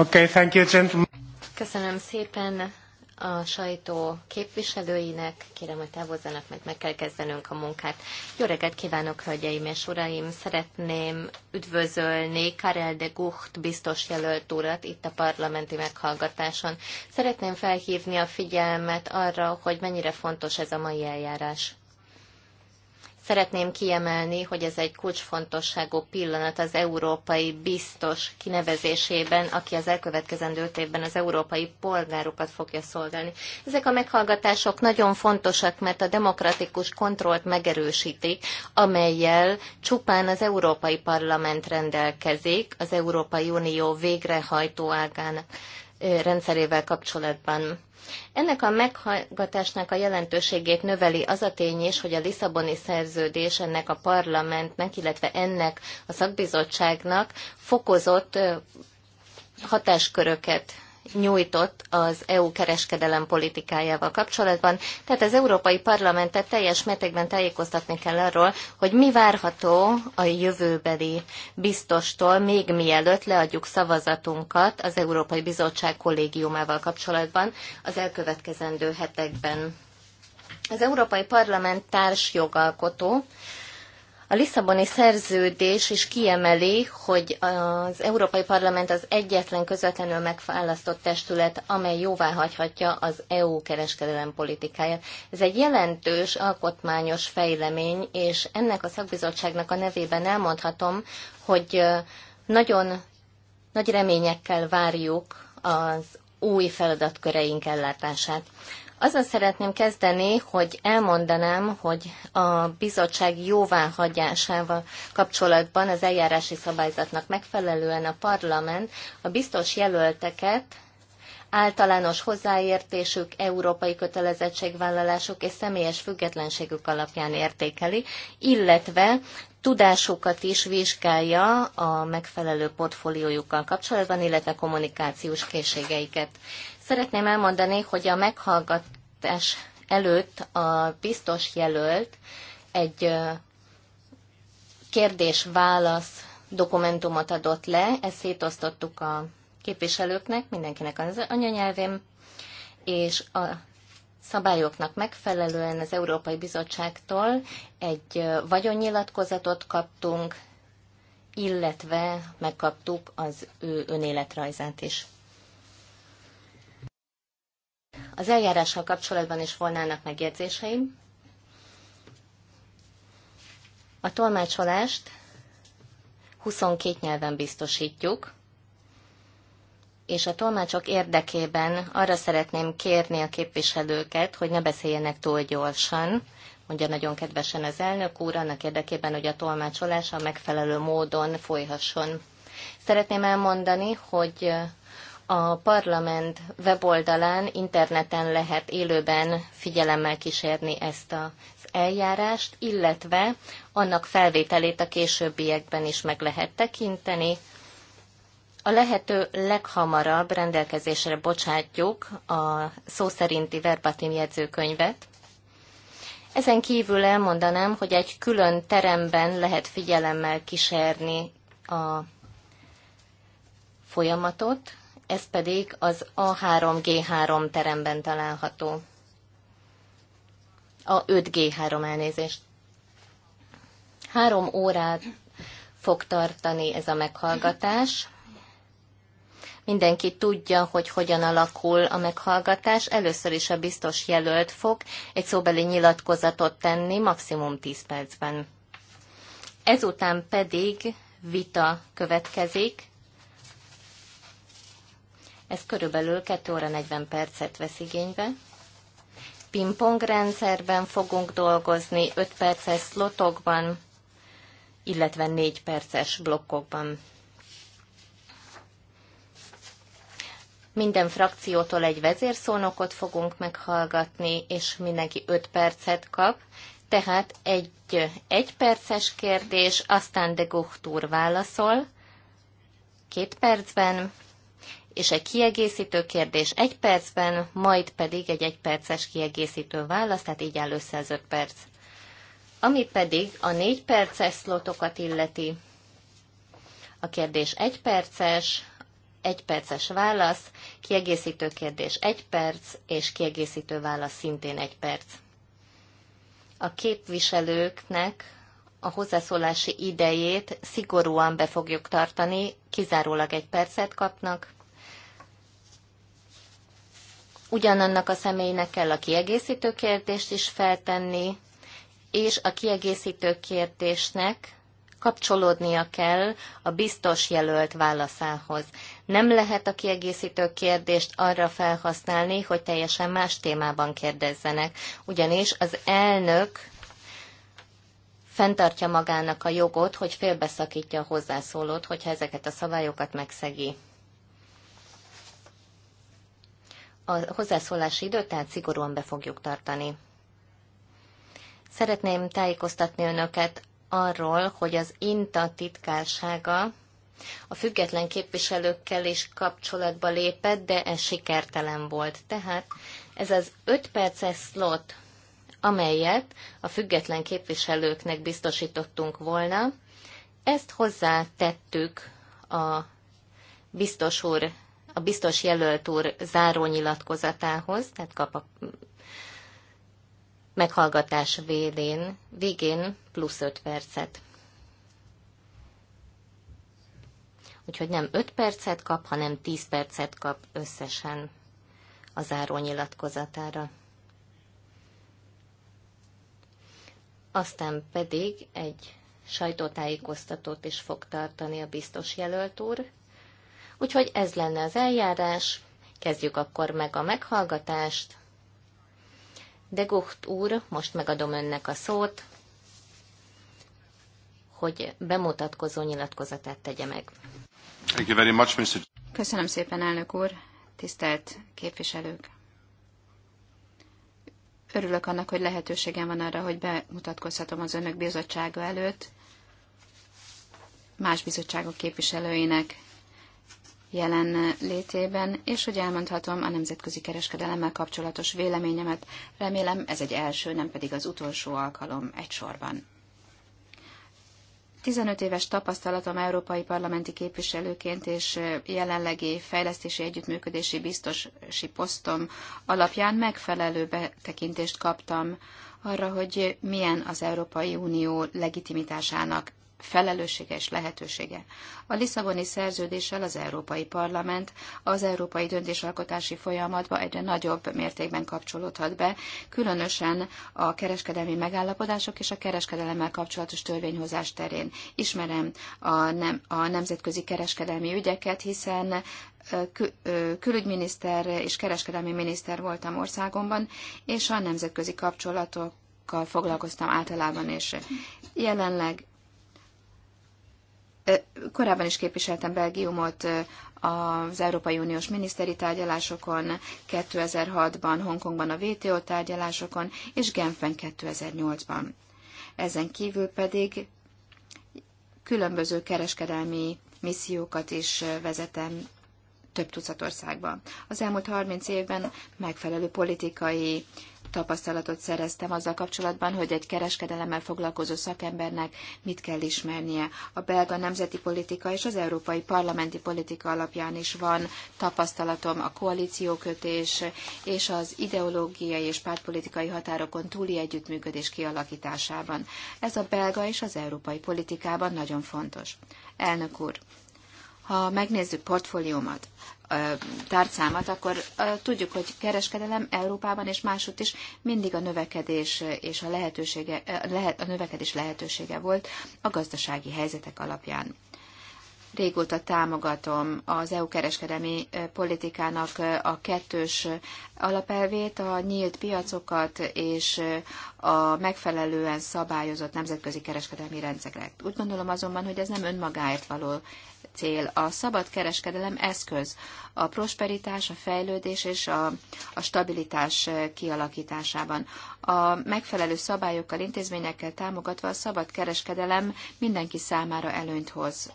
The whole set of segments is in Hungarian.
Okay, thank you, gentlemen. Köszönöm szépen a sajtó képviselőinek. Kérem, hogy távozzanak, mert meg kell kezdenünk a munkát. Jó reggelt kívánok, hölgyeim és uraim! Szeretném üdvözölni Karel de Gucht biztos jelölt urat itt a parlamenti meghallgatáson. Szeretném felhívni a figyelmet arra, hogy mennyire fontos ez a mai eljárás. Szeretném kiemelni, hogy ez egy kulcsfontosságú pillanat az európai biztos kinevezésében, aki az elkövetkezendő öt évben az európai polgárokat fogja szolgálni. Ezek a meghallgatások nagyon fontosak, mert a demokratikus kontrollt megerősítik, amelyel csupán az Európai Parlament rendelkezik, az Európai Unió végrehajtó ágának rendszerével kapcsolatban. Ennek a meghallgatásnak a jelentőségét növeli az a tény is, hogy a Lisszaboni szerződés ennek a parlamentnek, illetve ennek a szakbizottságnak fokozott hatásköröket nyújtott az EU kereskedelem politikájával kapcsolatban. Tehát az Európai Parlamentet teljes mértékben tájékoztatni kell arról, hogy mi várható a jövőbeli biztostól, még mielőtt leadjuk szavazatunkat az Európai Bizottság kollégiumával kapcsolatban az elkövetkezendő hetekben. Az Európai Parlament társjogalkotó, a Lisszaboni szerződés is kiemeli, hogy az Európai Parlament az egyetlen közvetlenül megválasztott testület, amely jóvá hagyhatja az EU kereskedelem politikáját. Ez egy jelentős alkotmányos fejlemény, és ennek a szakbizottságnak a nevében elmondhatom, hogy nagyon nagy reményekkel várjuk az új feladatköreink ellátását. Azzal szeretném kezdeni, hogy elmondanám, hogy a bizottság jóváhagyásával kapcsolatban az eljárási szabályzatnak megfelelően a parlament a biztos jelölteket általános hozzáértésük, európai kötelezettségvállalásuk és személyes függetlenségük alapján értékeli, illetve tudásukat is vizsgálja a megfelelő portfóliójukkal kapcsolatban, illetve kommunikációs készségeiket. Szeretném elmondani, hogy a meghallgatás előtt a biztos jelölt egy kérdés-válasz dokumentumot adott le, ezt szétosztottuk a képviselőknek, mindenkinek az anyanyelvén, és a szabályoknak megfelelően az Európai Bizottságtól egy vagyonnyilatkozatot kaptunk, illetve megkaptuk az ő önéletrajzát is. Az eljárással kapcsolatban is volnának megjegyzéseim. A tolmácsolást 22 nyelven biztosítjuk, és a tolmácsok érdekében arra szeretném kérni a képviselőket, hogy ne beszéljenek túl gyorsan, mondja nagyon kedvesen az elnök úr, annak érdekében, hogy a tolmácsolás a megfelelő módon folyhasson. Szeretném elmondani, hogy a parlament weboldalán, interneten lehet élőben figyelemmel kísérni ezt az eljárást, illetve annak felvételét a későbbiekben is meg lehet tekinteni. A lehető leghamarabb rendelkezésre bocsátjuk a szó szerinti verbatim jegyzőkönyvet. Ezen kívül elmondanám, hogy egy külön teremben lehet figyelemmel kísérni a folyamatot, ez pedig az A3G3 teremben található. A 5G3 elnézést. Három órát fog tartani ez a meghallgatás. Mindenki tudja, hogy hogyan alakul a meghallgatás. Először is a biztos jelölt fog egy szóbeli nyilatkozatot tenni maximum 10 percben. Ezután pedig vita következik ez körülbelül 2 óra 40 percet vesz igénybe. Pingpong rendszerben fogunk dolgozni, 5 perces slotokban, illetve 4 perces blokkokban. Minden frakciótól egy vezérszónokot fogunk meghallgatni, és mindenki 5 percet kap, tehát egy perces kérdés, aztán de Guchtúr válaszol, két percben, és egy kiegészítő kérdés egy percben, majd pedig egy egyperces kiegészítő válasz, tehát így áll össze az öt perc. Ami pedig a négy perces szlotokat illeti, a kérdés egy perces, egy perces válasz, kiegészítő kérdés egy perc, és kiegészítő válasz szintén egy perc. A képviselőknek a hozzászólási idejét szigorúan be fogjuk tartani, kizárólag egy percet kapnak, ugyanannak a személynek kell a kiegészítő kérdést is feltenni, és a kiegészítő kérdésnek kapcsolódnia kell a biztos jelölt válaszához. Nem lehet a kiegészítő kérdést arra felhasználni, hogy teljesen más témában kérdezzenek, ugyanis az elnök fenntartja magának a jogot, hogy félbeszakítja a hozzászólót, hogyha ezeket a szabályokat megszegi. a hozzászólási időt tehát szigorúan be fogjuk tartani. Szeretném tájékoztatni önöket arról, hogy az INTA titkársága a független képviselőkkel is kapcsolatba lépett, de ez sikertelen volt. Tehát ez az 5 perces slot, amelyet a független képviselőknek biztosítottunk volna, ezt hozzátettük a biztos úr a biztos jelölt úr záró nyilatkozatához, tehát kap a meghallgatás védén, végén plusz 5 percet. Úgyhogy nem 5 percet kap, hanem 10 percet kap összesen a záró nyilatkozatára. Aztán pedig egy sajtótájékoztatót is fog tartani a biztos jelölt úr, Úgyhogy ez lenne az eljárás. Kezdjük akkor meg a meghallgatást. De Gucht úr, most megadom önnek a szót, hogy bemutatkozó nyilatkozatát tegye meg. Thank you very much, Mr. Köszönöm szépen, elnök úr, tisztelt képviselők. Örülök annak, hogy lehetőségem van arra, hogy bemutatkozhatom az önök bizottsága előtt, más bizottságok képviselőinek jelen létében, és hogy elmondhatom a nemzetközi kereskedelemmel kapcsolatos véleményemet. Remélem ez egy első, nem pedig az utolsó alkalom egy sorban. 15 éves tapasztalatom európai parlamenti képviselőként és jelenlegi fejlesztési együttműködési biztosi posztom alapján megfelelő betekintést kaptam arra, hogy milyen az Európai Unió legitimitásának felelőssége és lehetősége. A Lisszaboni szerződéssel az Európai Parlament az európai döntésalkotási folyamatba egyre nagyobb mértékben kapcsolódhat be, különösen a kereskedelmi megállapodások és a kereskedelemmel kapcsolatos törvényhozás terén. Ismerem a, nem, a nemzetközi kereskedelmi ügyeket, hiszen külügyminiszter és kereskedelmi miniszter voltam országomban, és a nemzetközi kapcsolatok foglalkoztam általában, és jelenleg korábban is képviseltem Belgiumot az Európai Uniós miniszteri tárgyalásokon, 2006-ban Hongkongban a WTO tárgyalásokon, és Genfen 2008-ban. Ezen kívül pedig különböző kereskedelmi missziókat is vezetem több tucat országban. Az elmúlt 30 évben megfelelő politikai tapasztalatot szereztem azzal kapcsolatban, hogy egy kereskedelemmel foglalkozó szakembernek mit kell ismernie. A belga nemzeti politika és az európai parlamenti politika alapján is van tapasztalatom a koalíciókötés és az ideológiai és pártpolitikai határokon túli együttműködés kialakításában. Ez a belga és az európai politikában nagyon fontos. Elnök úr, ha megnézzük portfóliómat, tárcámat, akkor tudjuk, hogy kereskedelem Európában és másutt is mindig a növekedés és a, lehetősége, a növekedés lehetősége volt a gazdasági helyzetek alapján régóta támogatom az EU kereskedelmi politikának a kettős alapelvét, a nyílt piacokat és a megfelelően szabályozott nemzetközi kereskedelmi rendszereket. Úgy gondolom azonban, hogy ez nem önmagáért való cél. A szabad kereskedelem eszköz a prosperitás, a fejlődés és a, a stabilitás kialakításában. A megfelelő szabályokkal, intézményekkel támogatva a szabad kereskedelem mindenki számára előnyt hoz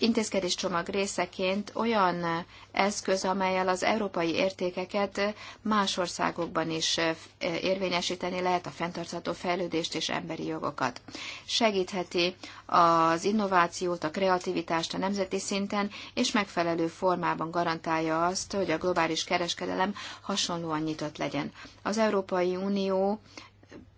intézkedéscsomag részeként olyan eszköz, amelyel az európai értékeket más országokban is eh, érvényesíteni lehet a fenntartható fejlődést és emberi jogokat. Segítheti az innovációt, a kreativitást a nemzeti szinten, és megfelelő formában garantálja azt, hogy a globális kereskedelem hasonlóan nyitott legyen. Az Európai Unió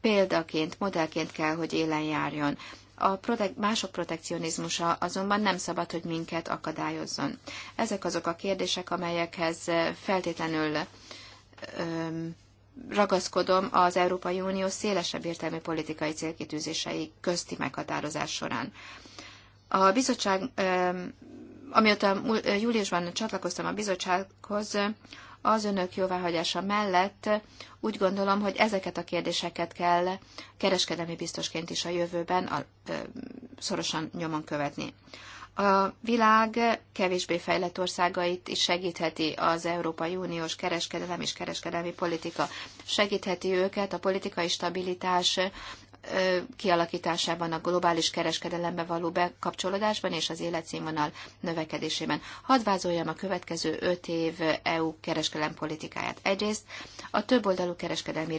példaként, modellként kell, hogy élen járjon. A protek- mások protekcionizmusa azonban nem szabad, hogy minket akadályozzon. Ezek azok a kérdések, amelyekhez feltétlenül öm, ragaszkodom az Európai Unió szélesebb értelmi politikai célkitűzései közti meghatározás során. A bizottság, öm, amióta júliusban csatlakoztam a bizottsághoz, az önök jóváhagyása mellett úgy gondolom, hogy ezeket a kérdéseket kell kereskedelmi biztosként is a jövőben a, ö, szorosan nyomon követni. A világ kevésbé fejlett országait is segítheti az Európai Uniós kereskedelem és kereskedelmi politika. Segítheti őket a politikai stabilitás, kialakításában, a globális kereskedelembe való bekapcsolódásban és az életszínvonal növekedésében. Hadd vázoljam a következő öt év EU kereskedelem politikáját. Egyrészt a többoldalú kereskedelmi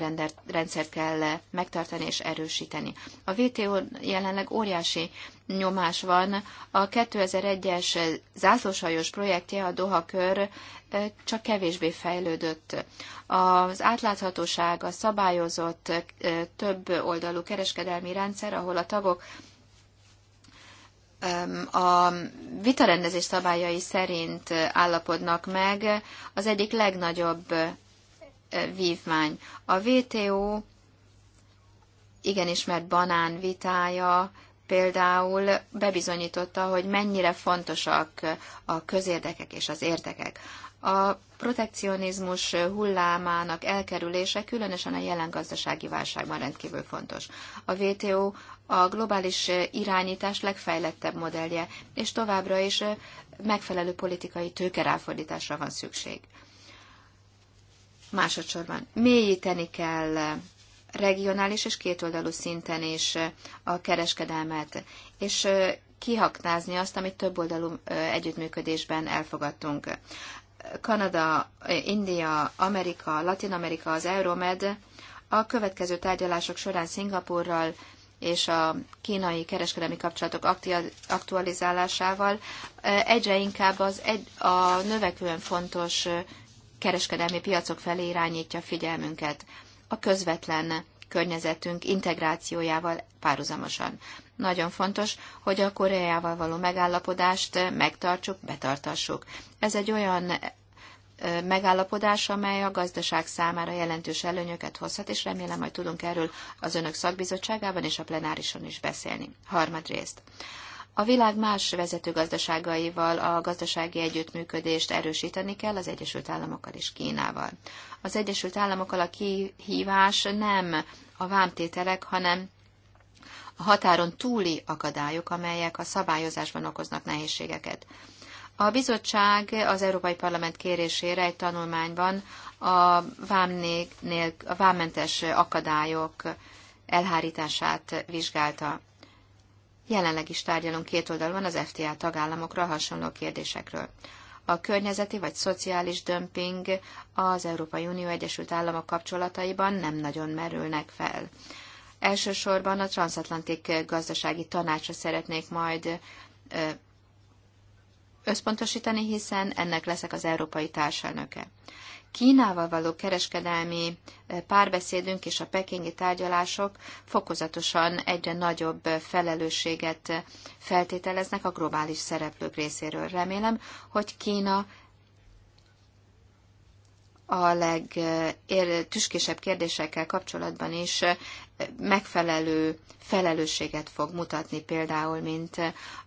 rendszert kell megtartani és erősíteni. A WTO jelenleg óriási nyomás van. A 2001-es zászlósajos projektje, a Doha kör csak kevésbé fejlődött. Az átláthatóság, a szabályozott több oldalú kereskedelmi rendszer, ahol a tagok a vitarendezés szabályai szerint állapodnak meg, az egyik legnagyobb vívmány. A WTO igenis, mert banán vitája például bebizonyította, hogy mennyire fontosak a közérdekek és az érdekek. A protekcionizmus hullámának elkerülése különösen a jelen gazdasági válságban rendkívül fontos. A WTO a globális irányítás legfejlettebb modellje, és továbbra is megfelelő politikai tőkeráfordításra van szükség. Másodszorban mélyíteni kell regionális és kétoldalú szinten is a kereskedelmet, és kihaknázni azt, amit többoldalú együttműködésben elfogadtunk. Kanada, India, Amerika, Latin Amerika, az Euromed a következő tárgyalások során Szingapurral és a kínai kereskedelmi kapcsolatok aktualizálásával egyre inkább az egy, a növekvően fontos kereskedelmi piacok felé irányítja figyelmünket a közvetlen környezetünk integrációjával párhuzamosan. Nagyon fontos, hogy a Koreával való megállapodást megtartsuk, betartassuk. Ez egy olyan megállapodás, amely a gazdaság számára jelentős előnyöket hozhat, és remélem, hogy tudunk erről az önök szakbizottságában és a plenárison is beszélni. Harmadrészt. A világ más vezető gazdaságaival a gazdasági együttműködést erősíteni kell az Egyesült Államokkal és Kínával az Egyesült Államokkal a kihívás nem a vámtételek, hanem a határon túli akadályok, amelyek a szabályozásban okoznak nehézségeket. A bizottság az Európai Parlament kérésére egy tanulmányban a, vámnél, a vámmentes akadályok elhárítását vizsgálta. Jelenleg is tárgyalunk két oldalon az FTA tagállamokra hasonló kérdésekről a környezeti vagy szociális dömping az Európai Unió Egyesült Államok kapcsolataiban nem nagyon merülnek fel. Elsősorban a transatlantik gazdasági tanácsra szeretnék majd összpontosítani, hiszen ennek leszek az európai társelnöke. Kínával való kereskedelmi eh, párbeszédünk és a pekingi tárgyalások fokozatosan egyre nagyobb eh, felelősséget eh, feltételeznek a globális szereplők részéről. Remélem, hogy Kína a legtüskésebb kérdésekkel kapcsolatban is megfelelő felelősséget fog mutatni, például, mint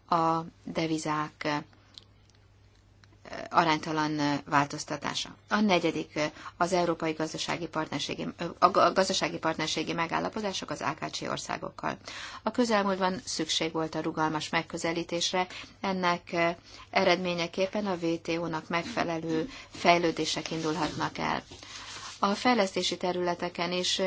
a devizák aránytalan változtatása. A negyedik az Európai Gazdasági Partnerségi, a gazdasági partnerségi megállapodások az AKC országokkal. A közelmúltban szükség volt a rugalmas megközelítésre, ennek eredményeképpen a WTO-nak megfelelő fejlődések indulhatnak el. A fejlesztési területeken is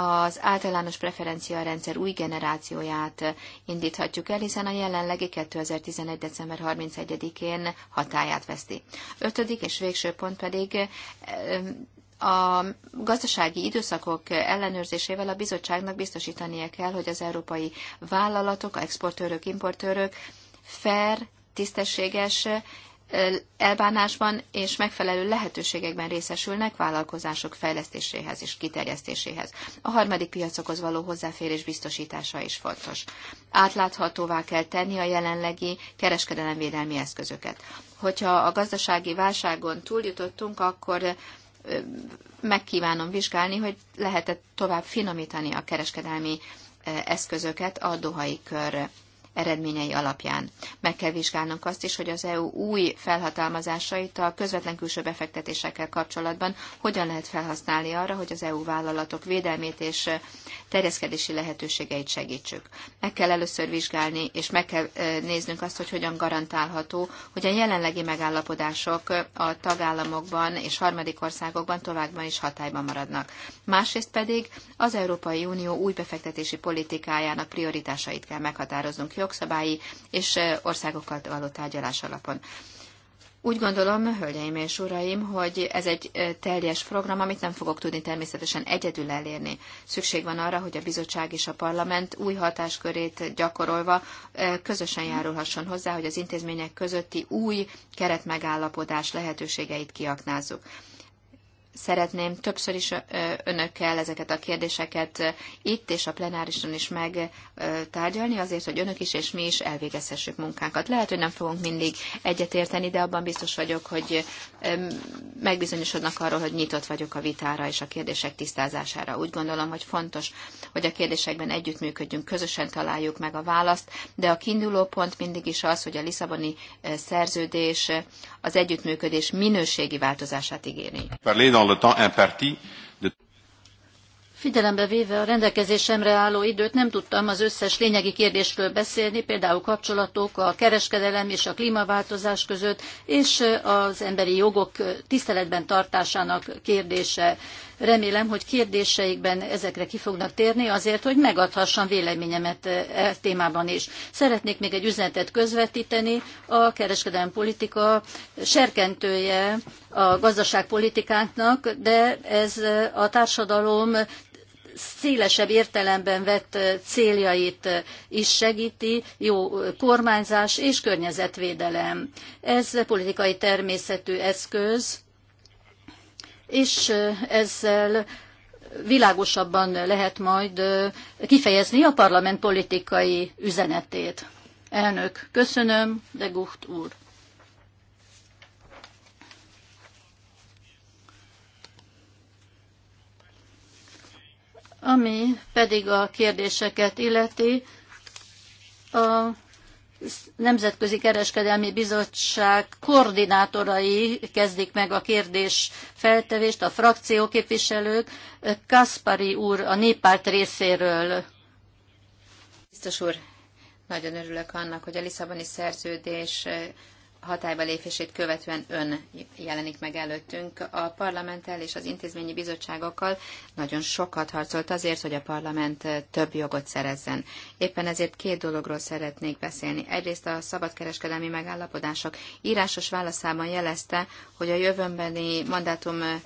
az általános preferencia rendszer új generációját indíthatjuk el, hiszen a jelenlegi 2011. december 31-én hatáját veszti. Ötödik és végső pont pedig eh, a gazdasági időszakok ellenőrzésével a bizottságnak biztosítania kell, hogy az európai vállalatok, a exportőrök, importőrök fair, tisztességes elbánásban és megfelelő lehetőségekben részesülnek vállalkozások fejlesztéséhez és kiterjesztéséhez. A harmadik piacokhoz való hozzáférés biztosítása is fontos. Átláthatóvá kell tenni a jelenlegi kereskedelemvédelmi eszközöket. Hogyha a gazdasági válságon túljutottunk, akkor megkívánom vizsgálni, hogy lehetett tovább finomítani a kereskedelmi eszközöket a dohai kör eredményei alapján. Meg kell vizsgálnunk azt is, hogy az EU új felhatalmazásait a közvetlen külső befektetésekkel kapcsolatban hogyan lehet felhasználni arra, hogy az EU vállalatok védelmét és eh, terjeszkedési lehetőségeit segítsük. Meg kell először vizsgálni, és meg kell eh, néznünk azt, hogy hogyan garantálható, hogy a jelenlegi megállapodások eh, a tagállamokban és harmadik országokban továbbban is hatályban maradnak. Másrészt pedig az Európai Unió új befektetési politikájának prioritásait kell meghatároznunk jobb jogszabályi és országokkal való tárgyalás alapon. Úgy gondolom, hölgyeim és uraim, hogy ez egy teljes program, amit nem fogok tudni természetesen egyedül elérni. Szükség van arra, hogy a bizottság és a parlament új hatáskörét gyakorolva közösen járulhasson hozzá, hogy az intézmények közötti új keretmegállapodás lehetőségeit kiaknázzuk szeretném többször is önökkel ezeket a kérdéseket itt és a plenárison is megtárgyalni, azért, hogy önök is és mi is elvégezhessük munkánkat. Lehet, hogy nem fogunk mindig egyetérteni, de abban biztos vagyok, hogy megbizonyosodnak arról, hogy nyitott vagyok a vitára és a kérdések tisztázására. Úgy gondolom, hogy fontos, hogy a kérdésekben együttműködjünk, közösen találjuk meg a választ, de a kiinduló pont mindig is az, hogy a Lisszaboni szerződés az együttműködés minőségi változását ígéri. Berlin dans imparti de... Figyelembe véve a rendelkezésemre álló időt nem tudtam az összes lényegi kérdésről beszélni, például kapcsolatok a kereskedelem és a klímaváltozás között, és az emberi jogok tiszteletben tartásának kérdése. Remélem, hogy kérdéseikben ezekre ki fognak térni azért, hogy megadhassam véleményemet e, e témában is. Szeretnék még egy üzenetet közvetíteni. A kereskedelmi politika serkentője a gazdaságpolitikánknak, de ez a társadalom szélesebb értelemben vett céljait is segíti, jó kormányzás és környezetvédelem. Ez politikai természetű eszköz, és ezzel világosabban lehet majd kifejezni a parlament politikai üzenetét. Elnök, köszönöm, de Gucht úr. Ami pedig a kérdéseket illeti, a Nemzetközi Kereskedelmi Bizottság koordinátorai kezdik meg a kérdés feltevést, a frakció képviselők. Kaspari úr a néppárt részéről. Biztos úr, nagyon örülök annak, hogy a Lisszaboni szerződés hatályba lépését követően ön jelenik meg előttünk. A parlamenttel és az intézményi bizottságokkal nagyon sokat harcolt azért, hogy a parlament több jogot szerezzen. Éppen ezért két dologról szeretnék beszélni. Egyrészt a szabadkereskedelmi megállapodások írásos válaszában jelezte, hogy a jövőbeni mandátum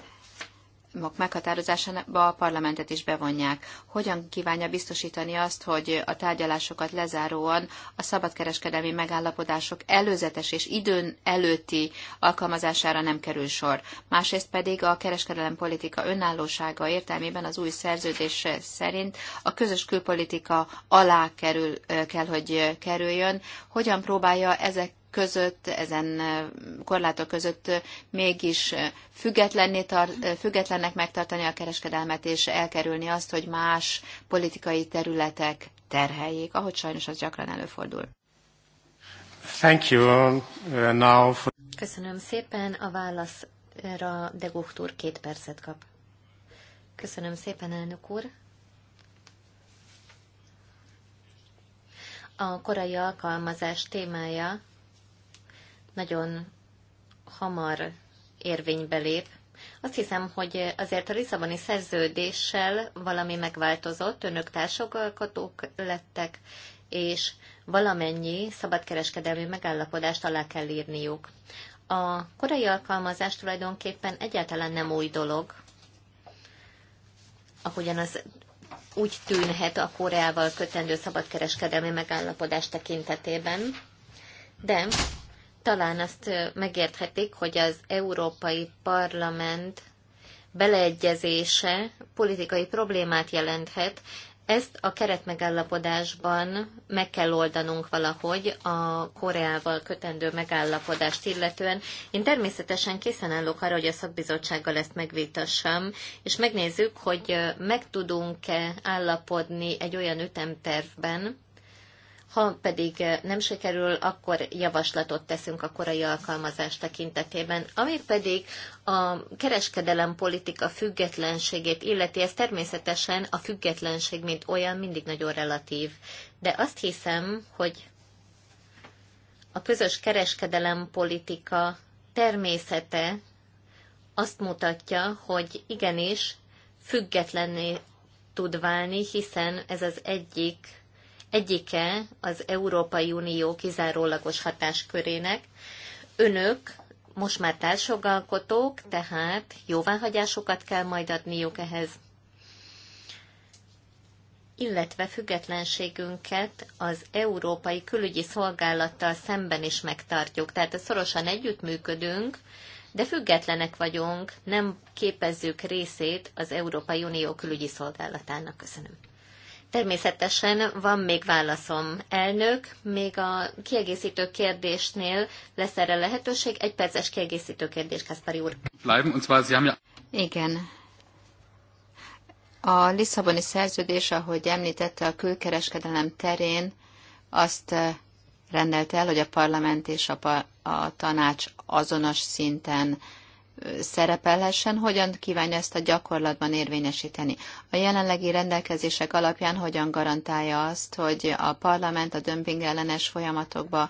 programok meghatározásába a parlamentet is bevonják. Hogyan kívánja biztosítani azt, hogy a tárgyalásokat lezáróan a szabadkereskedelmi megállapodások előzetes és időn előtti alkalmazására nem kerül sor? Másrészt pedig a kereskedelem politika önállósága értelmében az új szerződés szerint a közös külpolitika alá kerül, kell, hogy kerüljön. Hogyan próbálja ezek között, ezen korlátok között mégis tar- függetlennek megtartani a kereskedelmet, és elkerülni azt, hogy más politikai területek terheljék, ahogy sajnos az gyakran előfordul. Thank you. Uh, now for... Köszönöm szépen. A válaszra de úr két percet kap. Köszönöm szépen, elnök úr. A korai alkalmazás témája nagyon hamar érvénybe lép. Azt hiszem, hogy azért a Lisszaboni szerződéssel valami megváltozott, önök társalkotók lettek, és valamennyi szabadkereskedelmi megállapodást alá kell írniuk. A korai alkalmazás tulajdonképpen egyáltalán nem új dolog, ahogyan az úgy tűnhet a Koreával kötendő szabadkereskedelmi megállapodás tekintetében, de talán azt megérthetik, hogy az Európai Parlament beleegyezése politikai problémát jelenthet, ezt a keretmegállapodásban meg kell oldanunk valahogy a Koreával kötendő megállapodást illetően. Én természetesen készen állok arra, hogy a szakbizottsággal ezt megvitassam, és megnézzük, hogy meg tudunk-e állapodni egy olyan ütemtervben, ha pedig eh, nem sikerül, akkor javaslatot teszünk a korai alkalmazás tekintetében. Ami pedig a kereskedelem politika függetlenségét illeti, ez természetesen a függetlenség, mint olyan, mindig nagyon relatív. De azt hiszem, hogy a közös kereskedelem politika természete azt mutatja, hogy igenis függetlenné tud válni, hiszen ez az egyik egyike az Európai Unió kizárólagos hatáskörének. Önök most már társjogalkotók, tehát jóváhagyásokat kell majd adniuk ehhez illetve függetlenségünket az Európai Külügyi Szolgálattal szemben is megtartjuk. Tehát szorosan együttműködünk, de függetlenek vagyunk, nem képezzük részét az Európai Unió külügyi szolgálatának. Köszönöm. Természetesen van még válaszom, elnök. Még a kiegészítő kérdésnél lesz erre lehetőség. Egy perces kiegészítő kérdés, Kaspari úr. Igen. A Lisszaboni szerződés, ahogy említette, a külkereskedelem terén azt eh, rendelte el, hogy a parlament és a, a tanács azonos szinten szerepelhessen, hogyan kívánja ezt a gyakorlatban érvényesíteni. A jelenlegi rendelkezések alapján hogyan garantálja azt, hogy a parlament a dömping ellenes folyamatokba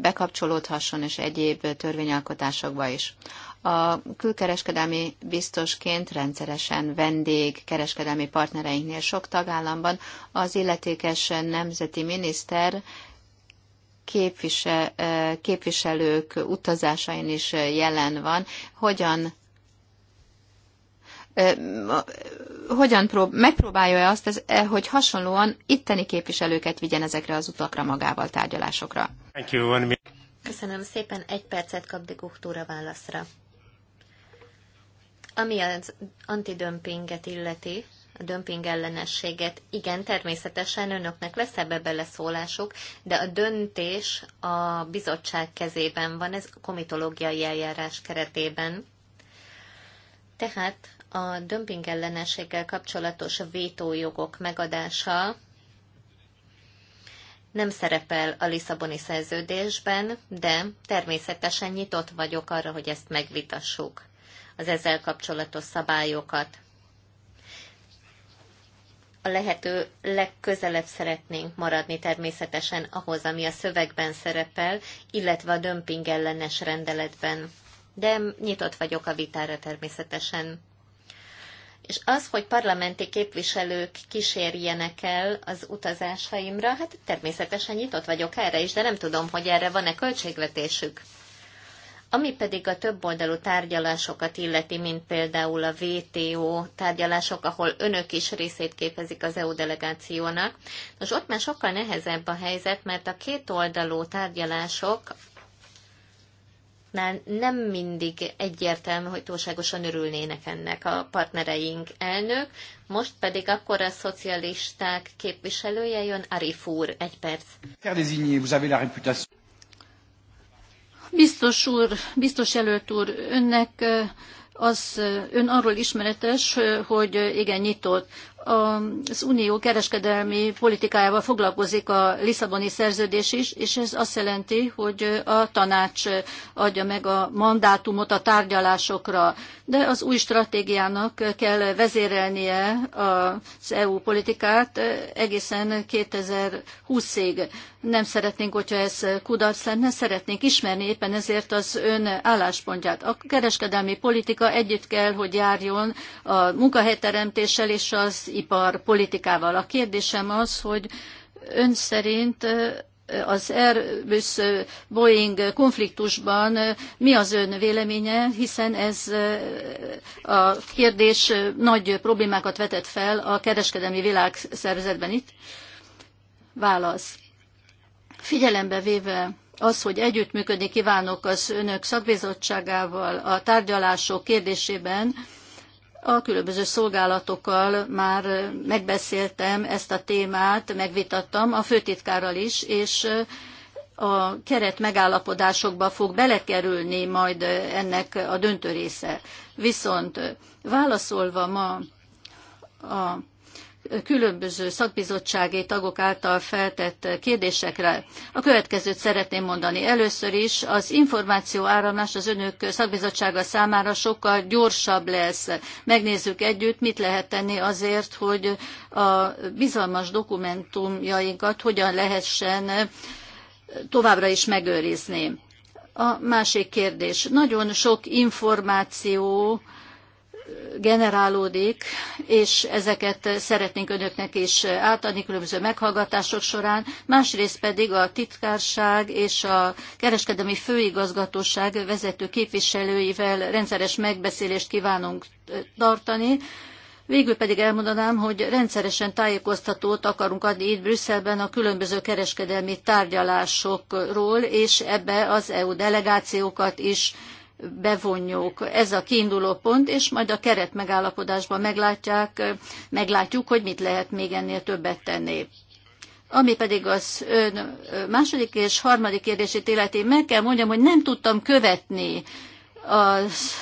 bekapcsolódhasson és egyéb törvényalkotásokba is. A külkereskedelmi biztosként rendszeresen vendég kereskedelmi partnereinknél sok tagállamban az illetékes nemzeti miniszter képviselők utazásain is jelen van, hogyan hogyan prób- megpróbálja-e azt, e, hogy hasonlóan itteni képviselőket vigyen ezekre az utakra magával tárgyalásokra? Köszönöm szépen, egy percet kap de Guchtúra válaszra. Ami az antidömpinget illeti, dömping ellenességet. Igen, természetesen önöknek lesz ebbe beleszólásuk, de a döntés a bizottság kezében van, ez komitológiai eljárás keretében. Tehát a dömping ellenességgel kapcsolatos vétójogok megadása nem szerepel a Lisszaboni szerződésben, de természetesen nyitott vagyok arra, hogy ezt megvitassuk, az ezzel kapcsolatos szabályokat a lehető legközelebb szeretnénk maradni természetesen ahhoz, ami a szövegben szerepel, illetve a dömping ellenes rendeletben. De nyitott vagyok a vitára természetesen. És az, hogy parlamenti képviselők kísérjenek el az utazásaimra, hát természetesen nyitott vagyok erre is, de nem tudom, hogy erre van-e költségvetésük. Ami pedig a többoldalú tárgyalásokat illeti, mint például a WTO tárgyalások, ahol önök is részét képezik az EU delegációnak. Nos, ott már sokkal nehezebb a helyzet, mert a kétoldalú tárgyalások nem mindig egyértelmű, hogy túlságosan örülnének ennek a partnereink elnök. Most pedig akkor a szocialisták képviselője jön, Arif úr, egy perc. Biztos úr, biztos előtt úr, önnek az ön arról ismeretes, hogy igen nyitott az unió kereskedelmi politikájával foglalkozik a Lisszaboni szerződés is, és ez azt jelenti, hogy a tanács adja meg a mandátumot a tárgyalásokra, de az új stratégiának kell vezérelnie az EU politikát egészen 2020-ig. Nem szeretnénk, hogyha ez kudarc lenne, szeretnénk ismerni éppen ezért az ön álláspontját. A kereskedelmi politika együtt kell, hogy járjon a munkahelyteremtéssel és az ipar politikával. A kérdésem az, hogy ön szerint az Airbus Boeing konfliktusban mi az ön véleménye, hiszen ez a kérdés nagy problémákat vetett fel a kereskedelmi világszervezetben itt. Válasz. Figyelembe véve az, hogy együttműködni kívánok az önök szakbizottságával a tárgyalások kérdésében, a különböző szolgálatokkal már megbeszéltem ezt a témát, megvitattam a főtitkárral is, és a keret megállapodásokba fog belekerülni majd ennek a döntő része. Viszont válaszolva ma a különböző szakbizottsági tagok által feltett kérdésekre. A következőt szeretném mondani. Először is az információ áramlás az önök szakbizottsága számára sokkal gyorsabb lesz. Megnézzük együtt, mit lehet tenni azért, hogy a bizalmas dokumentumjainkat hogyan lehessen továbbra is megőrizni. A másik kérdés. Nagyon sok információ generálódik, és ezeket szeretnénk önöknek is átadni különböző meghallgatások során. Másrészt pedig a titkárság és a kereskedelmi főigazgatóság vezető képviselőivel rendszeres megbeszélést kívánunk tartani. Végül pedig elmondanám, hogy rendszeresen tájékoztatót akarunk adni itt Brüsszelben a különböző kereskedelmi tárgyalásokról, és ebbe az EU delegációkat is bevonjuk. Ez a kiinduló pont, és majd a keret megállapodásban meglátják, meglátjuk, hogy mit lehet még ennél többet tenni. Ami pedig az ön második és harmadik kérdését illeti, meg kell mondjam, hogy nem tudtam követni az,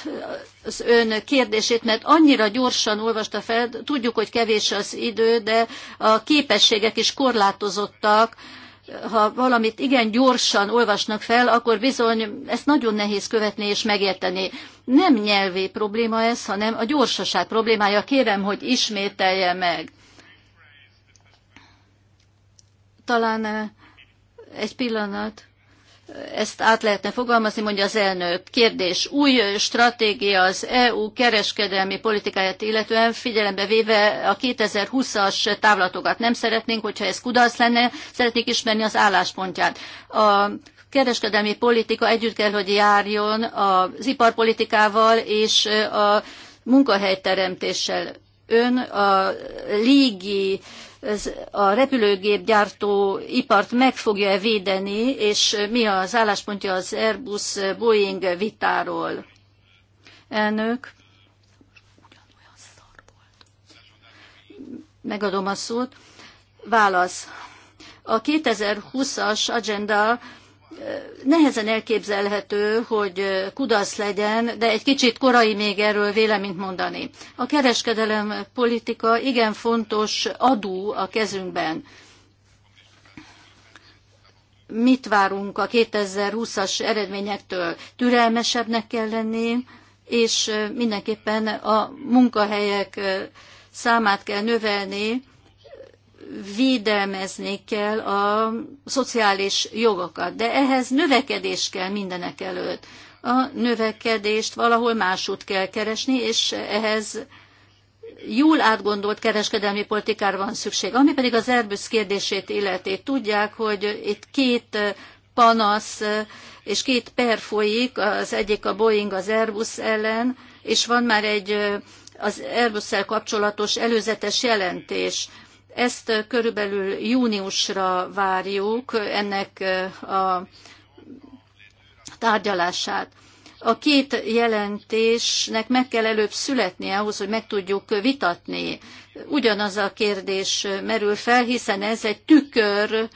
az ön kérdését, mert annyira gyorsan olvasta fel, tudjuk, hogy kevés az idő, de a képességek is korlátozottak, ha valamit igen gyorsan olvasnak fel, akkor bizony ezt nagyon nehéz követni és megérteni. Nem nyelvi probléma ez, hanem a gyorsaság problémája. Kérem, hogy ismételje meg. Talán eh, egy pillanat ezt át lehetne fogalmazni, mondja az elnök. Kérdés, új stratégia az EU kereskedelmi politikáját illetően figyelembe véve a 2020-as távlatokat. Nem szeretnénk, hogyha ez kudarc lenne, szeretnék ismerni az álláspontját. A kereskedelmi politika együtt kell, hogy járjon az iparpolitikával és a munkahelyteremtéssel. Ön a légi a repülőgép gyártó ipart meg fogja-e védeni, és mi az álláspontja az Airbus-Boeing vitáról. Elnök. Megadom a szót. Válasz. A 2020-as agenda nehezen elképzelhető, hogy kudasz legyen, de egy kicsit korai még erről véleményt mondani. A kereskedelem politika igen fontos adó a kezünkben. Mit várunk a 2020-as eredményektől? Türelmesebbnek kell lenni, és mindenképpen a munkahelyek számát kell növelni, védelmezni kell a szociális jogokat, de ehhez növekedés kell mindenek előtt. A növekedést valahol másút kell keresni, és ehhez jól átgondolt kereskedelmi politikára van szükség. Ami pedig az Airbus kérdését illeti, tudják, hogy itt két panasz és két per folyik, az egyik a Boeing az Airbus ellen, és van már egy az airbus kapcsolatos előzetes jelentés. Ezt körülbelül júniusra várjuk ennek a tárgyalását. A két jelentésnek meg kell előbb születnie ahhoz, hogy meg tudjuk vitatni. Ugyanaz a kérdés merül fel, hiszen ez egy tükör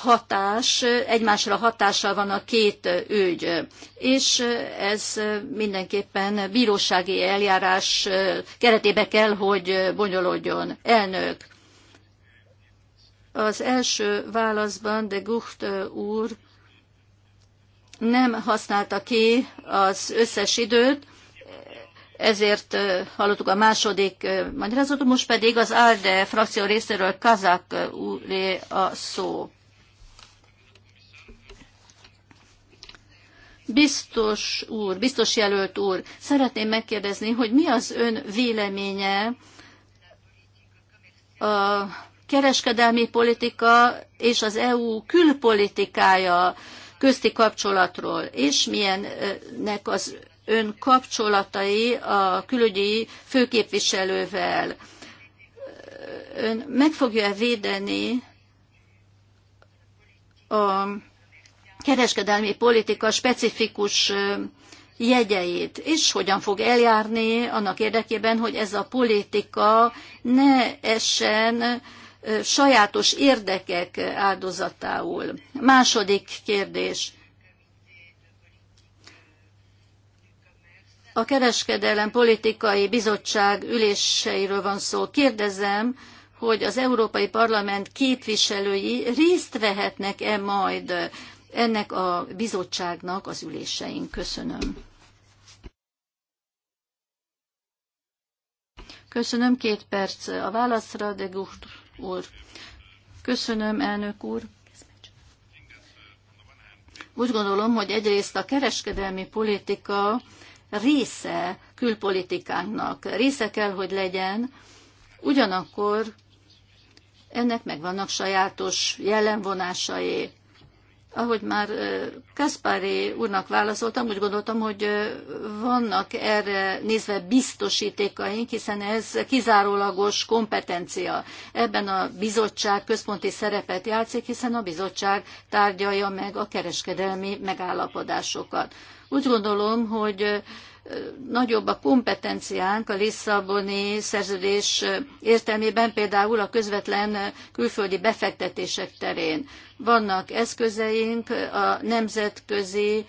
hatás, egymásra hatással van a két ügy, és ez mindenképpen bírósági eljárás keretébe kell, hogy bonyolódjon. Elnök, az első válaszban de Gucht úr nem használta ki az összes időt, ezért hallottuk a második magyarázatot, most pedig az ALDE frakció részéről Kazak úré a szó. Biztos úr, biztos jelölt úr, szeretném megkérdezni, hogy mi az ön véleménye a kereskedelmi politika és az EU külpolitikája közti kapcsolatról, és milyennek az ön kapcsolatai a külügyi főképviselővel. Ön meg fogja védeni a kereskedelmi politika specifikus jegyeit, és hogyan fog eljárni annak érdekében, hogy ez a politika ne essen sajátos érdekek áldozatául. Második kérdés. A Kereskedelem Politikai Bizottság üléseiről van szó. Kérdezem, hogy az Európai Parlament képviselői részt vehetnek-e majd ennek a bizottságnak az ülésein. Köszönöm. Köszönöm, két perc a válaszra, de Gucht úr. Köszönöm, elnök úr. Úgy gondolom, hogy egyrészt a kereskedelmi politika része külpolitikánknak. Része kell, hogy legyen, ugyanakkor ennek megvannak sajátos jellemvonásai ahogy már Kaspári úrnak válaszoltam, úgy gondoltam, hogy vannak erre nézve biztosítékaink, hiszen ez kizárólagos kompetencia. Ebben a bizottság központi szerepet játszik, hiszen a bizottság tárgyalja meg a kereskedelmi megállapodásokat. Úgy gondolom, hogy nagyobb a kompetenciánk a Lisszaboni szerződés értelmében, például a közvetlen külföldi befektetések terén. Vannak eszközeink a nemzetközi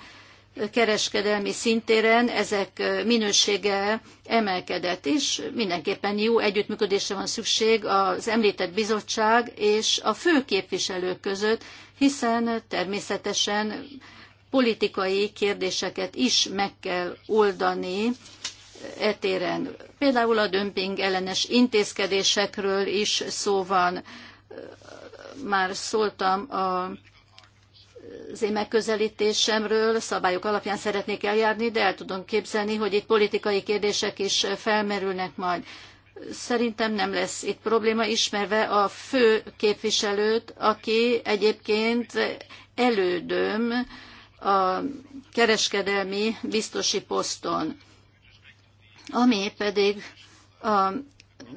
kereskedelmi szintéren ezek minősége emelkedett, és mindenképpen jó együttműködésre van szükség az említett bizottság és a főképviselők között, hiszen természetesen politikai kérdéseket is meg kell oldani etéren. Például a dömping ellenes intézkedésekről is szó van. Már szóltam a az én megközelítésemről szabályok alapján szeretnék eljárni, de el tudom képzelni, hogy itt politikai kérdések is felmerülnek majd. Szerintem nem lesz itt probléma, ismerve a fő képviselőt, aki egyébként elődöm, a kereskedelmi biztosi poszton, ami pedig a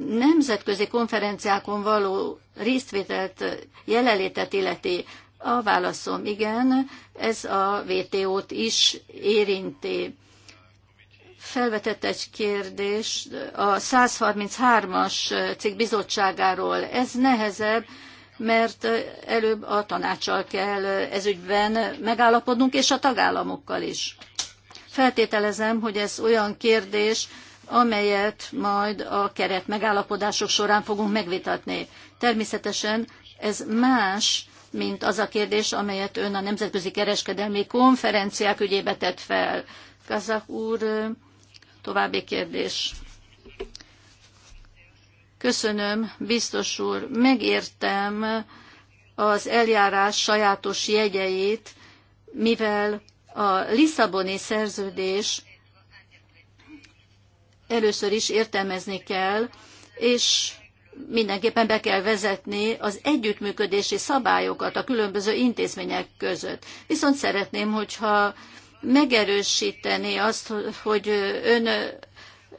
nemzetközi konferenciákon való résztvételt, jelenlétet illeti. A válaszom igen, ez a VTO-t is érinti. Felvetett egy kérdést a 133-as cikk bizottságáról. Ez nehezebb, mert előbb a tanácssal kell ezügyben megállapodnunk, és a tagállamokkal is. Feltételezem, hogy ez olyan kérdés, amelyet majd a keret megállapodások során fogunk megvitatni. Természetesen ez más, mint az a kérdés, amelyet ön a Nemzetközi Kereskedelmi Konferenciák ügyébe tett fel. Kazak úr, további kérdés. Köszönöm, biztos úr, megértem az eljárás sajátos jegyeit, mivel a Lisszaboni szerződés először is értelmezni kell, és mindenképpen be kell vezetni az együttműködési szabályokat a különböző intézmények között. Viszont szeretném, hogyha megerősíteni azt, hogy ön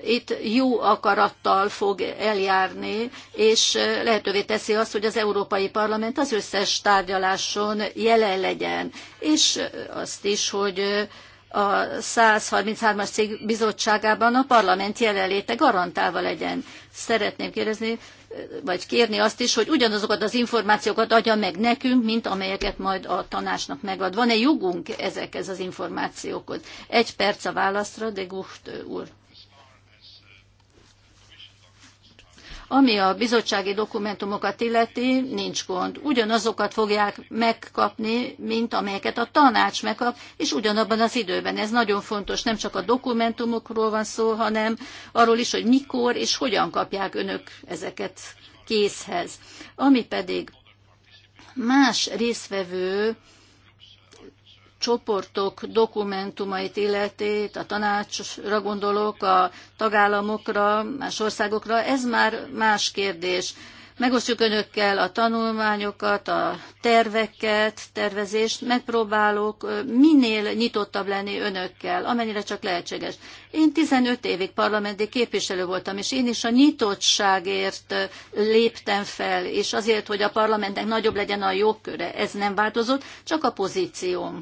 itt jó akarattal fog eljárni, és lehetővé teszi azt, hogy az Európai Parlament az összes tárgyaláson jelen legyen, és azt is, hogy a 133-as cég bizottságában a parlament jelenléte garantálva legyen. Szeretném kérdezni, vagy kérni azt is, hogy ugyanazokat az információkat adja meg nekünk, mint amelyeket majd a tanácsnak megad. Van-e jogunk ezekhez az információkhoz? Egy perc a válaszra, de Gucht úr. Ami a bizottsági dokumentumokat illeti, nincs gond. Ugyanazokat fogják megkapni, mint amelyeket a tanács megkap, és ugyanabban az időben. Ez nagyon fontos, nem csak a dokumentumokról van szó, hanem arról is, hogy mikor és hogyan kapják önök ezeket készhez. Ami pedig más részvevő csoportok dokumentumait illeti, a tanácsra gondolok, a tagállamokra, más országokra, ez már más kérdés. Megosztjuk önökkel a tanulmányokat, a terveket, tervezést, megpróbálok minél nyitottabb lenni önökkel, amennyire csak lehetséges. Én 15 évig parlamenti képviselő voltam, és én is a nyitottságért léptem fel, és azért, hogy a parlamentnek nagyobb legyen a jogköre. Ez nem változott, csak a pozícióm.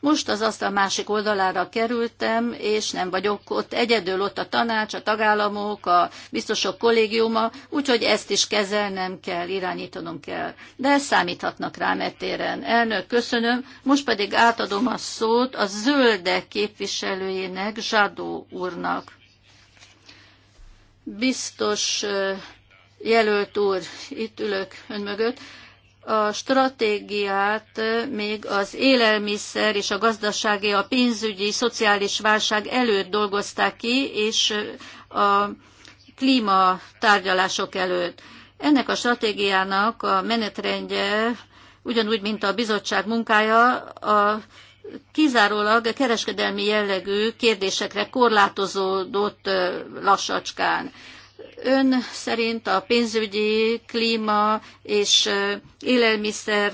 Most az azt a másik oldalára kerültem, és nem vagyok ott egyedül, ott a tanács, a tagállamok, a biztosok kollégiuma, úgyhogy ezt is kezelnem kell, irányítanom kell. De számíthatnak rám etéren. Elnök, köszönöm. Most pedig átadom a szót a zöldek képviselőjének, Zsadó úrnak. Biztos jelölt úr, itt ülök ön mögött a stratégiát még az élelmiszer és a gazdasági, a pénzügyi, szociális válság előtt dolgozták ki, és a klíma tárgyalások előtt. Ennek a stratégiának a menetrendje, ugyanúgy, mint a bizottság munkája, a kizárólag kereskedelmi jellegű kérdésekre korlátozódott lassacskán. Ön szerint a pénzügyi, klíma és élelmiszer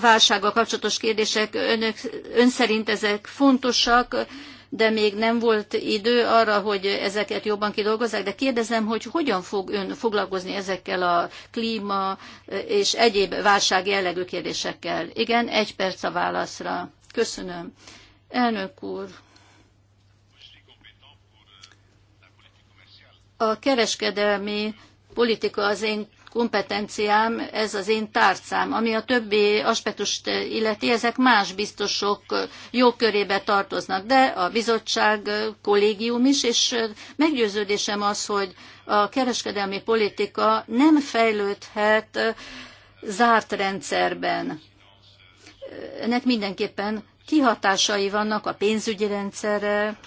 válsággal kapcsolatos kérdések, önök, ön szerint ezek fontosak, de még nem volt idő arra, hogy ezeket jobban kidolgozzák, de kérdezem, hogy hogyan fog ön foglalkozni ezekkel a klíma és egyéb válság jellegű kérdésekkel. Igen, egy perc a válaszra. Köszönöm. Elnök úr. A kereskedelmi politika az én kompetenciám, ez az én tárcám. Ami a többi aspektust illeti, ezek más biztosok jogkörébe tartoznak, de a bizottság kollégium is, és meggyőződésem az, hogy a kereskedelmi politika nem fejlődhet zárt rendszerben. Ennek mindenképpen kihatásai vannak a pénzügyi rendszerre,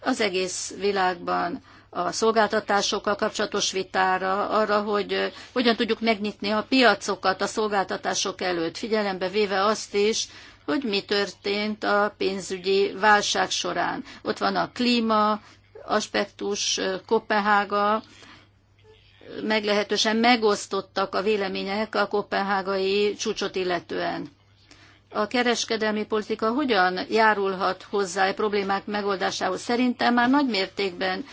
az egész világban a szolgáltatásokkal kapcsolatos vitára, arra, hogy hogyan tudjuk megnyitni a piacokat a szolgáltatások előtt, figyelembe véve azt is, hogy mi történt a pénzügyi válság során. Ott van a klíma aspektus, Kopenhága, meglehetősen megosztottak a vélemények a kopenhágai csúcsot illetően. A kereskedelmi politika hogyan járulhat hozzá a problémák megoldásához? Szerintem már nagy mértékben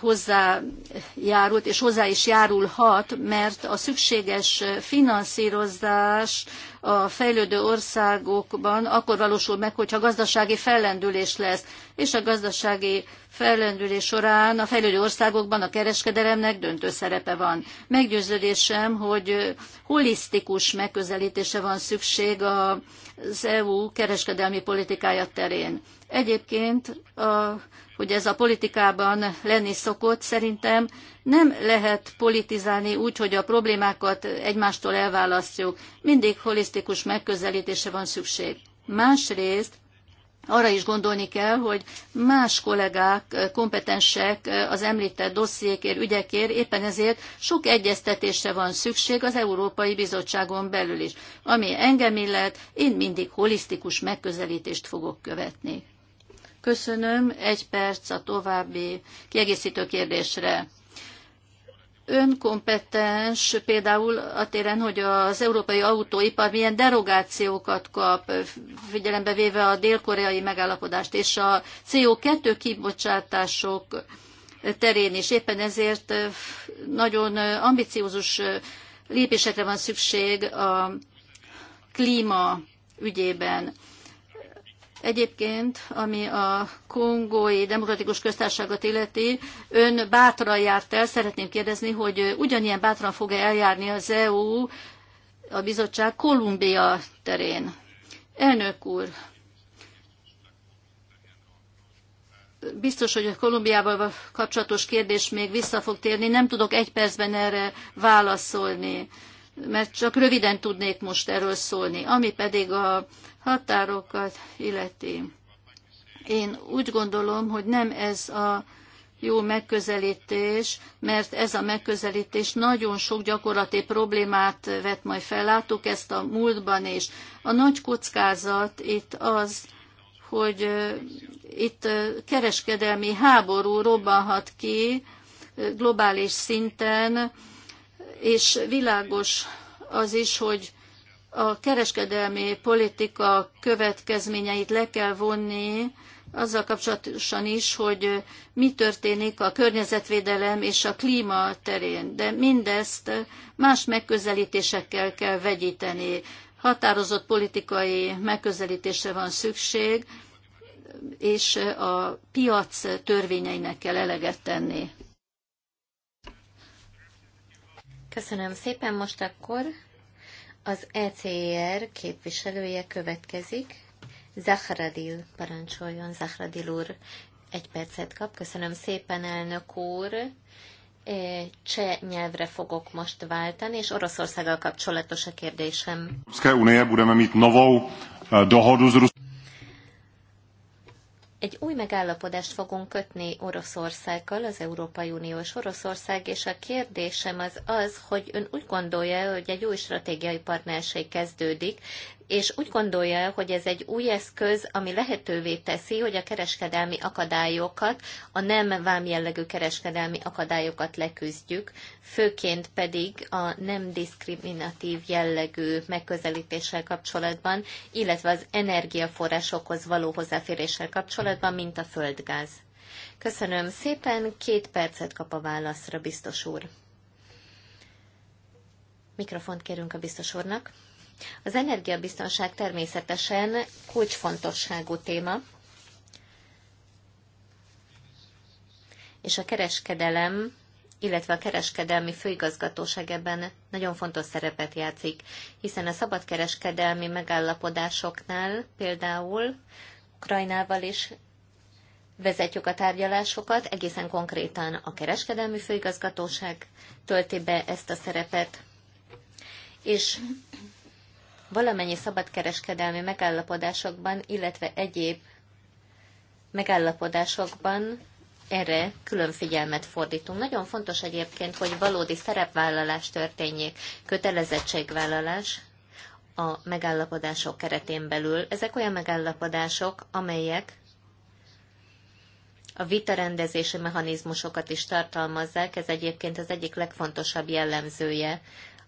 hozzájárult, és hozzá is járulhat, mert a szükséges finanszírozás a fejlődő országokban akkor valósul meg, hogyha gazdasági fellendülés lesz, és a gazdasági fellendülés során a fejlődő országokban a kereskedelemnek döntő szerepe van. Meggyőződésem, hogy holisztikus megközelítése van szükség az EU kereskedelmi politikája terén. Egyébként a hogy ez a politikában lenni szokott, szerintem nem lehet politizálni úgy, hogy a problémákat egymástól elválasztjuk. Mindig holisztikus megközelítése van szükség. Másrészt arra is gondolni kell, hogy más kollégák kompetensek az említett dossziékért, ügyekért, éppen ezért sok egyeztetésre van szükség az Európai Bizottságon belül is. Ami engem illet, én mindig holisztikus megközelítést fogok követni. Köszönöm. Egy perc a további kiegészítő kérdésre Ön kompetens, például a téren, hogy az európai autóipar milyen derogációkat kap, figyelembe véve a dél-koreai megállapodást és a CO2 kibocsátások terén is. Éppen ezért nagyon ambiciózus lépésekre van szükség a klíma ügyében. Egyébként, ami a kongói demokratikus köztársaságot illeti, ön bátran járt el, szeretném kérdezni, hogy ugyanilyen bátran fog-e eljárni az EU, a bizottság Kolumbia terén. Elnök úr, biztos, hogy a Kolumbiával kapcsolatos kérdés még vissza fog térni. Nem tudok egy percben erre válaszolni, mert csak röviden tudnék most erről szólni. Ami pedig a határokat illeti. Én úgy gondolom, hogy nem ez a jó megközelítés, mert ez a megközelítés nagyon sok gyakorlati problémát vet majd fel. Láttuk ezt a múltban is. A nagy kockázat itt az, hogy itt kereskedelmi háború robbanhat ki globális szinten, és világos az is, hogy a kereskedelmi politika következményeit le kell vonni azzal kapcsolatosan is, hogy mi történik a környezetvédelem és a klíma terén. De mindezt más megközelítésekkel kell vegyíteni. Határozott politikai megközelítésre van szükség, és a piac törvényeinek kell eleget tenni. Köszönöm szépen, most akkor az ECR képviselője következik. Zahradil parancsoljon, Zahradil úr egy percet kap. Köszönöm szépen, elnök úr. E, cseh nyelvre fogok most váltani, és Oroszországgal kapcsolatos a kérdésem. Unie budeme mít novou e, dohodu egy új megállapodást fogunk kötni Oroszországgal, az Európai Unió és Oroszország, és a kérdésem az az, hogy ön úgy gondolja, hogy egy új stratégiai partnerség kezdődik, és úgy gondolja, hogy ez egy új eszköz, ami lehetővé teszi, hogy a kereskedelmi akadályokat, a nem vámjellegű kereskedelmi akadályokat leküzdjük, főként pedig a nem diszkriminatív jellegű megközelítéssel kapcsolatban, illetve az energiaforrásokhoz való hozzáféréssel kapcsolatban, mint a földgáz. Köszönöm szépen, két percet kap a válaszra, biztos úr. Mikrofont kérünk a biztos úrnak. Az energiabiztonság természetesen kulcsfontosságú téma, és a kereskedelem, illetve a kereskedelmi főigazgatóság ebben nagyon fontos szerepet játszik, hiszen a szabadkereskedelmi megállapodásoknál például Ukrajnával is vezetjük a tárgyalásokat, egészen konkrétan a kereskedelmi főigazgatóság tölti be ezt a szerepet, és valamennyi szabadkereskedelmi megállapodásokban, illetve egyéb megállapodásokban erre külön figyelmet fordítunk. Nagyon fontos egyébként, hogy valódi szerepvállalás történjék, kötelezettségvállalás a megállapodások keretén belül. Ezek olyan megállapodások, amelyek a vitarendezési mechanizmusokat is tartalmazzák, ez egyébként az egyik legfontosabb jellemzője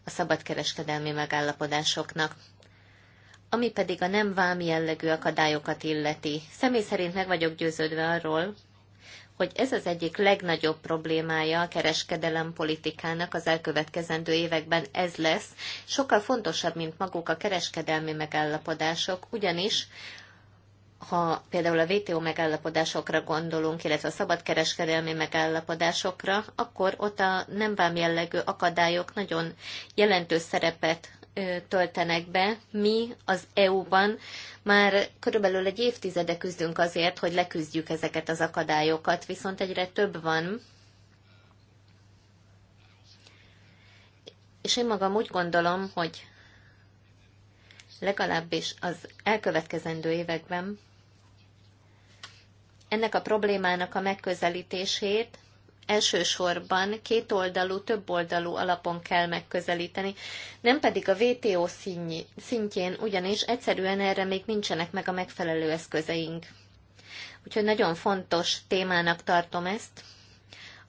a szabadkereskedelmi megállapodásoknak. Ami pedig a nem vám jellegű akadályokat illeti. Személy szerint meg vagyok győződve arról, hogy ez az egyik legnagyobb problémája a kereskedelem politikának az elkövetkezendő években ez lesz, sokkal fontosabb, mint maguk a kereskedelmi megállapodások, ugyanis ha például a WTO megállapodásokra gondolunk, illetve a szabadkereskedelmi megállapodásokra, akkor ott a nem jellegű akadályok nagyon jelentős szerepet töltenek be. Mi az EU-ban már körülbelül egy évtizede küzdünk azért, hogy leküzdjük ezeket az akadályokat, viszont egyre több van. És én magam úgy gondolom, hogy legalábbis az elkövetkezendő években ennek a problémának a megközelítését elsősorban kétoldalú, többoldalú alapon kell megközelíteni, nem pedig a WTO szintjén, ugyanis egyszerűen erre még nincsenek meg a megfelelő eszközeink. Úgyhogy nagyon fontos témának tartom ezt,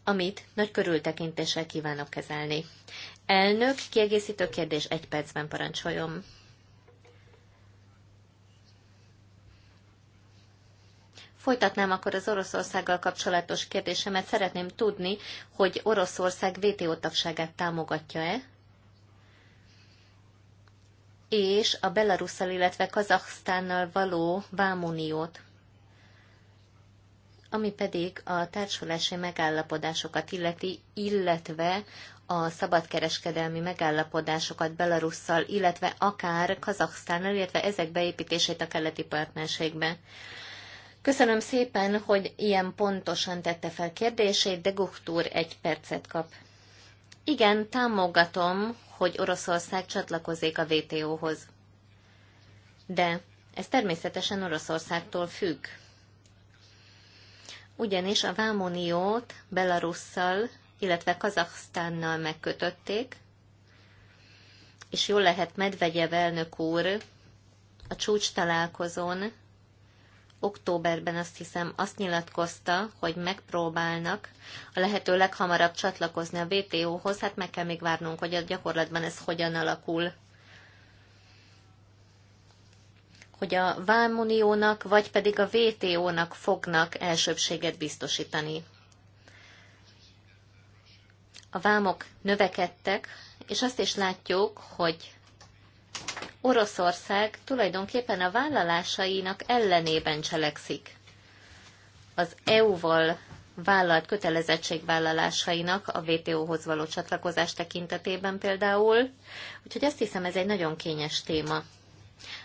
amit nagy körültekintéssel kívánok kezelni. Elnök, kiegészítő kérdés egy percben parancsoljon. Folytatnám akkor az Oroszországgal kapcsolatos kérdésemet. Szeretném tudni, hogy Oroszország WTO tagságát támogatja-e, és a Belarusszal, illetve Kazahsztánnal való vámuniót, ami pedig a társulási megállapodásokat illeti, illetve a szabadkereskedelmi megállapodásokat Belarusszal, illetve akár Kazahsztánnal, illetve ezek beépítését a keleti partnerségbe. Köszönöm szépen, hogy ilyen pontosan tette fel kérdését, de Guchtúr egy percet kap. Igen, támogatom, hogy Oroszország csatlakozik a WTO-hoz. De ez természetesen Oroszországtól függ. Ugyanis a Vámuniót Belarusszal, illetve Kazahsztánnal megkötötték, és jól lehet Medvegyev elnök úr a csúcs találkozón októberben azt hiszem azt nyilatkozta, hogy megpróbálnak a lehető leghamarabb csatlakozni a WTO-hoz, hát meg kell még várnunk, hogy a gyakorlatban ez hogyan alakul. Hogy a Vámuniónak vagy pedig a WTO-nak fognak elsőbséget biztosítani. A vámok növekedtek, és azt is látjuk, hogy Oroszország tulajdonképpen a vállalásainak ellenében cselekszik. Az EU-val vállalt kötelezettségvállalásainak a WTO-hoz való csatlakozás tekintetében például. Úgyhogy azt hiszem, ez egy nagyon kényes téma.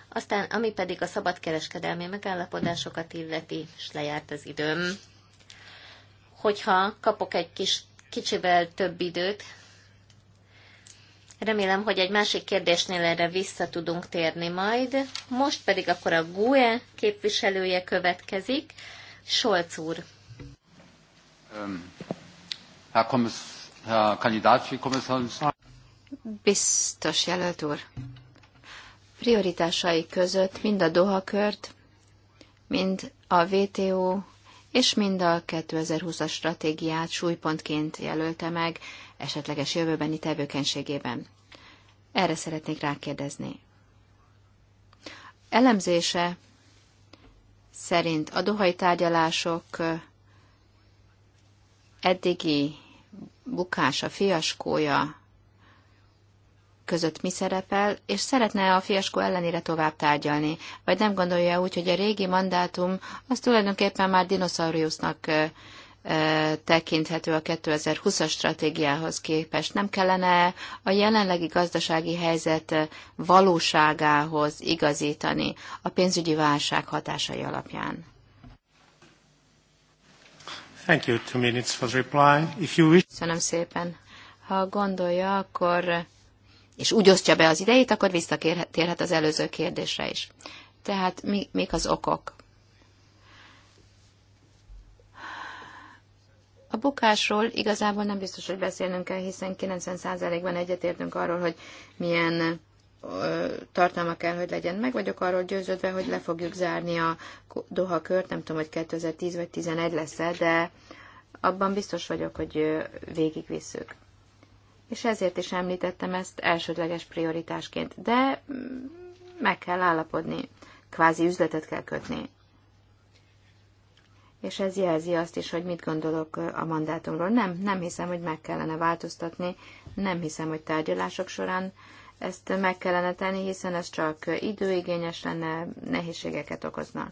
Aztán, ami pedig a szabadkereskedelmi megállapodásokat illeti, és lejárt az időm, hogyha kapok egy kis kicsivel több időt, Remélem, hogy egy másik kérdésnél erre vissza tudunk térni majd. Most pedig akkor a GUE képviselője következik, Scholz úr. Biztos jelölt úr. Prioritásai között mind a Doha kört, mind a WTO és mind a 2020-as stratégiát súlypontként jelölte meg, esetleges jövőbeni tevékenységében. Erre szeretnék rákérdezni. Elemzése szerint a dohai tárgyalások eddigi bukása, fiaskója között mi szerepel, és szeretne a fiaskó ellenére tovább tárgyalni, vagy nem gondolja úgy, hogy a régi mandátum az tulajdonképpen már dinoszaurusznak tekinthető a 2020-as stratégiához képest? Nem kellene a jelenlegi gazdasági helyzet valóságához igazítani a pénzügyi válság hatásai alapján? Thank you. Two minutes for reply. If you wish. Köszönöm szépen. Ha gondolja, akkor és úgy osztja be az idejét, akkor visszatérhet az előző kérdésre is. Tehát mi, mik az okok? bukásról igazából nem biztos, hogy beszélnünk kell, hiszen 90%-ban egyetértünk arról, hogy milyen tartalma kell, hogy legyen. Meg vagyok arról győződve, hogy le fogjuk zárni a Doha kört, nem tudom, hogy 2010 vagy 11 lesz -e, de abban biztos vagyok, hogy végigvisszük. És ezért is említettem ezt elsődleges prioritásként. De mm, meg kell állapodni, kvázi üzletet kell kötni és ez jelzi azt is, hogy mit gondolok a mandátumról. Nem, nem hiszem, hogy meg kellene változtatni, nem hiszem, hogy tárgyalások során ezt meg kellene tenni, hiszen ez csak időigényes lenne, nehézségeket okozna.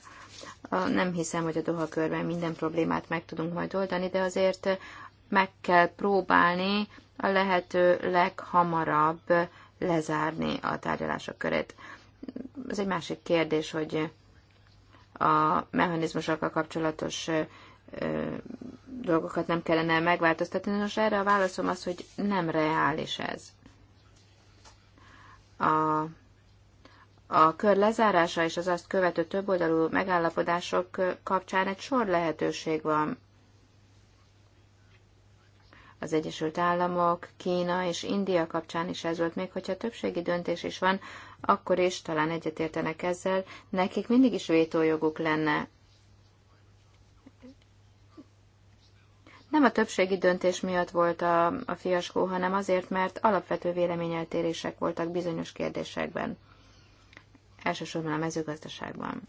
Nem hiszem, hogy a Doha körben minden problémát meg tudunk majd oldani, de azért meg kell próbálni a lehető leghamarabb lezárni a tárgyalások körét. Ez egy másik kérdés, hogy a mechanizmusokkal kapcsolatos dolgokat nem kellene megváltoztatni. Nos, erre a válaszom az, hogy nem reális ez. A, a kör lezárása és az azt követő többoldalú megállapodások kapcsán egy sor lehetőség van az Egyesült Államok, Kína és India kapcsán is ez volt, még hogyha többségi döntés is van, akkor is talán egyetértenek ezzel, nekik mindig is vétójoguk lenne. Nem a többségi döntés miatt volt a, a fiaskó, hanem azért, mert alapvető véleményeltérések voltak bizonyos kérdésekben, elsősorban a mezőgazdaságban.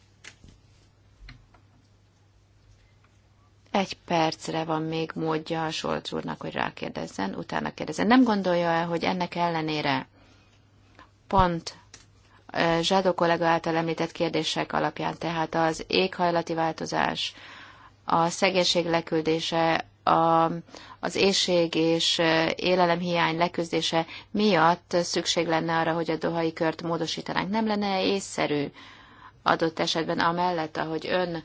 Egy percre van még módja a Solc úrnak, hogy rákérdezzen, utána kérdezzen. Nem gondolja el, hogy ennek ellenére pont Zsádó kollega által említett kérdések alapján, tehát az éghajlati változás, a szegénység leküldése, a, az éjség és élelemhiány leküzdése miatt szükség lenne arra, hogy a dohai kört módosítanánk. Nem lenne észszerű adott esetben amellett, ahogy ön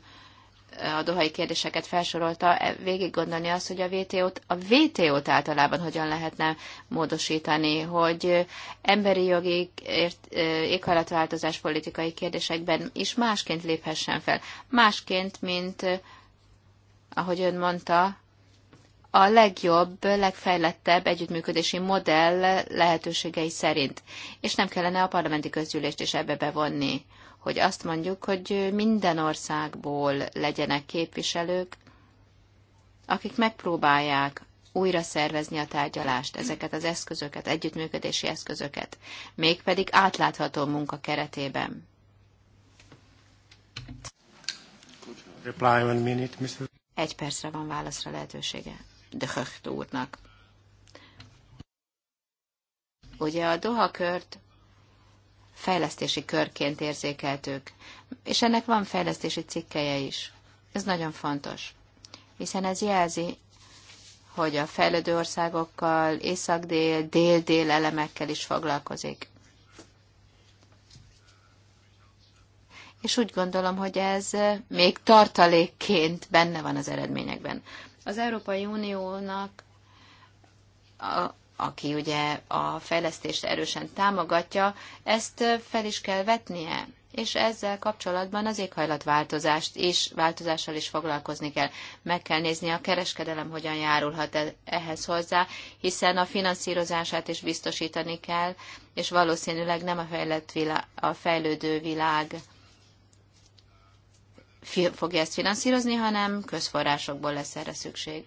a dohai kérdéseket felsorolta, e, végig gondolni azt, hogy a VTO-t, a VTO-t általában hogyan lehetne módosítani, hogy emberi jogi e, éghajlatváltozás politikai kérdésekben is másként léphessen fel. Másként, mint e, ahogy ön mondta, a legjobb, legfejlettebb együttműködési modell lehetőségei szerint. És nem kellene a parlamenti közgyűlést is ebbe bevonni hogy azt mondjuk, hogy minden országból legyenek képviselők, akik megpróbálják újra szervezni a tárgyalást, ezeket az eszközöket, együttműködési eszközöket, mégpedig átlátható munka keretében. Egy percre van válaszra lehetősége. De Höcht úrnak. Ugye a Doha kört fejlesztési körként érzékeltük. És ennek van fejlesztési cikkeje is. Ez nagyon fontos, hiszen ez jelzi, hogy a fejlődő országokkal, észak-dél, dél-dél elemekkel is foglalkozik. És úgy gondolom, hogy ez még tartalékként benne van az eredményekben. Az Európai Uniónak aki ugye a fejlesztést erősen támogatja, ezt fel is kell vetnie, és ezzel kapcsolatban az éghajlatváltozást is, változással is foglalkozni kell. Meg kell nézni a kereskedelem, hogyan járulhat e- ehhez hozzá, hiszen a finanszírozását is biztosítani kell, és valószínűleg nem a, fejlett világ, a fejlődő világ fogja ezt finanszírozni, hanem közforrásokból lesz erre szükség.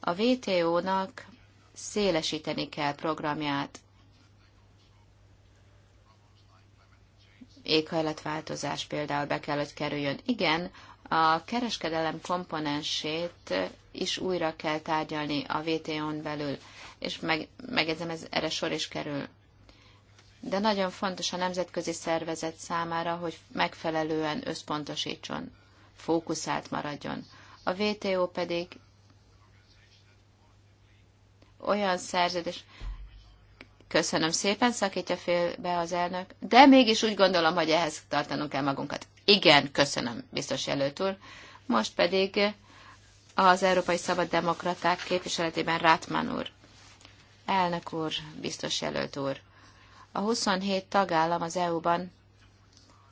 A WTO-nak szélesíteni kell programját. Éghajlatváltozás például be kell, hogy kerüljön. Igen, a kereskedelem komponensét is újra kell tárgyalni a VTO-n belül, és meg, megjegyzem, ez erre sor is kerül. De nagyon fontos a nemzetközi szervezet számára, hogy megfelelően összpontosítson, fókuszált maradjon. A VTO pedig olyan szerződés. Köszönöm szépen, szakítja félbe az elnök. De mégis úgy gondolom, hogy ehhez tartanunk kell magunkat. Igen, köszönöm, biztos jelölt úr. Most pedig az Európai Szabad Demokraták képviseletében Rátmán úr. Elnök úr, biztos jelölt úr. A 27 tagállam az EU-ban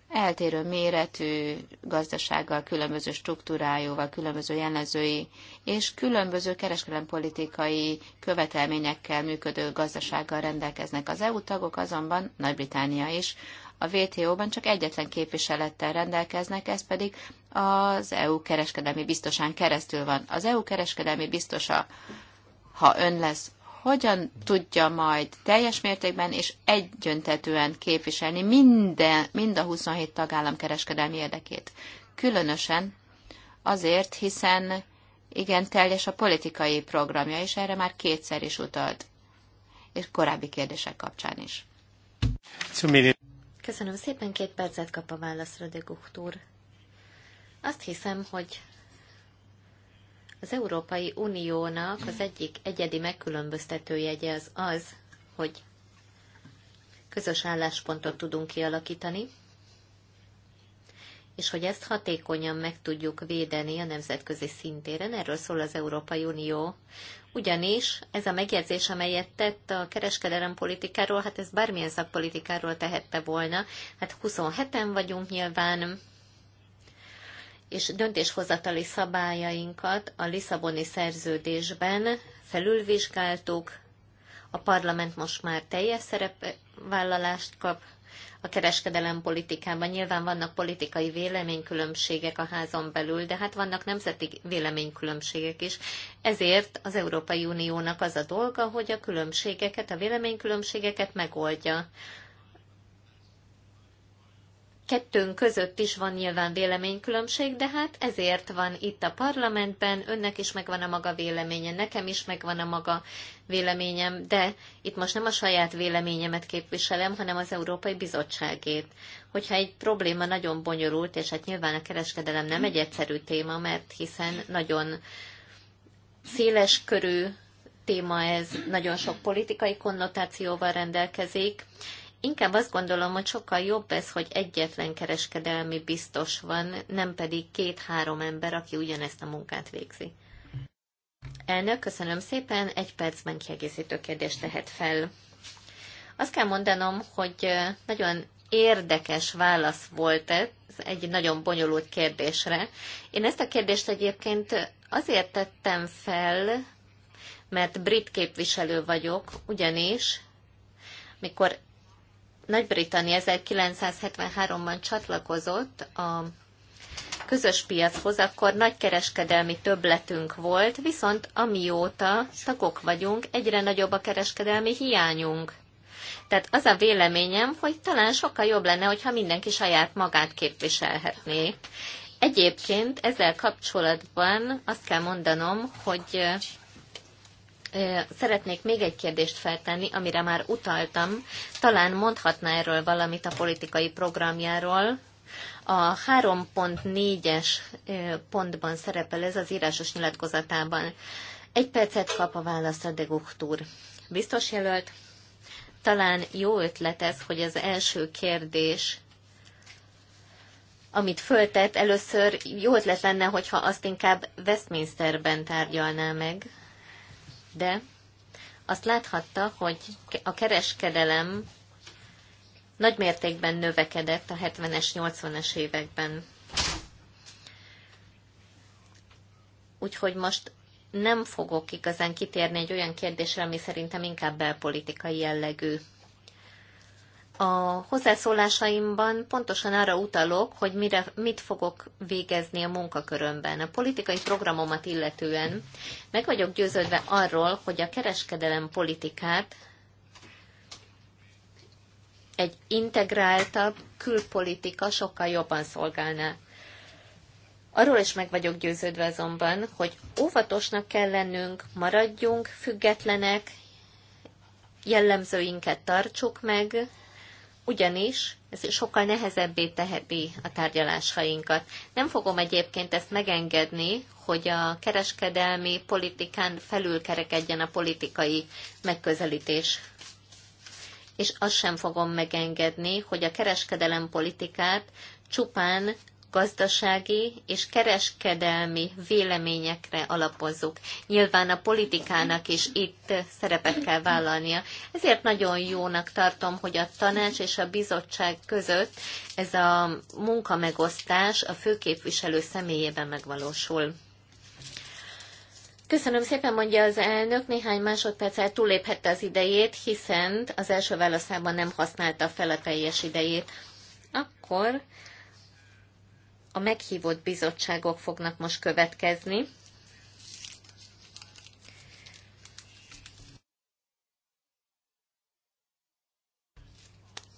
eltérő méretű gazdasággal, különböző struktúrájúval, különböző jellemzői és különböző kereskedelempolitikai követelményekkel működő gazdasággal rendelkeznek. Az EU tagok azonban, Nagy-Británia is, a WTO-ban csak egyetlen képviselettel rendelkeznek, ez pedig az EU kereskedelmi biztosán keresztül van. Az EU kereskedelmi biztosa, ha ön lesz, hogyan tudja majd teljes mértékben és egyöntetően képviselni minden, mind a 27 tagállam kereskedelmi érdekét. Különösen azért, hiszen igen, teljes a politikai programja, és erre már kétszer is utalt, és korábbi kérdések kapcsán is. Köszönöm szépen, két percet kap a válaszra, de Guchtúr. Azt hiszem, hogy az Európai Uniónak az egyik egyedi jegye az az, hogy közös álláspontot tudunk kialakítani, és hogy ezt hatékonyan meg tudjuk védeni a nemzetközi szintéren. Erről szól az Európai Unió. Ugyanis ez a megjegyzés, amelyet tett a kereskedelem politikáról, hát ez bármilyen szakpolitikáról tehette volna. Hát 27-en vagyunk nyilván, és döntéshozatali szabályainkat a Lisszaboni szerződésben felülvizsgáltuk, a parlament most már teljes szerepvállalást kap, a kereskedelempolitikában politikában nyilván vannak politikai véleménykülönbségek a házon belül, de hát vannak nemzeti véleménykülönbségek is. Ezért az Európai Uniónak az a dolga, hogy a különbségeket, a véleménykülönbségeket megoldja kettőnk között is van nyilván véleménykülönbség, de hát ezért van itt a parlamentben, önnek is megvan a maga véleménye, nekem is megvan a maga véleményem, de itt most nem a saját véleményemet képviselem, hanem az Európai Bizottságét. Hogyha egy probléma nagyon bonyolult, és hát nyilván a kereskedelem nem egy egyszerű téma, mert hiszen nagyon széles körű téma ez, nagyon sok politikai konnotációval rendelkezik, Inkább azt gondolom, hogy sokkal jobb ez, hogy egyetlen kereskedelmi biztos van, nem pedig két-három ember, aki ugyanezt a munkát végzi. Elnök, köszönöm szépen, egy percben kiegészítő kérdést tehet fel. Azt kell mondanom, hogy nagyon érdekes válasz volt ez egy nagyon bonyolult kérdésre. Én ezt a kérdést egyébként azért tettem fel, mert brit képviselő vagyok, ugyanis mikor nagy-Britannia 1973-ban csatlakozott a közös piachoz, akkor nagy kereskedelmi többletünk volt, viszont amióta tagok vagyunk, egyre nagyobb a kereskedelmi hiányunk. Tehát az a véleményem, hogy talán sokkal jobb lenne, hogyha mindenki saját magát képviselhetné. Egyébként ezzel kapcsolatban azt kell mondanom, hogy Szeretnék még egy kérdést feltenni, amire már utaltam. Talán mondhatná erről valamit a politikai programjáról. A 3.4-es pontban szerepel ez az írásos nyilatkozatában. Egy percet kap a válasz a Guchtúr. Biztos jelölt? Talán jó ötlet ez, hogy az első kérdés amit föltett, először jó ötlet lenne, hogyha azt inkább Westminsterben tárgyalná meg, de azt láthatta, hogy a kereskedelem nagy mértékben növekedett a 70-es, 80-es években. Úgyhogy most nem fogok igazán kitérni egy olyan kérdésre, ami szerintem inkább belpolitikai jellegű a hozzászólásaimban pontosan arra utalok, hogy mire, mit fogok végezni a munkakörömben. A politikai programomat illetően meg vagyok győződve arról, hogy a kereskedelem politikát egy integráltabb külpolitika sokkal jobban szolgálná. Arról is meg vagyok győződve azonban, hogy óvatosnak kell lennünk, maradjunk függetlenek, jellemzőinket tartsuk meg, ugyanis ez sokkal nehezebbé teheti a tárgyalásainkat. Nem fogom egyébként ezt megengedni, hogy a kereskedelmi politikán felülkerekedjen a politikai megközelítés. És azt sem fogom megengedni, hogy a kereskedelem politikát csupán gazdasági és kereskedelmi véleményekre alapozzuk. Nyilván a politikának is itt szerepet kell vállalnia. Ezért nagyon jónak tartom, hogy a tanács és a bizottság között ez a munkamegosztás a főképviselő személyében megvalósul. Köszönöm szépen, mondja az elnök, néhány másodperccel túléphette az idejét, hiszen az első válaszában nem használta fel a teljes idejét. Akkor a meghívott bizottságok fognak most következni.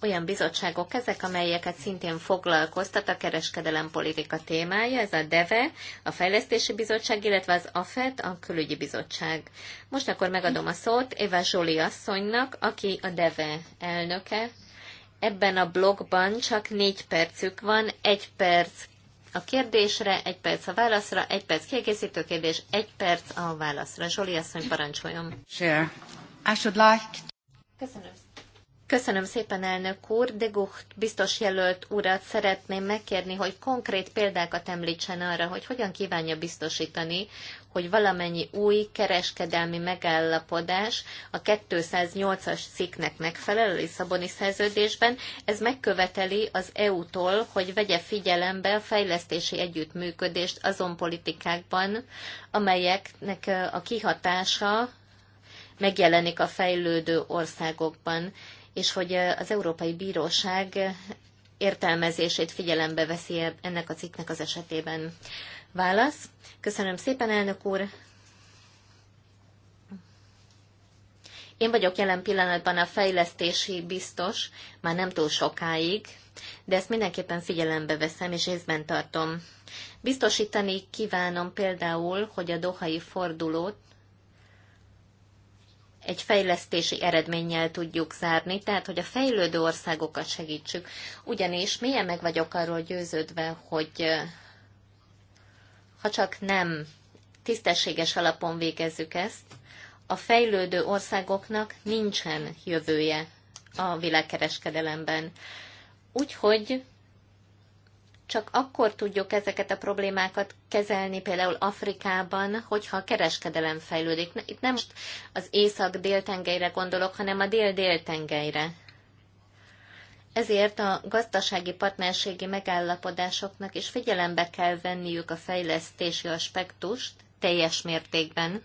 olyan bizottságok ezek, amelyeket szintén foglalkoztat a kereskedelem politika témája, ez a DEVE, a Fejlesztési Bizottság, illetve az AFET, a Külügyi Bizottság. Most akkor megadom a szót Éva Zsoli asszonynak, aki a DEVE elnöke. Ebben a blogban csak négy percük van, egy perc a kérdésre, egy perc a válaszra, egy perc kiegészítő kérdés, egy perc a válaszra. Zsoli asszony, parancsoljon. Sure. I should like... Köszönöm Köszönöm szépen, elnök úr. De Gucht biztos jelölt urat szeretném megkérni, hogy konkrét példákat említsen arra, hogy hogyan kívánja biztosítani, hogy valamennyi új kereskedelmi megállapodás a 208-as cikknek megfelel a Lisszaboni szerződésben. Ez megköveteli az EU-tól, hogy vegye figyelembe a fejlesztési együttműködést azon politikákban, amelyeknek a kihatása megjelenik a fejlődő országokban és hogy az Európai Bíróság értelmezését figyelembe veszi e- ennek a cikknek az esetében. Válasz. Köszönöm szépen, elnök úr. Én vagyok jelen pillanatban a fejlesztési biztos, már nem túl sokáig, de ezt mindenképpen figyelembe veszem és észben tartom. Biztosítani kívánom például, hogy a dohai fordulót egy fejlesztési eredménnyel tudjuk zárni, tehát hogy a fejlődő országokat segítsük. Ugyanis milyen meg vagyok arról győződve, hogy ha csak nem tisztességes alapon végezzük ezt, a fejlődő országoknak nincsen jövője a világkereskedelemben. Úgyhogy csak akkor tudjuk ezeket a problémákat kezelni, például Afrikában, hogyha a kereskedelem fejlődik. Itt nem most az észak-déltengelyre gondolok, hanem a dél-déltengelyre. Ezért a gazdasági partnerségi megállapodásoknak is figyelembe kell venniük a fejlesztési aspektust teljes mértékben,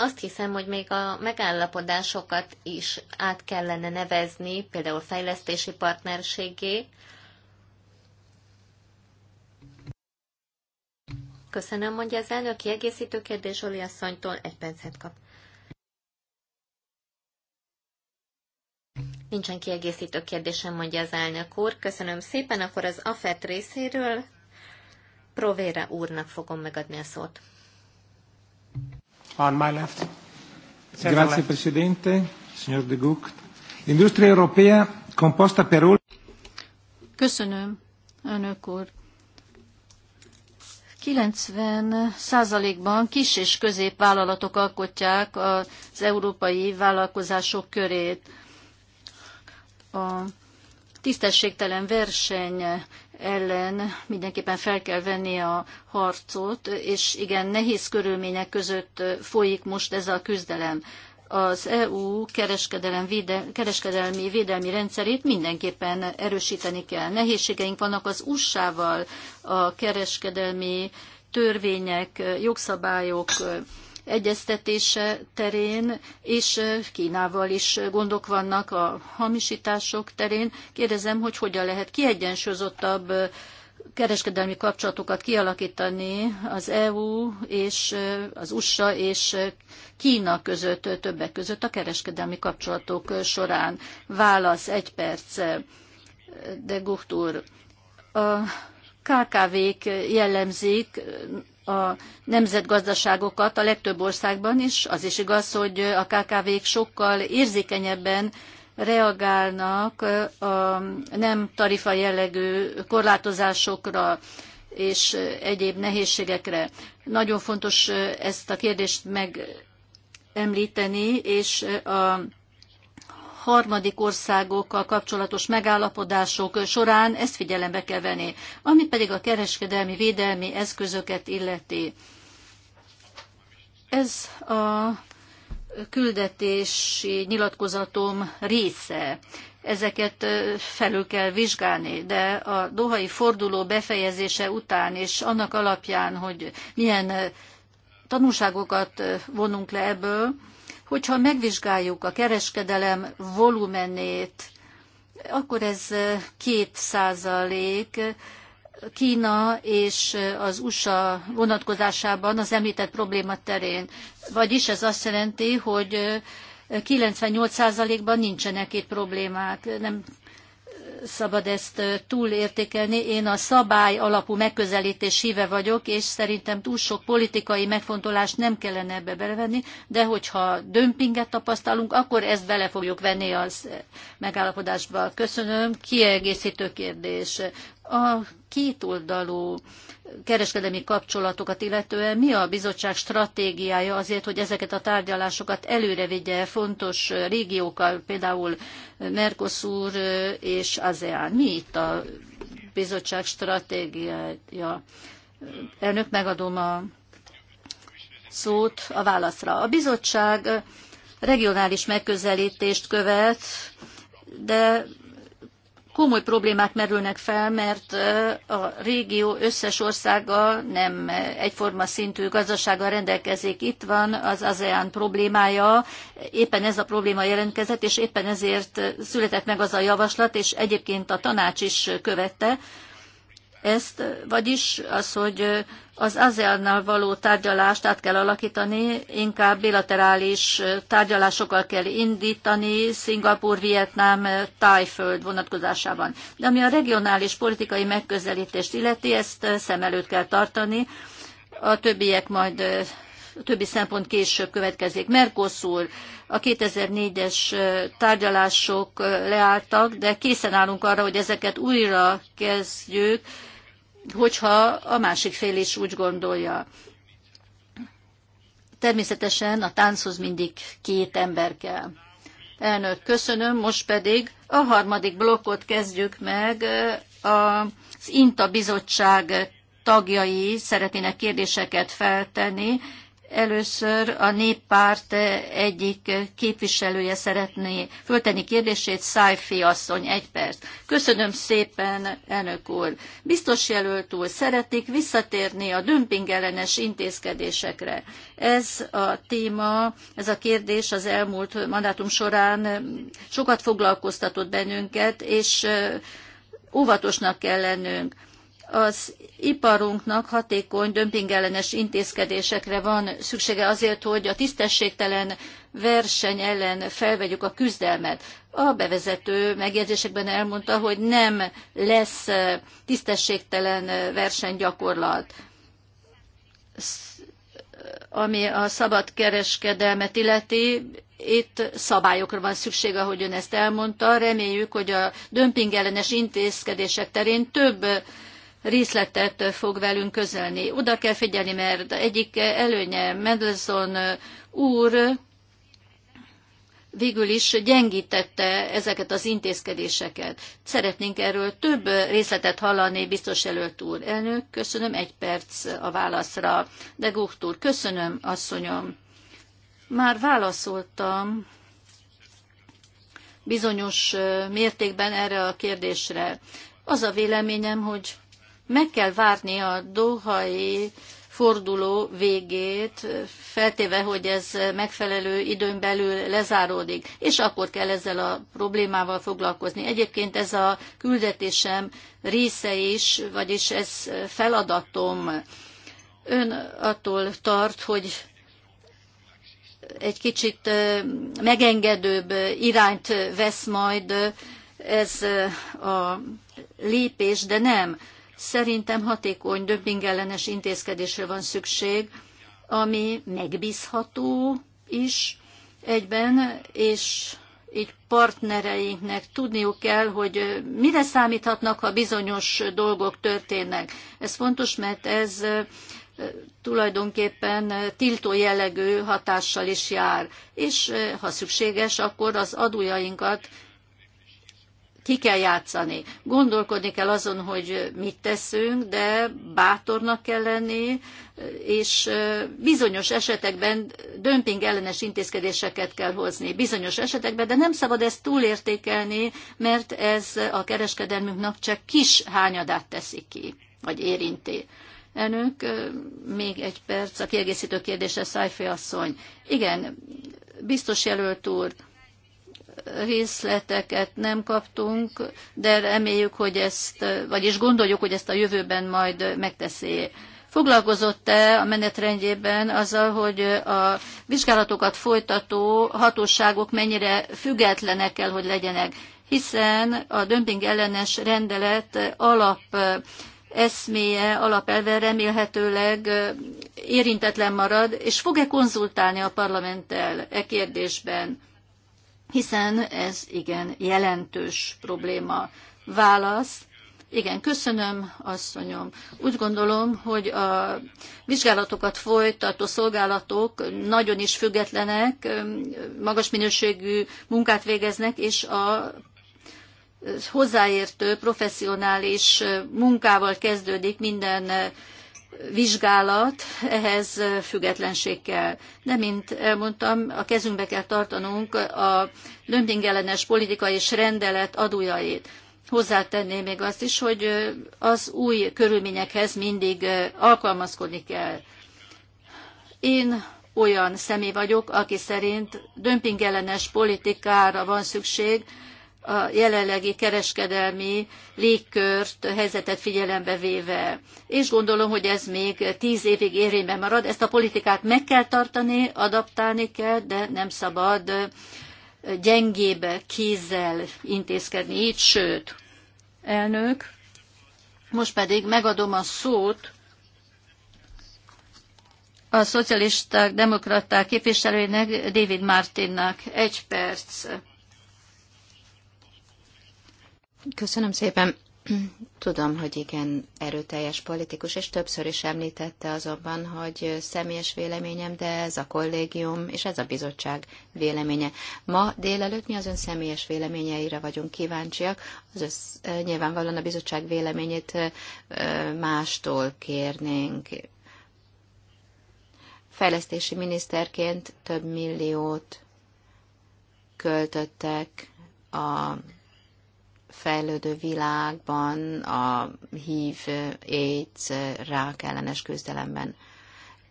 azt hiszem, hogy még a megállapodásokat is át kellene nevezni, például fejlesztési partnerségé. Köszönöm, mondja az elnök. Kiegészítő kérdés Oli asszonytól egy percet kap. Nincsen kiegészítő kérdésem, mondja az elnök úr. Köszönöm szépen, akkor az AFET részéről Provéra úrnak fogom megadni a szót. On my left. Grazie Presidente, signor De Gucht. L'industria europea composta per oltre... Köszönöm, önök úr. 90 százalékban kis és középvállalatok alkotják az európai vállalkozások körét. A tisztességtelen verseny ellen mindenképpen fel kell venni a harcot, és igen, nehéz körülmények között folyik most ez a küzdelem. Az EU kereskedelem véde, kereskedelmi védelmi rendszerét mindenképpen erősíteni kell. Nehézségeink vannak az USA-val a kereskedelmi törvények, jogszabályok egyeztetése terén, és Kínával is gondok vannak a hamisítások terén. Kérdezem, hogy hogyan lehet kiegyensúlyozottabb kereskedelmi kapcsolatokat kialakítani az EU és az USA és Kína között, többek között a kereskedelmi kapcsolatok során. Válasz egy perc, de Gucht úr. A KKV-k jellemzik a nemzetgazdaságokat a legtöbb országban is. Az is igaz, hogy a KKV-k sokkal érzékenyebben reagálnak a nem tarifa jellegű korlátozásokra és egyéb nehézségekre. Nagyon fontos ezt a kérdést megemlíteni, és a harmadik országokkal kapcsolatos megállapodások során ezt figyelembe kell venni. Ami pedig a kereskedelmi védelmi eszközöket illeti. Ez a küldetési nyilatkozatom része. Ezeket felül kell vizsgálni, de a dohai forduló befejezése után és annak alapján, hogy milyen tanulságokat vonunk le ebből, Hogyha megvizsgáljuk a kereskedelem volumenét, akkor ez két százalék, Kína és az USA vonatkozásában az említett probléma terén. Vagyis ez azt jelenti, hogy 98%-ban nincsenek itt problémák, nem szabad ezt túlértékelni. Én a szabály alapú megközelítés híve vagyok, és szerintem túl sok politikai megfontolást nem kellene ebbe belevenni, de hogyha dömpinget tapasztalunk, akkor ezt bele fogjuk venni az megállapodásba. Köszönöm. Kiegészítő kérdés. A kétoldalú kereskedelmi kapcsolatokat illetően mi a bizottság stratégiája azért, hogy ezeket a tárgyalásokat előre vigye fontos régiókkal, például Mercosur és ASEAN? Mi itt a bizottság stratégiája? Elnök, megadom a szót a válaszra. A bizottság regionális megközelítést követ, de komoly problémák merülnek fel, mert a régió összes országa nem egyforma szintű gazdasággal rendelkezik. Itt van az ASEAN problémája, éppen ez a probléma jelentkezett, és éppen ezért született meg az a javaslat, és egyébként a tanács is követte ezt, vagyis az, hogy az ASEAN-nal való tárgyalást át kell alakítani, inkább bilaterális tárgyalásokkal kell indítani Szingapur, Vietnám, Tájföld vonatkozásában. De ami a regionális politikai megközelítést illeti, ezt szem előtt kell tartani, a többiek majd a többi szempont később következik. Mercosur, a 2004-es tárgyalások leálltak, de készen állunk arra, hogy ezeket újra kezdjük, hogyha a másik fél is úgy gondolja. Természetesen a tánchoz mindig két ember kell. Elnök, köszönöm, most pedig a harmadik blokkot kezdjük meg. Az INTA bizottság tagjai szeretnének kérdéseket feltenni, Először a néppárt egyik képviselője szeretné föltenni kérdését, Szájfi asszony, egy perc. Köszönöm szépen, elnök úr. Biztos jelölt úr, szeretnék visszatérni a dömpingellenes intézkedésekre. Ez a téma, ez a kérdés az elmúlt mandátum során sokat foglalkoztatott bennünket, és óvatosnak kell lennünk az iparunknak hatékony dömpingellenes intézkedésekre van szüksége azért, hogy a tisztességtelen verseny ellen felvegyük a küzdelmet. A bevezető megjegyzésekben elmondta, hogy nem lesz eh, tisztességtelen eh, versenygyakorlat ami a szabad kereskedelmet illeti, itt szabályokra van szükség, ahogy ön ezt elmondta. Reméljük, hogy a dömpingellenes intézkedések terén több részletet fog velünk közelni. Oda kell figyelni, mert egyik előnye Mendelssohn úr végül is gyengítette ezeket az intézkedéseket. Szeretnénk erről több részletet hallani, biztos előtt úr. Elnök, köszönöm egy perc a válaszra. De Gucht úr, köszönöm, asszonyom. Már válaszoltam bizonyos mértékben erre a kérdésre. Az a véleményem, hogy meg kell várni a dohai forduló végét, feltéve, hogy ez megfelelő időn belül lezáródik, és akkor kell ezzel a problémával foglalkozni. Egyébként ez a küldetésem része is, vagyis ez feladatom. Ön attól tart, hogy egy kicsit megengedőbb irányt vesz majd ez a lépés, de nem Szerintem hatékony döbbingellenes intézkedésre van szükség, ami megbízható is egyben, és így partnereinknek tudniuk kell, hogy mire számíthatnak, ha bizonyos dolgok történnek. Ez fontos, mert ez tulajdonképpen tiltó jellegű hatással is jár, és ha szükséges, akkor az adójainkat ki kell játszani. Gondolkodni kell azon, hogy mit teszünk, de bátornak kell lenni, és bizonyos esetekben dömping ellenes intézkedéseket kell hozni. Bizonyos esetekben, de nem szabad ezt túlértékelni, mert ez a kereskedelmünknek csak kis hányadát teszi ki, vagy érinti. Elnök, még egy perc a kiegészítő kérdése, Szájfő asszony. Igen, biztos jelölt úr, részleteket nem kaptunk, de reméljük, hogy ezt, vagyis gondoljuk, hogy ezt a jövőben majd megteszi. Foglalkozott-e a menetrendjében azzal, hogy a vizsgálatokat folytató hatóságok mennyire függetlenek kell, hogy legyenek, hiszen a dömping ellenes rendelet alap eszméje alapelve remélhetőleg érintetlen marad, és fog-e konzultálni a parlamenttel e kérdésben? hiszen ez igen jelentős probléma. Válasz. Igen, köszönöm, asszonyom. Úgy gondolom, hogy a vizsgálatokat folytató szolgálatok nagyon is függetlenek, magas minőségű munkát végeznek, és a hozzáértő professzionális munkával kezdődik minden vizsgálat, ehhez függetlenség kell. De, mint elmondtam, a kezünkbe kell tartanunk a dömpingellenes politika és rendelet adójait. Hozzátenném még azt is, hogy az új körülményekhez mindig alkalmazkodni kell. Én olyan személy vagyok, aki szerint dömpingellenes politikára van szükség, a jelenlegi kereskedelmi légkört, helyzetet figyelembe véve. És gondolom, hogy ez még tíz évig érvényben marad. Ezt a politikát meg kell tartani, adaptálni kell, de nem szabad gyengébb kézzel intézkedni így, sőt, elnök. Most pedig megadom a szót a szocialisták, demokraták képviselőjének, David Martinnak. Egy perc. Köszönöm szépen. Tudom, hogy igen, erőteljes politikus, és többször is említette azonban, hogy személyes véleményem, de ez a kollégium és ez a bizottság véleménye. Ma délelőtt mi az ön személyes véleményeire vagyunk kíváncsiak, az össz, nyilvánvalóan a bizottság véleményét mástól kérnénk. Fejlesztési miniszterként több milliót költöttek a fejlődő világban, a HIV, AIDS, rák ellenes küzdelemben.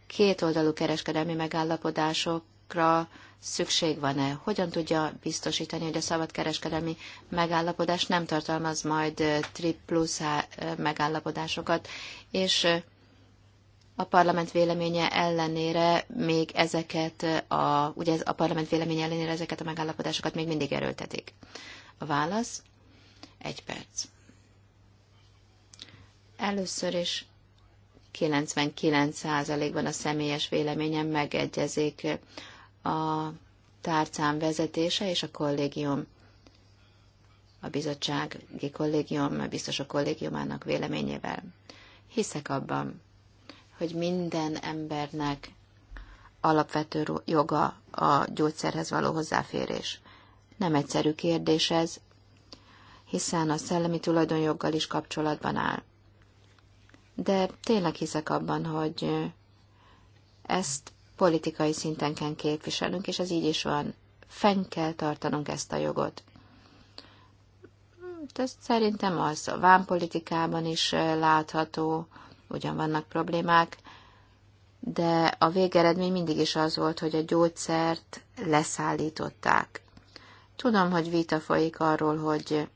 Kétoldalú kereskedelmi megállapodásokra szükség van-e? Hogyan tudja biztosítani, hogy a szabadkereskedelmi megállapodás nem tartalmaz majd TRIP plusz megállapodásokat, és a parlament véleménye ellenére még ezeket a, ugye a parlament véleménye ellenére ezeket a megállapodásokat még mindig erőltetik. A válasz? Egy perc. Először is 99%-ban a személyes véleményem megegyezik a tárcám vezetése és a kollégium, a bizottsági kollégium, a biztosok kollégiumának véleményével. Hiszek abban, hogy minden embernek alapvető joga a gyógyszerhez való hozzáférés. Nem egyszerű kérdés ez, hiszen a szellemi tulajdonjoggal is kapcsolatban áll. De tényleg hiszek abban, hogy ezt politikai szinten kell képviselnünk, és ez így is van. Fenn kell tartanunk ezt a jogot. Ez szerintem az a vámpolitikában is látható, ugyan vannak problémák, de a végeredmény mindig is az volt, hogy a gyógyszert leszállították. Tudom, hogy vita folyik arról, hogy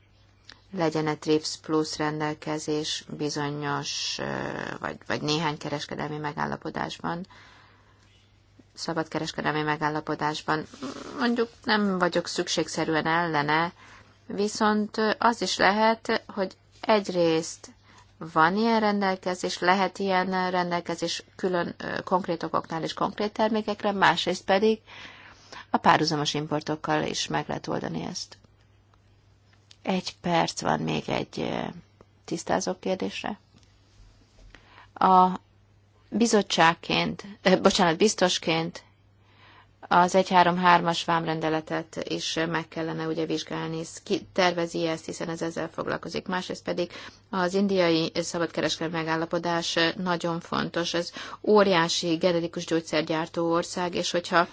legyen -e TRIPS plusz rendelkezés bizonyos, vagy, vagy néhány kereskedelmi megállapodásban, szabad kereskedelmi megállapodásban. Mondjuk nem vagyok szükségszerűen ellene, viszont az is lehet, hogy egyrészt van ilyen rendelkezés, lehet ilyen rendelkezés külön konkrét okoknál és konkrét termékekre, másrészt pedig a párhuzamos importokkal is meg lehet oldani ezt. Egy perc van még egy tisztázó kérdésre. A bizottságként, bocsánat, biztosként az 3 as vámrendeletet is meg kellene ugye vizsgálni. Ki tervezi ezt, hiszen ez ezzel foglalkozik. Másrészt pedig az indiai szabadkereskedelmi megállapodás nagyon fontos. Ez óriási generikus gyógyszergyártó ország, és hogyha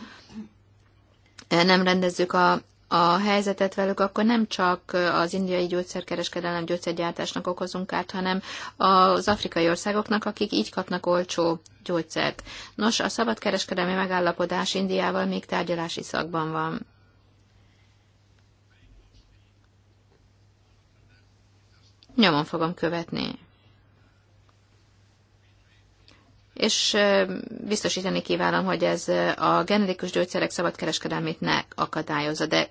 nem rendezzük a a helyzetet velük, akkor nem csak az indiai gyógyszerkereskedelem gyógyszergyártásnak okozunk át, hanem az afrikai országoknak, akik így kapnak olcsó gyógyszert. Nos, a szabadkereskedelmi megállapodás Indiával még tárgyalási szakban van. Nyomon fogom követni és biztosítani kívánom, hogy ez a generikus gyógyszerek szabadkereskedelmét ne akadályozza, de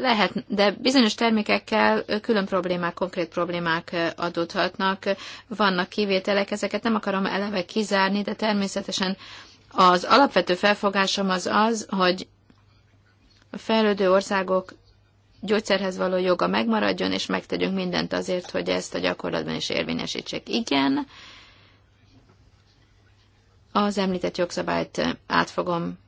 lehet, de bizonyos termékekkel külön problémák, konkrét problémák adódhatnak. Vannak kivételek, ezeket nem akarom eleve kizárni, de természetesen az alapvető felfogásom az az, hogy a fejlődő országok gyógyszerhez való joga megmaradjon, és megtegyünk mindent azért, hogy ezt a gyakorlatban is érvényesítsék. Igen, az említett jogszabályt át fogom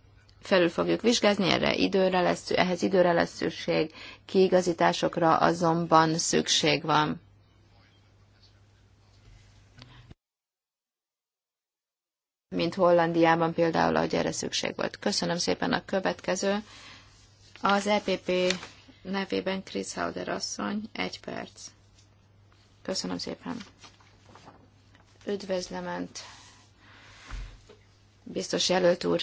felül fogjuk vizsgálni, erre időre lesz, ehhez időre lesz szükség, kiigazításokra azonban szükség van. mint Hollandiában például, ahogy erre szükség volt. Köszönöm szépen a következő. Az EPP nevében Chris Halder asszony, egy perc. Köszönöm szépen. Üdvözlement biztos jelölt úr,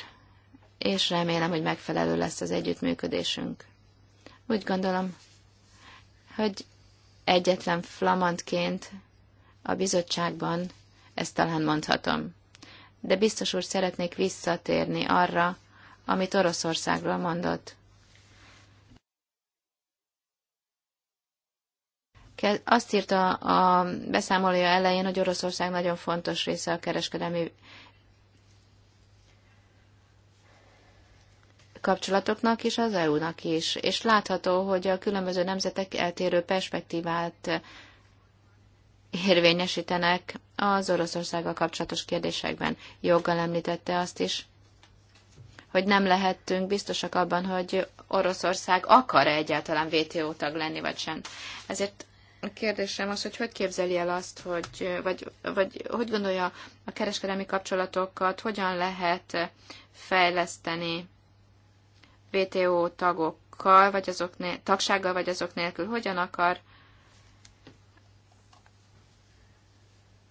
és remélem, hogy megfelelő lesz az együttműködésünk. Úgy gondolom, hogy egyetlen flamantként a bizottságban ezt talán mondhatom. De biztos úr szeretnék visszatérni arra, amit Oroszországról mondott. Azt írta a beszámolója elején, hogy Oroszország nagyon fontos része a kereskedelmi kapcsolatoknak és az EU-nak is. És látható, hogy a különböző nemzetek eltérő perspektívát érvényesítenek az Oroszországgal kapcsolatos kérdésekben. Joggal említette azt is, hogy nem lehettünk biztosak abban, hogy Oroszország akar-e egyáltalán WTO tag lenni, vagy sem. Ezért a kérdésem az, hogy hogy képzeli el azt, hogy, vagy, vagy hogy gondolja a kereskedelmi kapcsolatokat, hogyan lehet fejleszteni VTO tagokkal, vagy azok né- tagsággal, vagy azok nélkül hogyan akar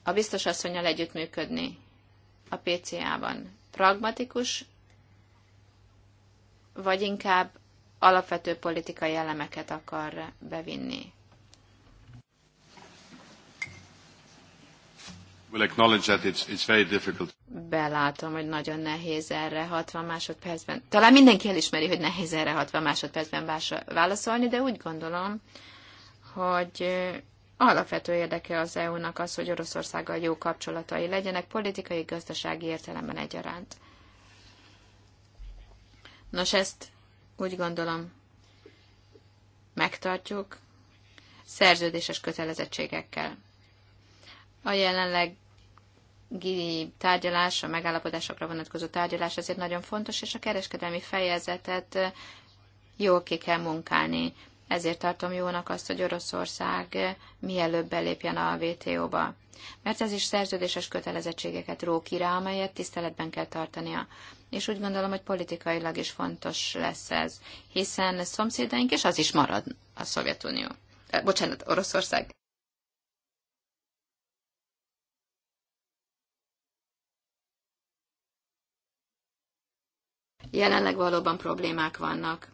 a biztos asszonyjal együttműködni a PCA-ban. Pragmatikus, vagy inkább alapvető politikai elemeket akar bevinni. We'll acknowledge that it's, it's very difficult belátom, hogy nagyon nehéz erre 60 másodpercben. Talán mindenki elismeri, hogy nehéz erre 60 másodpercben válaszolni, de úgy gondolom, hogy eh, alapvető érdeke az EU-nak az, hogy Oroszországgal jó kapcsolatai legyenek, politikai, gazdasági értelemben egyaránt. Nos, ezt úgy gondolom megtartjuk szerződéses kötelezettségekkel. A jelenleg tárgyalás, a megállapodásokra vonatkozó tárgyalás ezért nagyon fontos, és a kereskedelmi fejezetet eh, jól ki kell munkálni. Ezért tartom jónak azt, hogy Oroszország eh, mielőbb belépjen a WTO-ba. Mert ez is szerződéses kötelezettségeket ró ki rá, amelyet tiszteletben kell tartania. És úgy gondolom, hogy politikailag is fontos lesz ez, hiszen szomszédaink, és az is marad a Szovjetunió. Eh, bocsánat, Oroszország. Jelenleg valóban problémák vannak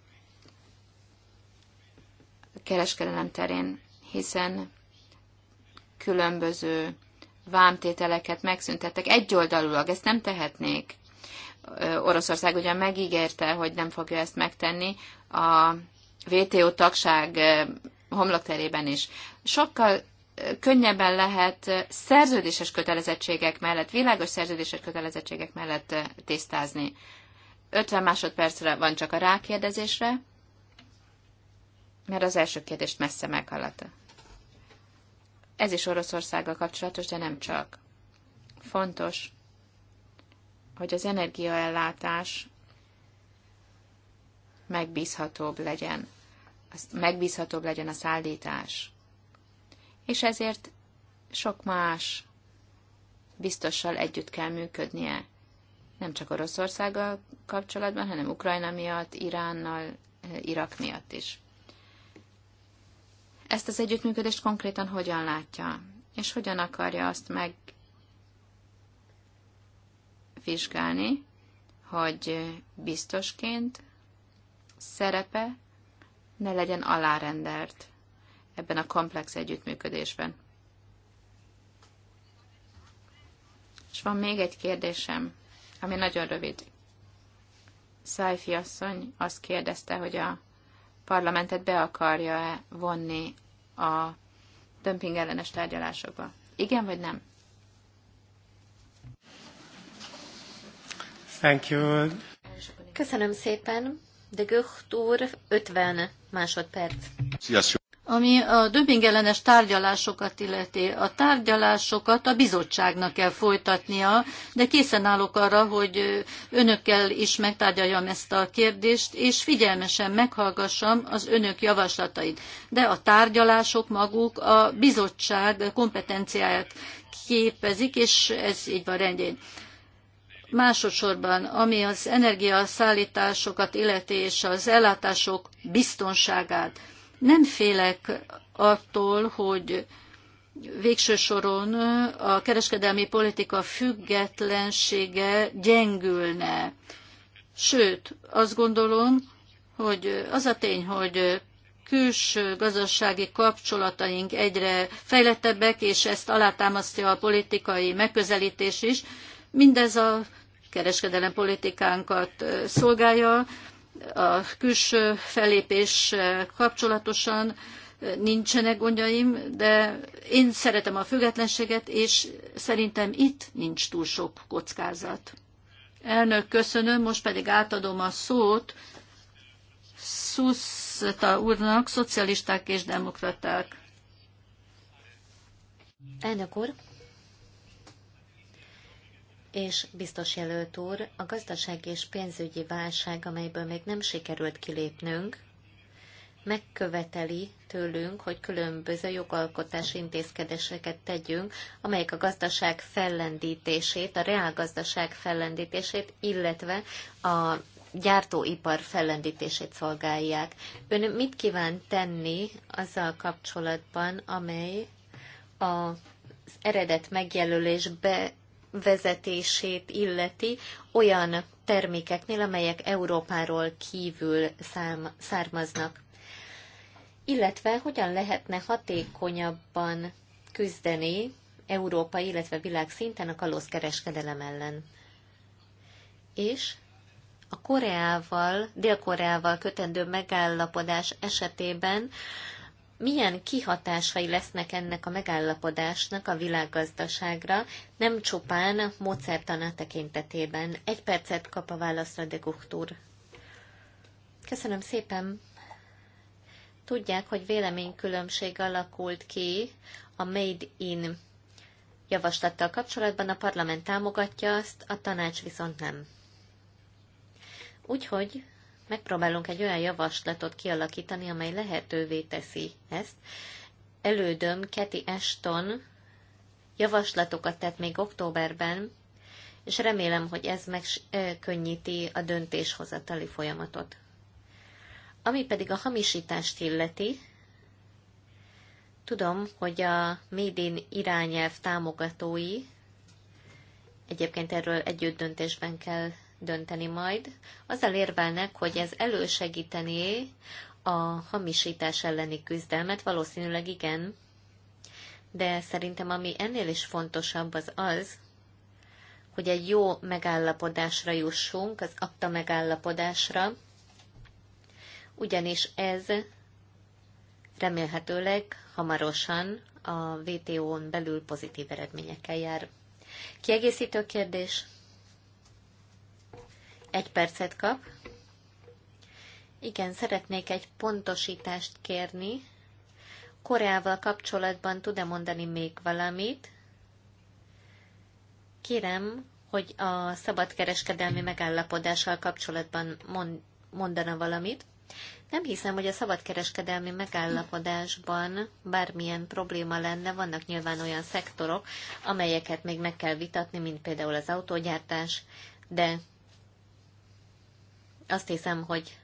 a kereskedelem terén, hiszen különböző vámtételeket megszüntettek egyoldalúlag, ezt nem tehetnék. Oroszország ugyan megígérte, hogy nem fogja ezt megtenni, a WTO tagság homlokterében is. Sokkal könnyebben lehet szerződéses kötelezettségek mellett, világos szerződéses kötelezettségek mellett tisztázni. 50 másodpercre van csak a rákérdezésre, mert az első kérdést messze meghaladta. Ez is Oroszországgal kapcsolatos, de nem csak. Fontos, hogy az energiaellátás megbízhatóbb legyen, megbízhatóbb legyen a szállítás. És ezért sok más biztossal együtt kell működnie nem csak Oroszországgal kapcsolatban, hanem Ukrajna miatt, Iránnal, eh, Irak miatt is. Ezt az együttműködést konkrétan hogyan látja, és hogyan akarja azt megvizsgálni, hogy biztosként szerepe ne legyen alárendelt ebben a komplex együttműködésben. És van még egy kérdésem ami nagyon rövid. Szájfi asszony azt kérdezte, hogy a parlamentet be akarja-e vonni a dömping ellenes tárgyalásokba. Igen vagy nem? Thank you. Köszönöm szépen. De Göcht úr, 50 másodperc. Sziasztok. Ami a döbbing tárgyalásokat illeti, a tárgyalásokat a bizottságnak kell folytatnia, de készen állok arra, hogy önökkel is megtárgyaljam ezt a kérdést, és figyelmesen meghallgassam az önök javaslatait. De a tárgyalások maguk a bizottság kompetenciáját képezik, és ez így van rendjén. Másodszorban, ami az energiaszállításokat illeti és az ellátások biztonságát, nem félek attól, hogy végső soron a kereskedelmi politika függetlensége gyengülne. Sőt, azt gondolom, hogy az a tény, hogy külső gazdasági kapcsolataink egyre fejlettebbek, és ezt alátámasztja a politikai megközelítés is. Mindez a kereskedelem politikánkat szolgálja, a külső fellépés kapcsolatosan nincsenek gondjaim, de én szeretem a függetlenséget, és szerintem itt nincs túl sok kockázat. Elnök, köszönöm, most pedig átadom a szót Szuszta úrnak, szocialisták és demokraták. Elnök úr, és biztos jelölt úr, a gazdaság és pénzügyi válság, amelyből még nem sikerült kilépnünk, megköveteli tőlünk, hogy különböző jogalkotás intézkedéseket tegyünk, amelyek a gazdaság fellendítését, a reálgazdaság fellendítését, illetve a gyártóipar fellendítését szolgálják. Ön mit kíván tenni azzal kapcsolatban, amely az eredet megjelölés be vezetését illeti olyan termékeknél, amelyek Európáról kívül szám, származnak. Illetve hogyan lehetne hatékonyabban küzdeni Európa, illetve világszinten a kalózkereskedelem ellen. És a Koreával, Dél-Koreával kötendő megállapodás esetében milyen kihatásai lesznek ennek a megállapodásnak a világgazdaságra, nem csupán módszertana tekintetében. Egy percet kap a válaszra de Guchtur. Köszönöm szépen! Tudják, hogy véleménykülönbség alakult ki a Made in javaslattal kapcsolatban, a parlament támogatja azt, a tanács viszont nem. Úgyhogy megpróbálunk egy olyan javaslatot kialakítani, amely lehetővé teszi ezt. Elődöm Keti Ashton javaslatokat tett még októberben, és remélem, hogy ez megkönnyíti a döntéshozatali folyamatot. Ami pedig a hamisítást illeti, tudom, hogy a médin irányelv támogatói, egyébként erről együtt döntésben kell dönteni majd. Azzal érvelnek, hogy ez elősegítené a hamisítás elleni küzdelmet, valószínűleg igen. De szerintem ami ennél is fontosabb az az, hogy egy jó megállapodásra jussunk, az akta megállapodásra, ugyanis ez remélhetőleg hamarosan a vto n belül pozitív eredményekkel jár. Kiegészítő kérdés? Egy percet kap. Igen, szeretnék egy pontosítást kérni. Koreával kapcsolatban tud-e mondani még valamit? Kérem, hogy a szabadkereskedelmi megállapodással kapcsolatban mondana valamit. Nem hiszem, hogy a szabadkereskedelmi megállapodásban bármilyen probléma lenne. Vannak nyilván olyan szektorok, amelyeket még meg kell vitatni, mint például az autógyártás, de azt hiszem, hogy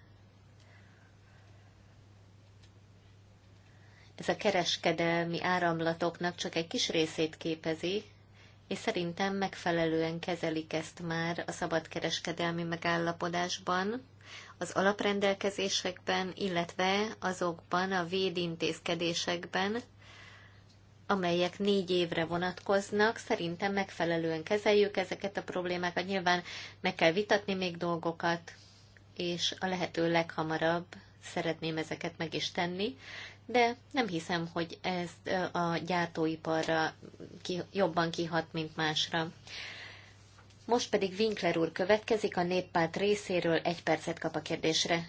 ez a kereskedelmi áramlatoknak csak egy kis részét képezi, és szerintem megfelelően kezelik ezt már a szabadkereskedelmi megállapodásban, az alaprendelkezésekben, illetve azokban a védintézkedésekben, amelyek négy évre vonatkoznak, szerintem megfelelően kezeljük ezeket a problémákat. Nyilván meg kell vitatni még dolgokat, és a lehető leghamarabb szeretném ezeket meg is tenni, de nem hiszem, hogy ez a gyártóiparra ki, jobban kihat, mint másra. Most pedig Winkler úr következik a néppárt részéről, egy percet kap a kérdésre.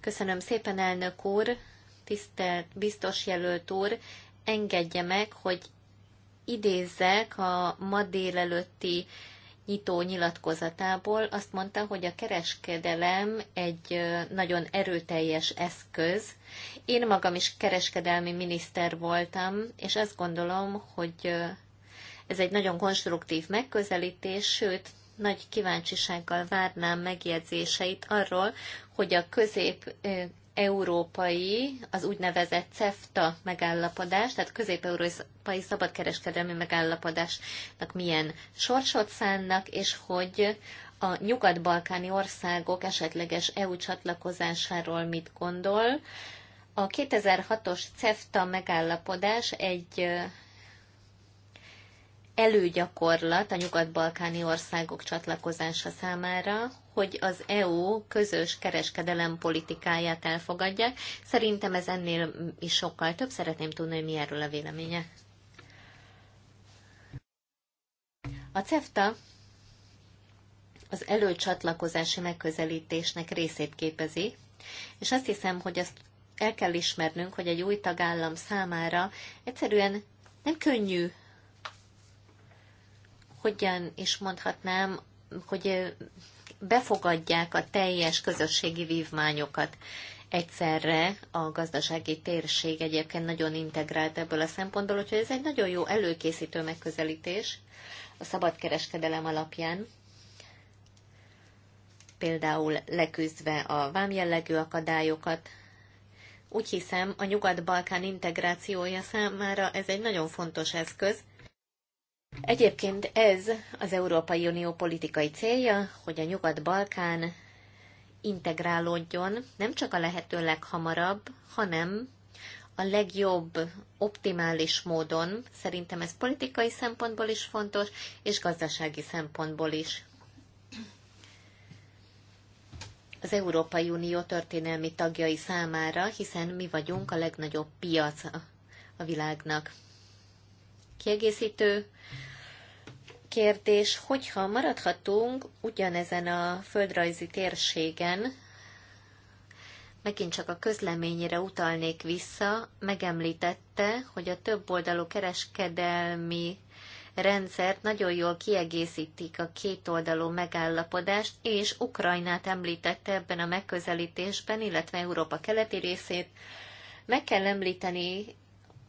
Köszönöm szépen, elnök úr, tisztelt biztos jelölt úr, engedje meg, hogy idézzek a ma délelőtti nyitó nyilatkozatából azt mondta, hogy a kereskedelem egy nagyon erőteljes eszköz. Én magam is kereskedelmi miniszter voltam, és azt gondolom, hogy ez egy nagyon konstruktív megközelítés, sőt, nagy kíváncsisággal várnám megjegyzéseit arról, hogy a közép európai, az úgynevezett CEFTA megállapodás, tehát közép-európai szabadkereskedelmi megállapodásnak milyen sorsot szánnak, és hogy a nyugat-balkáni országok esetleges EU csatlakozásáról mit gondol. A 2006-os CEFTA megállapodás egy előgyakorlat a nyugat-balkáni országok csatlakozása számára, hogy az EU közös kereskedelem politikáját elfogadják. Szerintem ez ennél is sokkal több. Szeretném tudni, hogy mi erről a véleménye. A CEFTA az előcsatlakozási megközelítésnek részét képezi, és azt hiszem, hogy azt el kell ismernünk, hogy egy új tagállam számára egyszerűen nem könnyű, hogyan is mondhatnám, hogy befogadják a teljes közösségi vívmányokat egyszerre a gazdasági térség egyébként nagyon integrált ebből a szempontból, úgyhogy ez egy nagyon jó előkészítő megközelítés a szabadkereskedelem alapján, például leküzdve a vámjellegű akadályokat. Úgy hiszem, a nyugat-balkán integrációja számára ez egy nagyon fontos eszköz, Egyébként ez az Európai Unió politikai célja, hogy a Nyugat-Balkán integrálódjon nem csak a lehető leghamarabb, hanem a legjobb, optimális módon. Szerintem ez politikai szempontból is fontos, és gazdasági szempontból is. Az Európai Unió történelmi tagjai számára, hiszen mi vagyunk a legnagyobb piac a világnak kiegészítő kérdés, hogyha maradhatunk ugyanezen a földrajzi térségen, megint csak a közleményére utalnék vissza, megemlítette, hogy a több oldalú kereskedelmi rendszert nagyon jól kiegészítik a kétoldalú megállapodást, és Ukrajnát említette ebben a megközelítésben, illetve Európa keleti részét. Meg kell említeni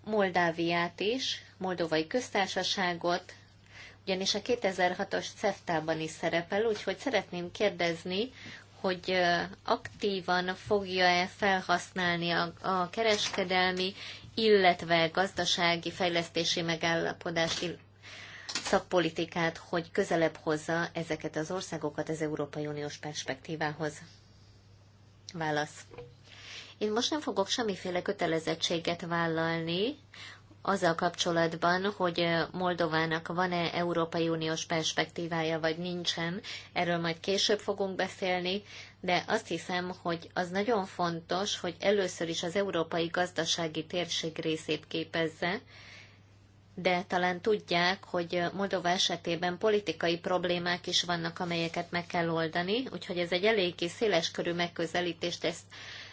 Moldáviát is, Moldovai Köztársaságot, ugyanis a 2006-os CEFTA-ban is szerepel, úgyhogy szeretném kérdezni, hogy aktívan fogja-e felhasználni a, a kereskedelmi, illetve gazdasági fejlesztési megállapodást szakpolitikát, hogy közelebb hozza ezeket az országokat az Európai Uniós perspektívához? Válasz. Én most nem fogok semmiféle kötelezettséget vállalni azzal kapcsolatban, hogy Moldovának van-e Európai Uniós perspektívája, vagy nincsen. Erről majd később fogunk beszélni, de azt hiszem, hogy az nagyon fontos, hogy először is az európai gazdasági térség részét képezze, de talán tudják, hogy Moldova esetében politikai problémák is vannak, amelyeket meg kell oldani, úgyhogy ez egy eléggé széleskörű megközelítést, ezt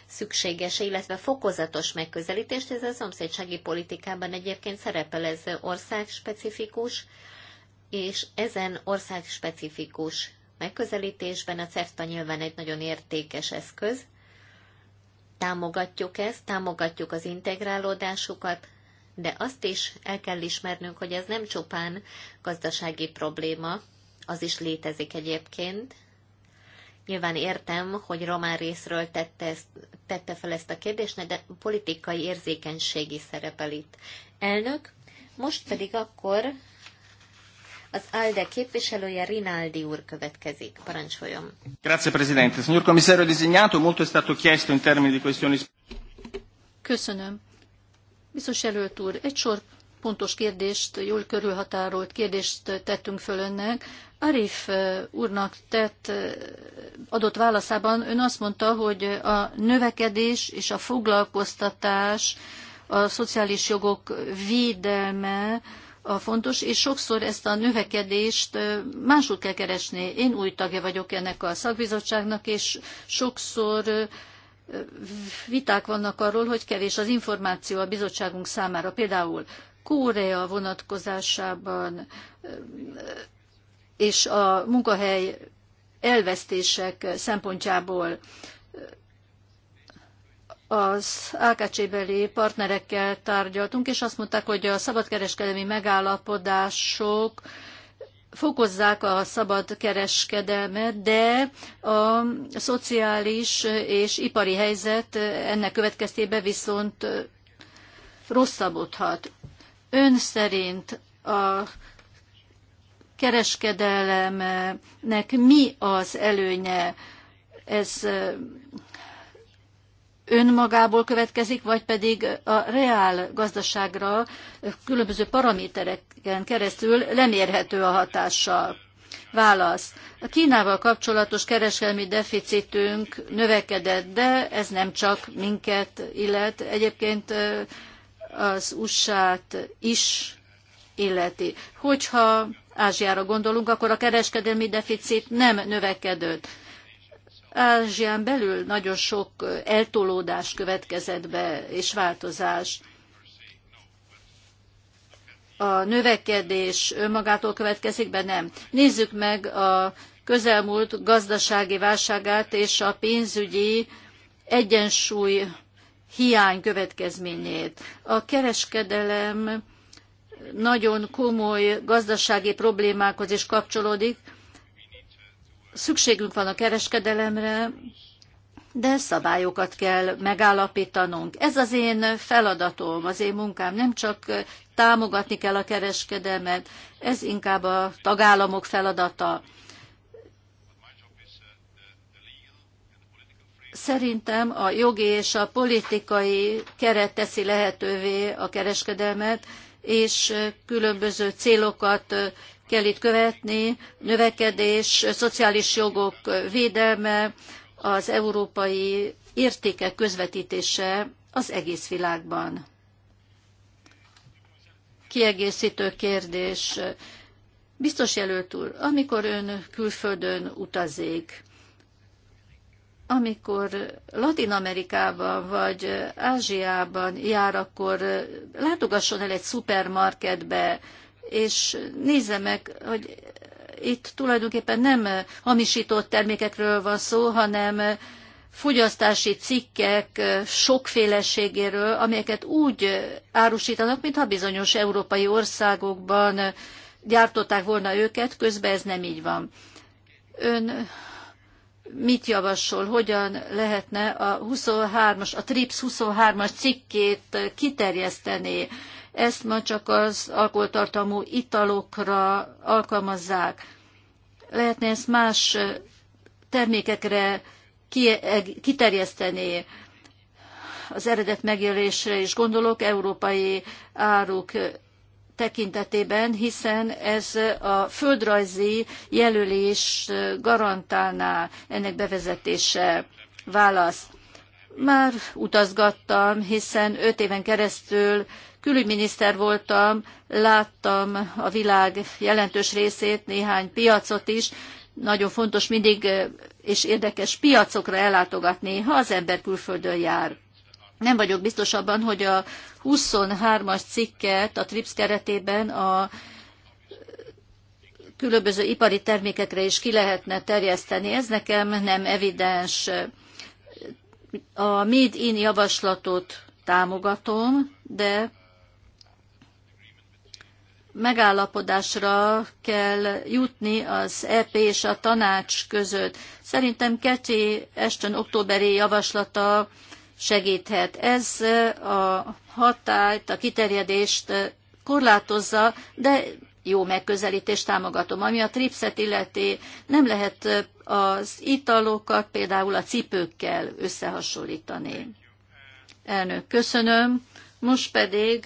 szükséges, illetve fokozatos megközelítést. Ez a szomszédsági politikában egyébként szerepel, ez országspecifikus, és ezen országspecifikus megközelítésben a CEFTA nyilván egy nagyon értékes eszköz. Támogatjuk ezt, támogatjuk az integrálódásukat, de azt is el kell ismernünk, hogy ez nem csupán gazdasági probléma, az is létezik egyébként, Nyilván értem, hogy román részről tette, ezt, tette fel ezt a kérdést, de politikai érzékenységi is szerepel itt. Elnök, most pedig akkor az ALDE képviselője Rinaldi úr következik. Parancsoljon. Grazie Presidente. Signor Commissario designato, molto è stato chiesto in termini di questioni... Köszönöm. Biztos előtt úr, egy sor pontos kérdést, jól körülhatárolt kérdést tettünk föl önnek. Arif úrnak tett adott válaszában ön azt mondta, hogy a növekedés és a foglalkoztatás, a szociális jogok védelme a fontos, és sokszor ezt a növekedést máshogy kell keresni. Én új tagja vagyok ennek a szakbizottságnak, és sokszor viták vannak arról, hogy kevés az információ a bizottságunk számára. Például Kórea vonatkozásában és a munkahely elvesztések szempontjából az AKC-beli partnerekkel tárgyaltunk, és azt mondták, hogy a szabadkereskedelmi megállapodások fokozzák a szabad kereskedelmet, de a szociális és ipari helyzet ennek következtében viszont rosszabbodhat ön szerint a kereskedelemnek mi az előnye? Ez önmagából következik, vagy pedig a reál gazdaságra különböző paramétereken keresztül lemérhető a hatással. Válasz. A Kínával kapcsolatos kereskedelmi deficitünk növekedett, de ez nem csak minket illet. Egyébként az USA-t is illeti. Hogyha Ázsiára gondolunk, akkor a kereskedelmi deficit nem növekedett. Ázsián belül nagyon sok eltolódás következett be, és változás. A növekedés önmagától következik be? Nem. Nézzük meg a közelmúlt gazdasági válságát és a pénzügyi egyensúly hiány következményét. A kereskedelem nagyon komoly gazdasági problémákhoz is kapcsolódik. Szükségünk van a kereskedelemre, de szabályokat kell megállapítanunk. Ez az én feladatom, az én munkám. Nem csak támogatni kell a kereskedelmet, ez inkább a tagállamok feladata. Szerintem a jogi és a politikai keret teszi lehetővé a kereskedelmet, és különböző célokat kell itt követni, növekedés, szociális jogok védelme, az európai értékek közvetítése az egész világban. Kiegészítő kérdés. Biztos jelölt úr, amikor ön külföldön utazik, amikor Latin Amerikában vagy Ázsiában jár, akkor látogasson el egy szupermarketbe, és nézze meg, hogy itt tulajdonképpen nem hamisított termékekről van szó, hanem fogyasztási cikkek sokféleségéről, amelyeket úgy árusítanak, mintha bizonyos európai országokban gyártották volna őket, közben ez nem így van. Ön mit javasol, hogyan lehetne a 23-as, a TRIPS 23-as cikkét kiterjeszteni. Ezt ma csak az alkoholtartalmú italokra alkalmazzák. Lehetne ezt más termékekre kiterjeszteni az eredet megjelölésre is gondolok, európai áruk tekintetében, hiszen ez a földrajzi jelölés garantálná ennek bevezetése. Válasz. Már utazgattam, hiszen öt éven keresztül külügyminiszter voltam, láttam a világ jelentős részét, néhány piacot is. Nagyon fontos mindig és érdekes piacokra ellátogatni, ha az ember külföldön jár. Nem vagyok biztos abban, hogy a 23-as cikket a TRIPS keretében a különböző ipari termékekre is ki lehetne terjeszteni. Ez nekem nem evidens. A Made in javaslatot támogatom, de megállapodásra kell jutni az EP és a tanács között. Szerintem Keti Ashton októberi javaslata segíthet. Ez a hatályt, a kiterjedést korlátozza, de jó megközelítést támogatom. Ami a tripset illeti, nem lehet az italokat például a cipőkkel összehasonlítani. Elnök, köszönöm. Most pedig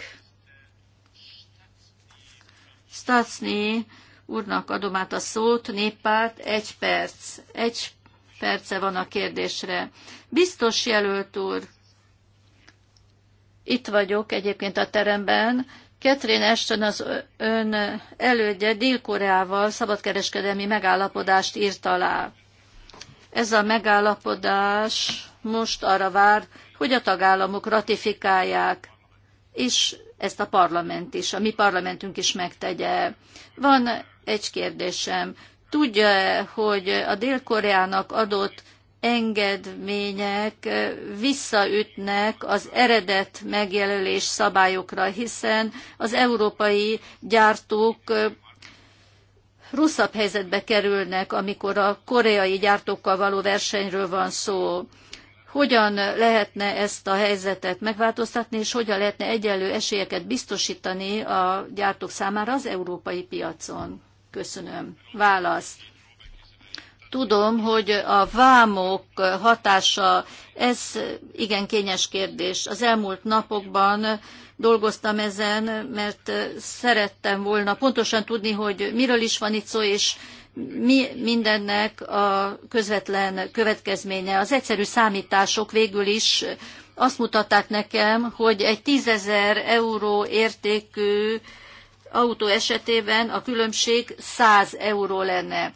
Stacni úrnak adom át a szót, néppárt, egy perc. Egy perce van a kérdésre. Biztos jelölt úr, itt vagyok egyébként a teremben, Catherine Ashton az ön elődje Dél-Koreával szabadkereskedelmi megállapodást írt alá. Ez a megállapodás most arra vár, hogy a tagállamok ratifikálják, és ezt a parlament is, a mi parlamentünk is megtegye. Van egy kérdésem tudja-e, hogy a Dél-Koreának adott engedmények visszaütnek az eredet megjelölés szabályokra, hiszen az európai gyártók rosszabb helyzetbe kerülnek, amikor a koreai gyártókkal való versenyről van szó. Hogyan lehetne ezt a helyzetet megváltoztatni, és hogyan lehetne egyenlő esélyeket biztosítani a gyártók számára az európai piacon? Köszönöm. Válasz. Tudom, hogy a vámok hatása, ez igen kényes kérdés. Az elmúlt napokban dolgoztam ezen, mert szerettem volna pontosan tudni, hogy miről is van itt szó, és mi mindennek a közvetlen következménye. Az egyszerű számítások végül is azt mutatták nekem, hogy egy tízezer euró értékű autó esetében a különbség 100 euró lenne.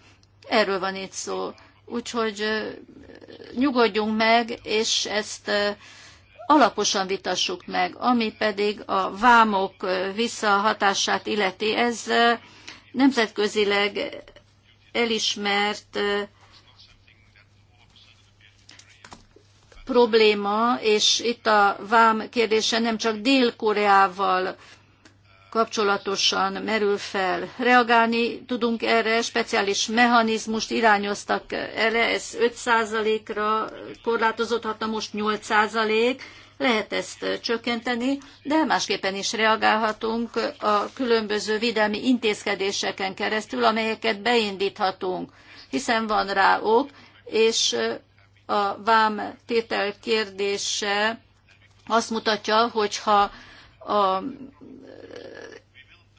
Erről van itt szó. Úgyhogy nyugodjunk meg, és ezt alaposan vitassuk meg, ami pedig a vámok visszahatását illeti. Ez nemzetközileg elismert probléma, és itt a vám kérdése nem csak Dél-Koreával kapcsolatosan merül fel. Reagálni tudunk erre, speciális mechanizmust irányoztak erre, ez 5%-ra korlátozódhatna, most 8%, lehet ezt csökkenteni, de másképpen is reagálhatunk a különböző védelmi intézkedéseken keresztül, amelyeket beindíthatunk, hiszen van rá ok, és a vám tétel kérdése azt mutatja, hogyha a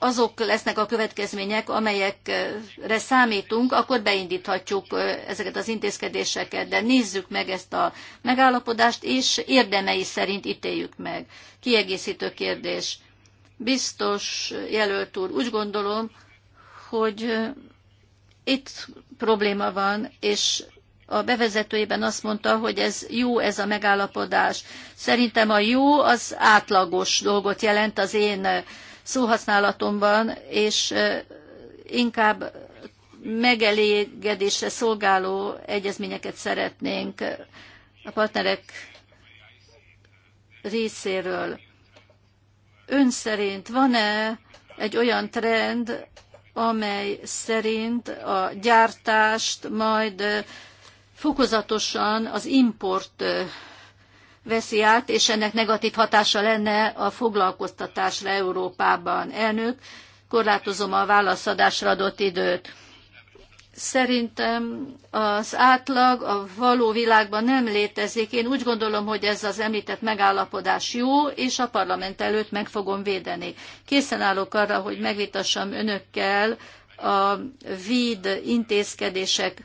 azok lesznek a következmények, amelyekre számítunk, akkor beindíthatjuk ezeket az intézkedéseket. De nézzük meg ezt a megállapodást, és érdemei szerint ítéljük meg. Kiegészítő kérdés. Biztos jelölt úr, úgy gondolom, hogy itt probléma van, és a bevezetőjében azt mondta, hogy ez jó ez a megállapodás. Szerintem a jó az átlagos dolgot jelent az én szóhasználatomban, és inkább megelégedésre szolgáló egyezményeket szeretnénk a partnerek részéről. Ön szerint van-e egy olyan trend, amely szerint a gyártást majd fokozatosan az import veszi át, és ennek negatív hatása lenne a foglalkoztatásra Európában. Elnök, korlátozom a válaszadásra adott időt. Szerintem az átlag a való világban nem létezik. Én úgy gondolom, hogy ez az említett megállapodás jó, és a parlament előtt meg fogom védeni. Készen állok arra, hogy megvitassam önökkel a vid intézkedések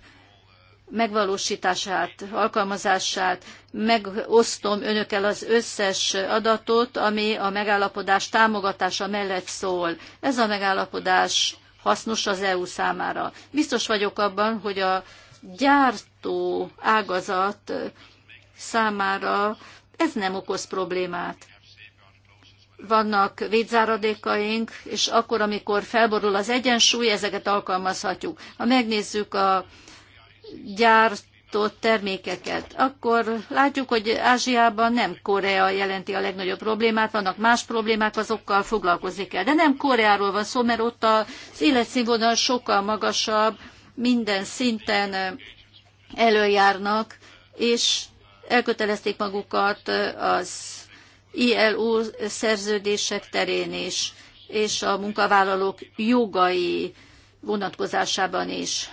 megvalósítását, alkalmazását, megosztom önökkel az összes adatot, ami a megállapodás támogatása mellett szól. Ez a megállapodás hasznos az EU számára. Biztos vagyok abban, hogy a gyártó ágazat számára ez nem okoz problémát. Vannak védzáradékaink, és akkor, amikor felborul az egyensúly, ezeket alkalmazhatjuk. Ha megnézzük a gyártott termékeket, akkor látjuk, hogy Ázsiában nem Korea jelenti a legnagyobb problémát, vannak más problémák, azokkal foglalkozni kell. De nem Koreáról van szó, mert ott az életszínvonal sokkal magasabb, minden szinten előjárnak, és elkötelezték magukat az ILO szerződések terén is, és a munkavállalók jogai vonatkozásában is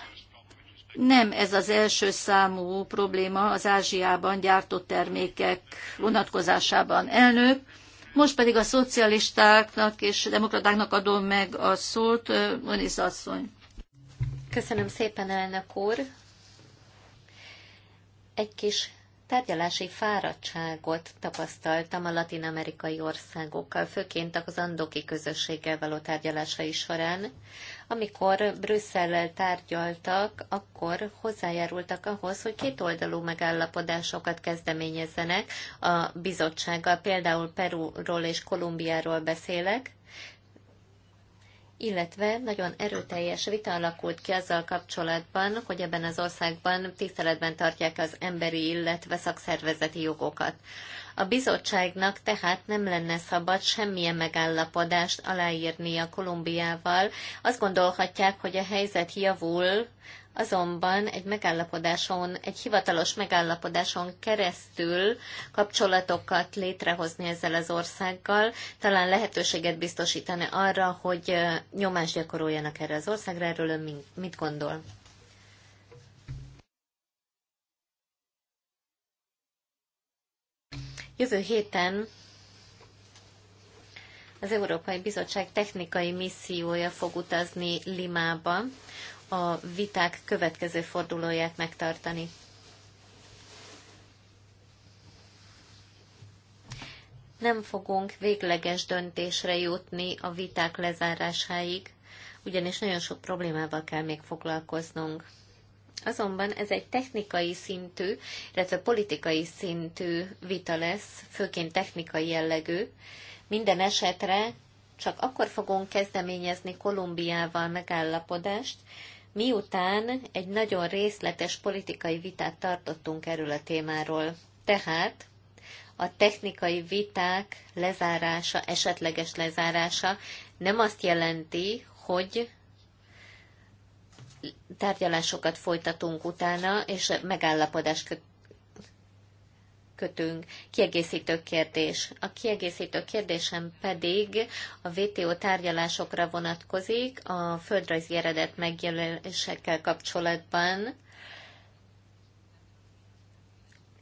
nem ez az első számú probléma az Ázsiában gyártott termékek vonatkozásában. Elnök, most pedig a szocialistáknak és demokratáknak adom meg a szót, Moniz asszony. Köszönöm szépen, elnök úr. Egy kis tárgyalási fáradtságot tapasztaltam a latin-amerikai országokkal, főként az andoki közösséggel való tárgyalásai során, amikor Brüsszellel tárgyaltak, akkor hozzájárultak ahhoz, hogy kétoldalú megállapodásokat kezdeményezzenek a bizottsággal, például Perúról és Kolumbiáról beszélek, illetve nagyon erőteljes vita alakult ki azzal kapcsolatban, hogy ebben az országban tiszteletben tartják az emberi, illetve szakszervezeti jogokat. A bizottságnak tehát nem lenne szabad semmilyen megállapodást aláírnia Kolumbiával. Azt gondolhatják, hogy a helyzet javul, azonban egy megállapodáson, egy hivatalos megállapodáson keresztül kapcsolatokat létrehozni ezzel az országgal, talán lehetőséget biztosítani arra, hogy nyomást gyakoroljanak erre az országra, erről ön mit gondol? Jövő héten az Európai Bizottság technikai missziója fog utazni Limába a viták következő fordulóját megtartani. Nem fogunk végleges döntésre jutni a viták lezárásáig, ugyanis nagyon sok problémával kell még foglalkoznunk. Azonban ez egy technikai szintű, illetve politikai szintű vita lesz, főként technikai jellegű. Minden esetre csak akkor fogunk kezdeményezni Kolumbiával megállapodást, miután egy nagyon részletes politikai vitát tartottunk erről a témáról. Tehát a technikai viták lezárása, esetleges lezárása nem azt jelenti, hogy tárgyalásokat folytatunk utána, és megállapodás köt kötünk. Kiegészítő kérdés. A kiegészítő kérdésem pedig a VTO tárgyalásokra vonatkozik a földrajzi eredet megjelölésekkel kapcsolatban.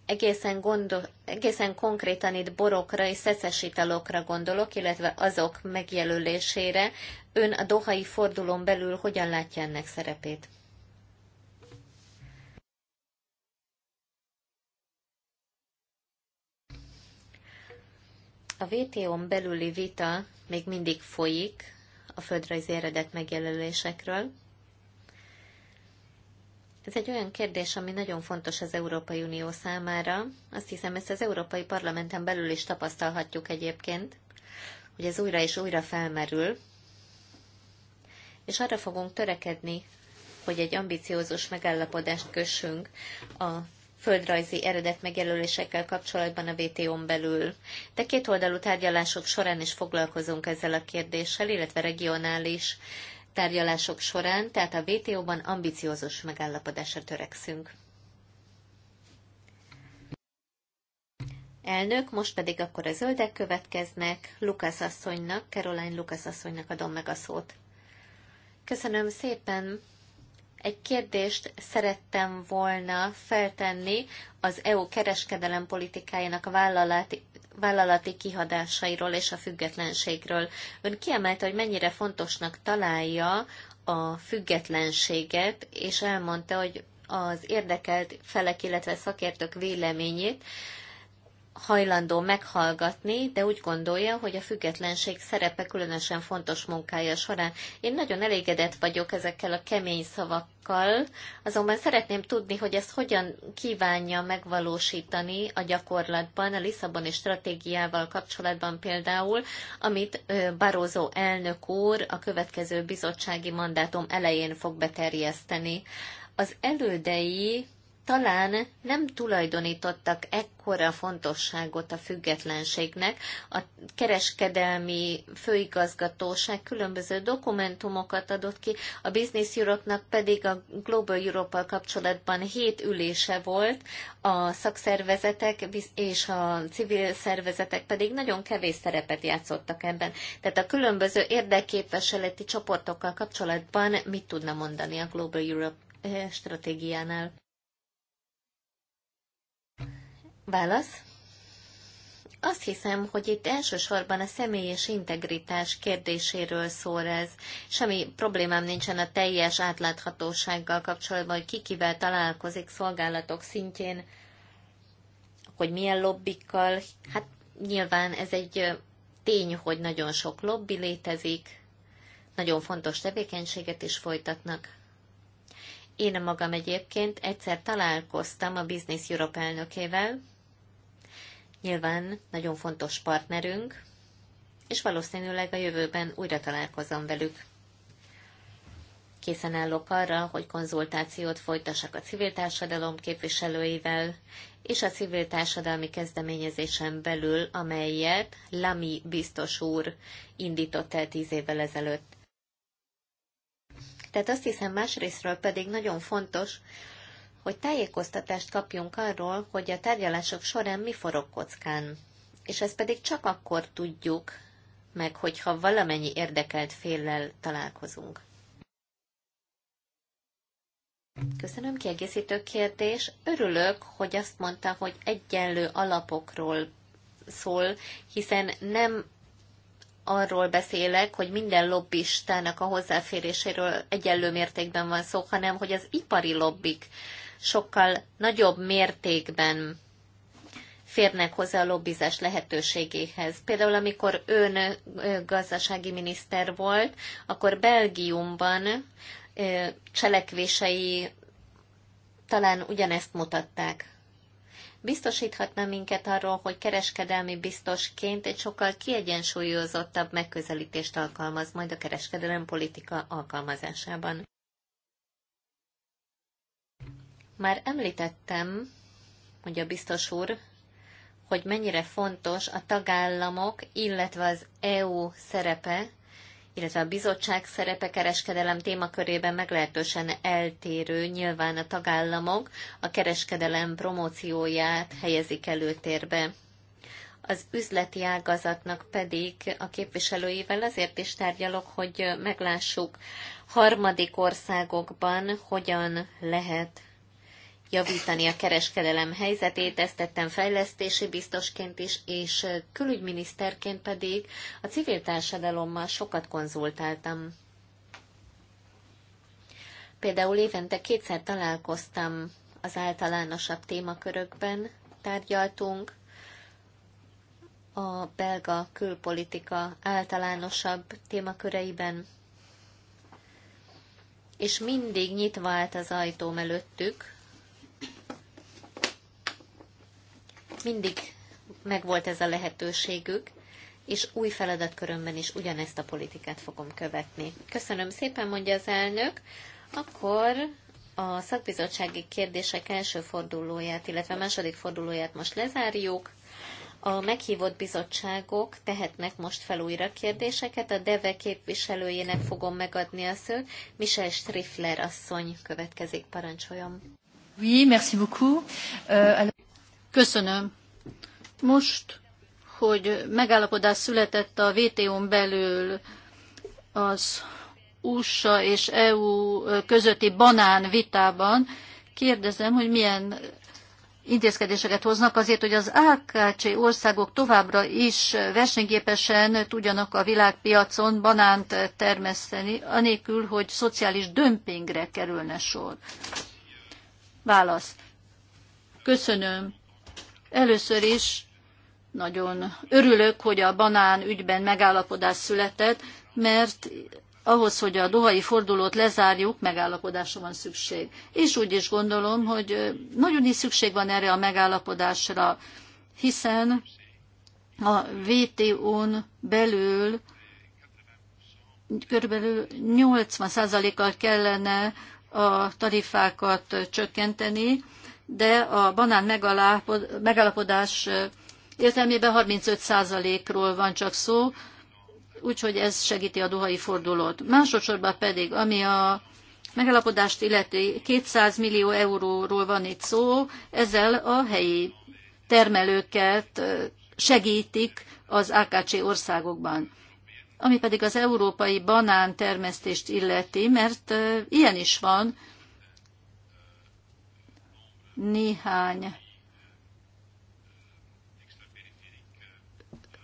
Egészen, gondol, egészen konkrétan itt borokra és szeszes italokra gondolok, illetve azok megjelölésére, Ön a dohai fordulón belül hogyan látja ennek szerepét? A VTO-n belüli vita még mindig folyik a földrajzi eredet megjelölésekről. Ez egy olyan kérdés, ami nagyon fontos az Európai Unió számára. Azt hiszem, ezt az Európai Parlamenten belül is tapasztalhatjuk egyébként, hogy ez újra és újra felmerül, és arra fogunk törekedni, hogy egy ambiciózus megállapodást kössünk a földrajzi eredet megjelölésekkel kapcsolatban a WTO-n belül. De kétoldalú tárgyalások során is foglalkozunk ezzel a kérdéssel, illetve regionális tárgyalások során, tehát a WTO-ban ambiciózus megállapodásra törekszünk. Elnök, most pedig akkor a zöldek következnek, Lukasz asszonynak, Caroline Lukasz asszonynak adom meg a szót. Köszönöm szépen. Egy kérdést szerettem volna feltenni az EU kereskedelem politikájának vállalati, vállalati kihadásairól és a függetlenségről. Ön kiemelte, hogy mennyire fontosnak találja a függetlenséget, és elmondta, hogy az érdekelt felek, illetve szakértők véleményét hajlandó meghallgatni, de úgy gondolja, hogy a függetlenség szerepe különösen fontos munkája során. Én nagyon elégedett vagyok ezekkel a kemény szavakkal, azonban szeretném tudni, hogy ezt hogyan kívánja megvalósítani a gyakorlatban, a Lisszaboni stratégiával kapcsolatban például, amit Barózó elnök úr a következő bizottsági mandátum elején fog beterjeszteni. Az elődei talán nem tulajdonítottak ekkora fontosságot a függetlenségnek. A kereskedelmi főigazgatóság különböző dokumentumokat adott ki, a Business Europe-nak pedig a Global europe kapcsolatban hét ülése volt, a szakszervezetek és a civil szervezetek pedig nagyon kevés szerepet játszottak ebben. Tehát a különböző érdekképviseleti csoportokkal kapcsolatban mit tudna mondani a Global Europe eh, stratégiánál? Válasz? Azt hiszem, hogy itt elsősorban a személyes integritás kérdéséről szól ez. Semmi problémám nincsen a teljes átláthatósággal kapcsolatban, hogy kikivel találkozik szolgálatok szintjén, hogy milyen lobbikkal. Hát nyilván ez egy tény, hogy nagyon sok lobby létezik, nagyon fontos tevékenységet is folytatnak. Én magam egyébként egyszer találkoztam a Business Europe elnökével, Nyilván nagyon fontos partnerünk, és valószínűleg a jövőben újra találkozom velük. Készen állok arra, hogy konzultációt folytassak a civil társadalom képviselőivel, és a civil társadalmi kezdeményezésen belül, amelyet Lami biztos úr indított el tíz évvel ezelőtt. Tehát azt hiszem másrésztről pedig nagyon fontos, hogy tájékoztatást kapjunk arról, hogy a tárgyalások során mi forog kockán. És ezt pedig csak akkor tudjuk meg, hogyha valamennyi érdekelt féllel találkozunk. Köszönöm, kiegészítő kérdés. Örülök, hogy azt mondta, hogy egyenlő alapokról szól, hiszen nem arról beszélek, hogy minden lobbistának a hozzáféréséről egyenlő mértékben van szó, hanem hogy az ipari lobbik sokkal nagyobb mértékben férnek hozzá a lobbizás lehetőségéhez. Például amikor ön gazdasági miniszter volt, akkor Belgiumban cselekvései talán ugyanezt mutatták. Biztosíthatna minket arról, hogy kereskedelmi biztosként egy sokkal kiegyensúlyozottabb megközelítést alkalmaz majd a kereskedelem politika alkalmazásában. Már említettem, hogy a biztos úr, hogy mennyire fontos a tagállamok, illetve az EU szerepe, illetve a bizottság szerepe kereskedelem témakörében meglehetősen eltérő, nyilván a tagállamok a kereskedelem promócióját helyezik előtérbe. Az üzleti ágazatnak pedig a képviselőivel azért is tárgyalok, hogy meglássuk harmadik országokban hogyan lehet javítani a kereskedelem helyzetét, ezt tettem fejlesztési biztosként is, és külügyminiszterként pedig a civil társadalommal sokat konzultáltam. Például évente kétszer találkoztam az általánosabb témakörökben, tárgyaltunk, a belga külpolitika általánosabb témaköreiben, és mindig nyitva állt az ajtóm előttük, mindig megvolt ez a lehetőségük, és új feladatkörömben is ugyanezt a politikát fogom követni. Köszönöm szépen, mondja az elnök. Akkor a szakbizottsági kérdések első fordulóját, illetve második fordulóját most lezárjuk. A meghívott bizottságok tehetnek most fel újra kérdéseket. A DEVE képviselőjének fogom megadni a szót. Michel Strifler asszony következik, parancsoljon. Oui, merci beaucoup. Euh, Köszönöm. Most, hogy megállapodás született a WTO-n belül az USA és EU közötti banán vitában, kérdezem, hogy milyen intézkedéseket hoznak azért, hogy az AKC országok továbbra is versenyképesen tudjanak a világpiacon banánt termeszteni, anélkül, hogy szociális dömpingre kerülne sor. Válasz. Köszönöm. Először is nagyon örülök, hogy a banán ügyben megállapodás született, mert ahhoz, hogy a dohai fordulót lezárjuk, megállapodásra van szükség. És úgy is gondolom, hogy nagyon is szükség van erre a megállapodásra, hiszen a WTO-n belül körülbelül 80%-kal kellene a tarifákat csökkenteni, de a banán megállapodás értelmében 35%-ról van csak szó, úgyhogy ez segíti a dohai fordulót. Másodszorban pedig, ami a megállapodást illeti 200 millió euróról van itt szó, ezzel a helyi termelőket segítik az AKC országokban ami pedig az európai banán termesztést illeti, mert ilyen is van néhány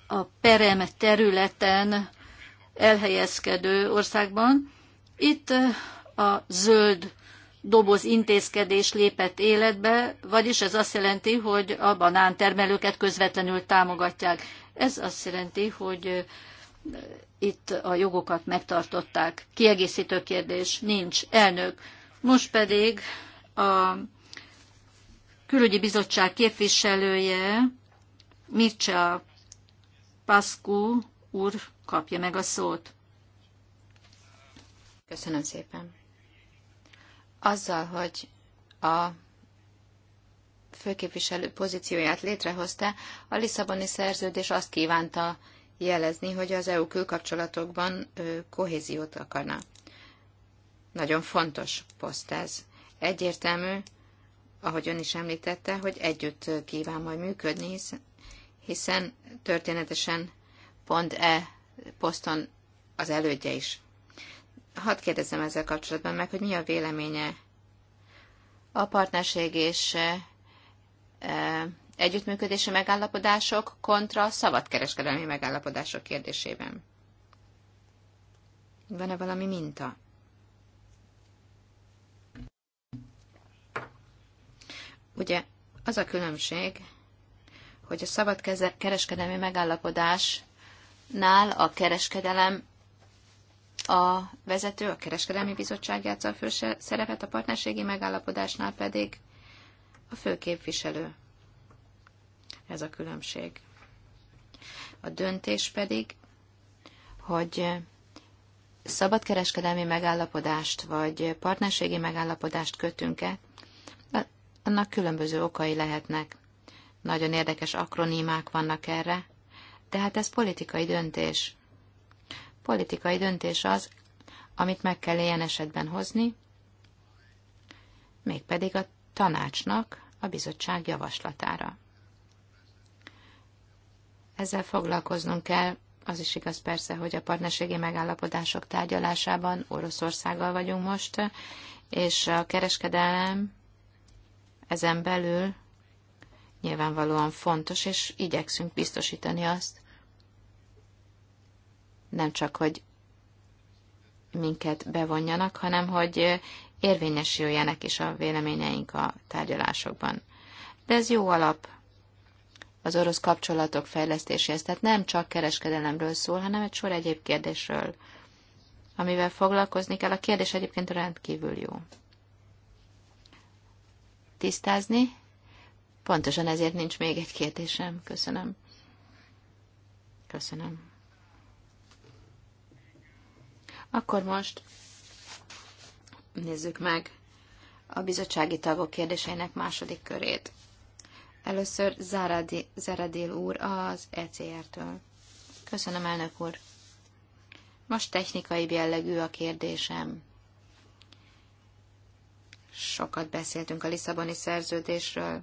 a perem területen elhelyezkedő országban. Itt a zöld doboz intézkedés lépett életbe, vagyis ez azt jelenti, hogy a banántermelőket közvetlenül támogatják. Ez azt jelenti, hogy itt a jogokat megtartották. Kiegészítő kérdés nincs. Elnök. Most pedig a külügyi bizottság képviselője Mircea Pascu úr kapja meg a szót. Köszönöm szépen. Azzal, hogy a főképviselő pozícióját létrehozta, a Lisszaboni szerződés azt kívánta jelezni, hogy az EU külkapcsolatokban kohéziót akarna. Nagyon fontos poszt ez. Egyértelmű, ahogy ön is említette, hogy együtt kíván majd működni, hiszen történetesen pont E poszton az elődje is. Hadd kérdezem ezzel kapcsolatban meg, hogy mi a véleménye a partnerség és e, e, együttműködési megállapodások kontra szabadkereskedelmi megállapodások kérdésében. Van-e valami minta? Ugye az a különbség, hogy a szabad kereskedelmi megállapodásnál a kereskedelem a vezető, a kereskedelmi bizottság játsza a fő szerepet, a partnerségi megállapodásnál pedig a főképviselő. Ez a különbség. A döntés pedig, hogy szabadkereskedelmi megállapodást vagy partnerségi megállapodást kötünk-e, annak különböző okai lehetnek. Nagyon érdekes akronímák vannak erre, de hát ez politikai döntés. Politikai döntés az, amit meg kell ilyen esetben hozni, mégpedig a tanácsnak a bizottság javaslatára. Ezzel foglalkoznunk kell. Az is igaz persze, hogy a partnerségi megállapodások tárgyalásában Oroszországgal vagyunk most, és a kereskedelem ezen belül nyilvánvalóan fontos, és igyekszünk biztosítani azt, nem csak, hogy minket bevonjanak, hanem hogy érvényesüljenek is a véleményeink a tárgyalásokban. De ez jó alap az orosz kapcsolatok fejlesztéséhez. Tehát nem csak kereskedelemről szól, hanem egy sor egyéb kérdésről, amivel foglalkozni kell. A kérdés egyébként rendkívül jó. Tisztázni? Pontosan ezért nincs még egy kérdésem. Köszönöm. Köszönöm. Akkor most nézzük meg a bizottsági tagok kérdéseinek második körét. Először Záradél úr az ECR-től. Köszönöm, elnök úr. Most technikai jellegű a kérdésem. Sokat beszéltünk a Lisszaboni szerződésről.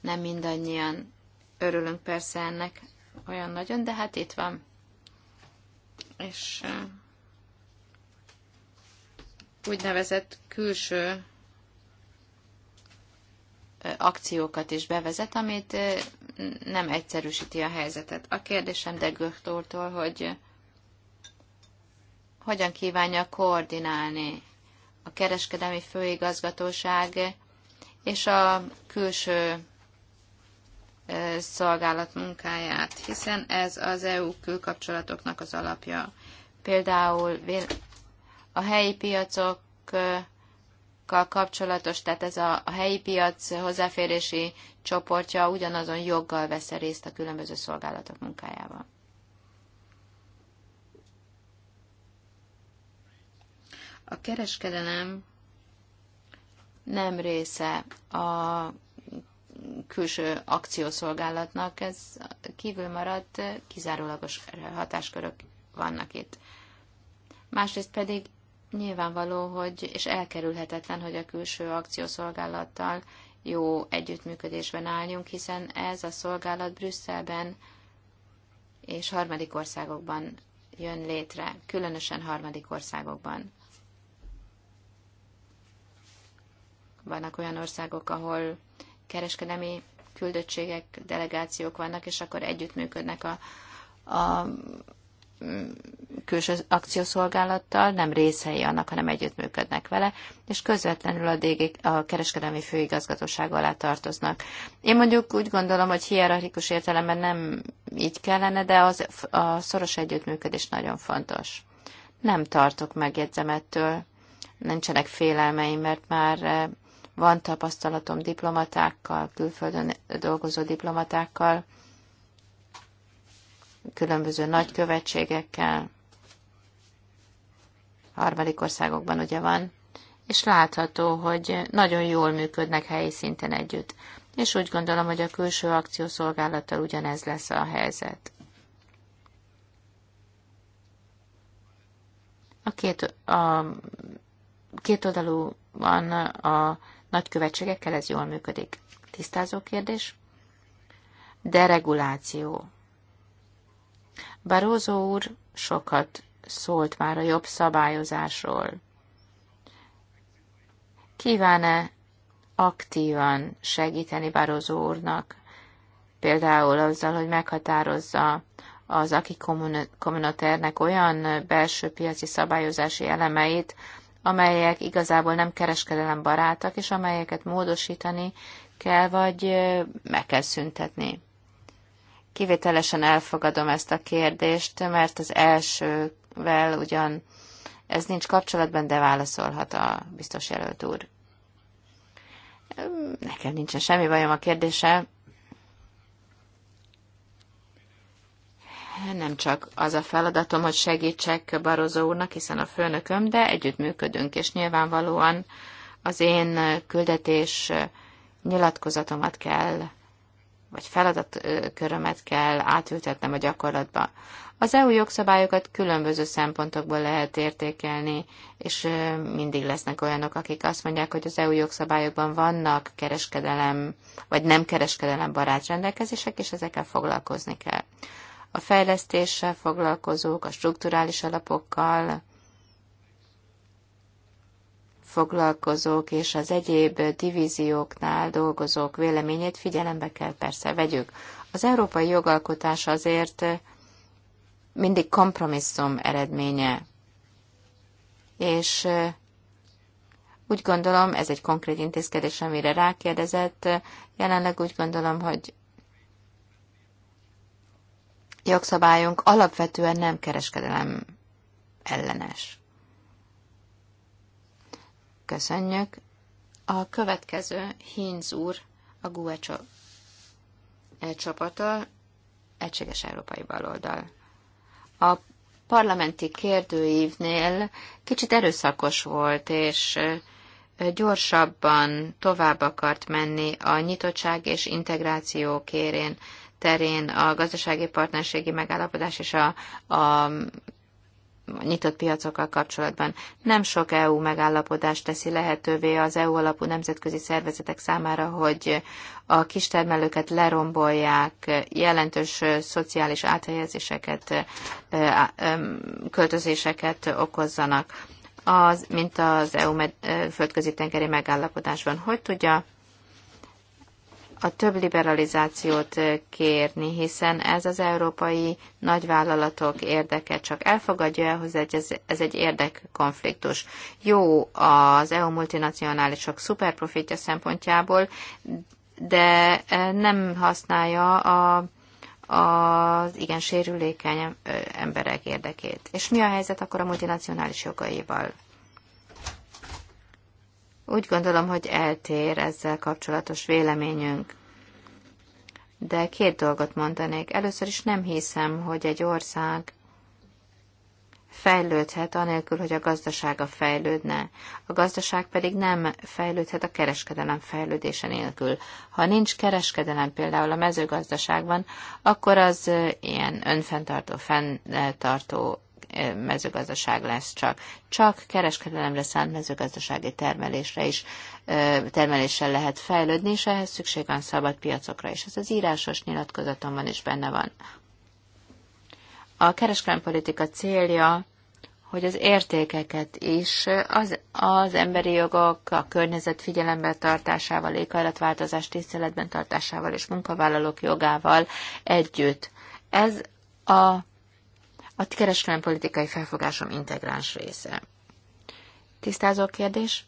Nem mindannyian örülünk persze ennek olyan nagyon, de hát itt van. És úgynevezett külső akciókat is bevezet, amit nem egyszerűsíti a helyzetet. A kérdésem de Göktórtól, hogy hogyan kívánja koordinálni a kereskedelmi főigazgatóság és a külső szolgálat munkáját, hiszen ez az EU külkapcsolatoknak az alapja. Például a helyi piacok kapcsolatos, tehát ez a, a helyi piac hozzáférési csoportja ugyanazon joggal vesz részt a különböző szolgálatok munkájában. A kereskedelem nem része a külső akciószolgálatnak, ez kívül maradt, kizárólagos hatáskörök vannak itt. Másrészt pedig nyilvánvaló, hogy, és elkerülhetetlen, hogy a külső akciószolgálattal jó együttműködésben álljunk, hiszen ez a szolgálat Brüsszelben és harmadik országokban jön létre, különösen harmadik országokban. Vannak olyan országok, ahol kereskedelmi küldöttségek, delegációk vannak, és akkor együttműködnek a, a külső akciószolgálattal, nem részei annak, hanem együttműködnek vele, és közvetlenül a, DG, a kereskedelmi főigazgatóság alá tartoznak. Én mondjuk úgy gondolom, hogy hierarchikus értelemben nem így kellene, de az, a szoros együttműködés nagyon fontos. Nem tartok megjegyzem ettől, nincsenek félelmeim, mert már eh, van tapasztalatom diplomatákkal, külföldön dolgozó diplomatákkal, különböző nagykövetségekkel, harmadik országokban ugye van, és látható, hogy nagyon jól működnek helyi szinten együtt. És úgy gondolom, hogy a külső akciószolgálattal ugyanez lesz a helyzet. A két, a, két oldalúan a nagykövetségekkel ez jól működik. Tisztázó kérdés? Dereguláció. Barózó úr sokat szólt már a jobb szabályozásról. Kíván-e aktívan segíteni Barózó úrnak, például azzal, hogy meghatározza az aki kommunatérnek olyan belső piaci szabályozási elemeit, amelyek igazából nem kereskedelem barátak, és amelyeket módosítani kell, vagy meg kell szüntetni. Kivételesen elfogadom ezt a kérdést, mert az elsővel ugyan ez nincs kapcsolatban, de válaszolhat a biztos jelölt úr. Nekem nincsen semmi bajom a kérdése. Nem csak az a feladatom, hogy segítsek Barozó úrnak, hiszen a főnököm, de együttműködünk, és nyilvánvalóan az én küldetés nyilatkozatomat kell vagy feladatkörömet kell átültetnem a gyakorlatba. Az EU jogszabályokat különböző szempontokból lehet értékelni, és mindig lesznek olyanok, akik azt mondják, hogy az EU jogszabályokban vannak kereskedelem, vagy nem kereskedelem barát rendelkezések, és ezekkel foglalkozni kell. A fejlesztéssel foglalkozók, a strukturális alapokkal, foglalkozók és az egyéb divízióknál dolgozók véleményét figyelembe kell persze vegyük. Az európai jogalkotás azért mindig kompromisszum eredménye, és úgy gondolom, ez egy konkrét intézkedés, amire rákérdezett, jelenleg úgy gondolom, hogy jogszabályunk alapvetően nem kereskedelem ellenes. Köszönjük. A következő Hinz úr a GUE e csapata, Egységes Európai Baloldal. A parlamenti kérdőívnél kicsit erőszakos volt, és gyorsabban tovább akart menni a nyitottság és integráció kérén terén a gazdasági partnerségi megállapodás és a, a nyitott piacokkal kapcsolatban. Nem sok EU megállapodás teszi lehetővé az EU alapú nemzetközi szervezetek számára, hogy a kistermelőket lerombolják, jelentős szociális áthelyezéseket, költözéseket okozzanak, az, mint az EU földközi tengeri megállapodásban. Hogy tudja a több liberalizációt kérni, hiszen ez az európai nagyvállalatok érdeke csak elfogadja el, hogy ez, ez egy érdekkonfliktus. Jó az EU multinacionálisok szuperprofitja szempontjából, de nem használja a, az igen sérülékeny emberek érdekét. És mi a helyzet akkor a multinacionális jogaival? Úgy gondolom, hogy eltér ezzel kapcsolatos véleményünk. De két dolgot mondanék. Először is nem hiszem, hogy egy ország fejlődhet anélkül, hogy a gazdasága fejlődne. A gazdaság pedig nem fejlődhet a kereskedelem fejlődése nélkül. Ha nincs kereskedelem például a mezőgazdaságban, akkor az ilyen önfenntartó, fenntartó mezőgazdaság lesz csak. Csak kereskedelemre szánt mezőgazdasági termelésre is termeléssel lehet fejlődni, és ehhez szükség van szabad piacokra is. Ez az írásos nyilatkozatomban is benne van. A kereskedelmi politika célja hogy az értékeket is az, az emberi jogok, a környezet figyelembe tartásával, éghajlatváltozás tiszteletben tartásával és munkavállalók jogával együtt. Ez a a kereskedelmi politikai felfogásom integráns része. Tisztázó kérdés?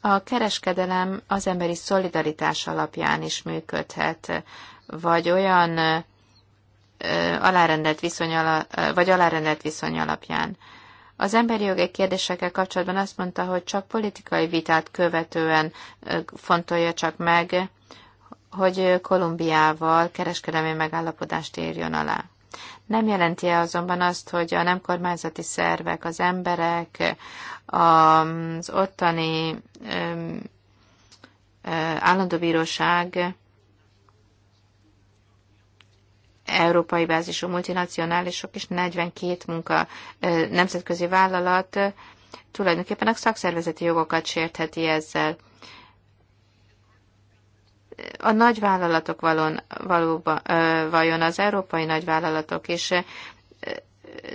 A kereskedelem az emberi szolidaritás alapján is működhet, vagy olyan alárendelt viszony ala, vagy alárendelt viszony alapján. Az emberi jogi kérdésekkel kapcsolatban azt mondta, hogy csak politikai vitát követően fontolja csak meg hogy Kolumbiával kereskedelmi megállapodást írjon alá. Nem jelenti -e azonban azt, hogy a nem kormányzati szervek, az emberek, az ottani állandó bíróság európai bázisú multinacionálisok és 42 munka nemzetközi vállalat tulajdonképpen a szakszervezeti jogokat sértheti ezzel a nagyvállalatok valon, valóban, vajon az európai nagyvállalatok is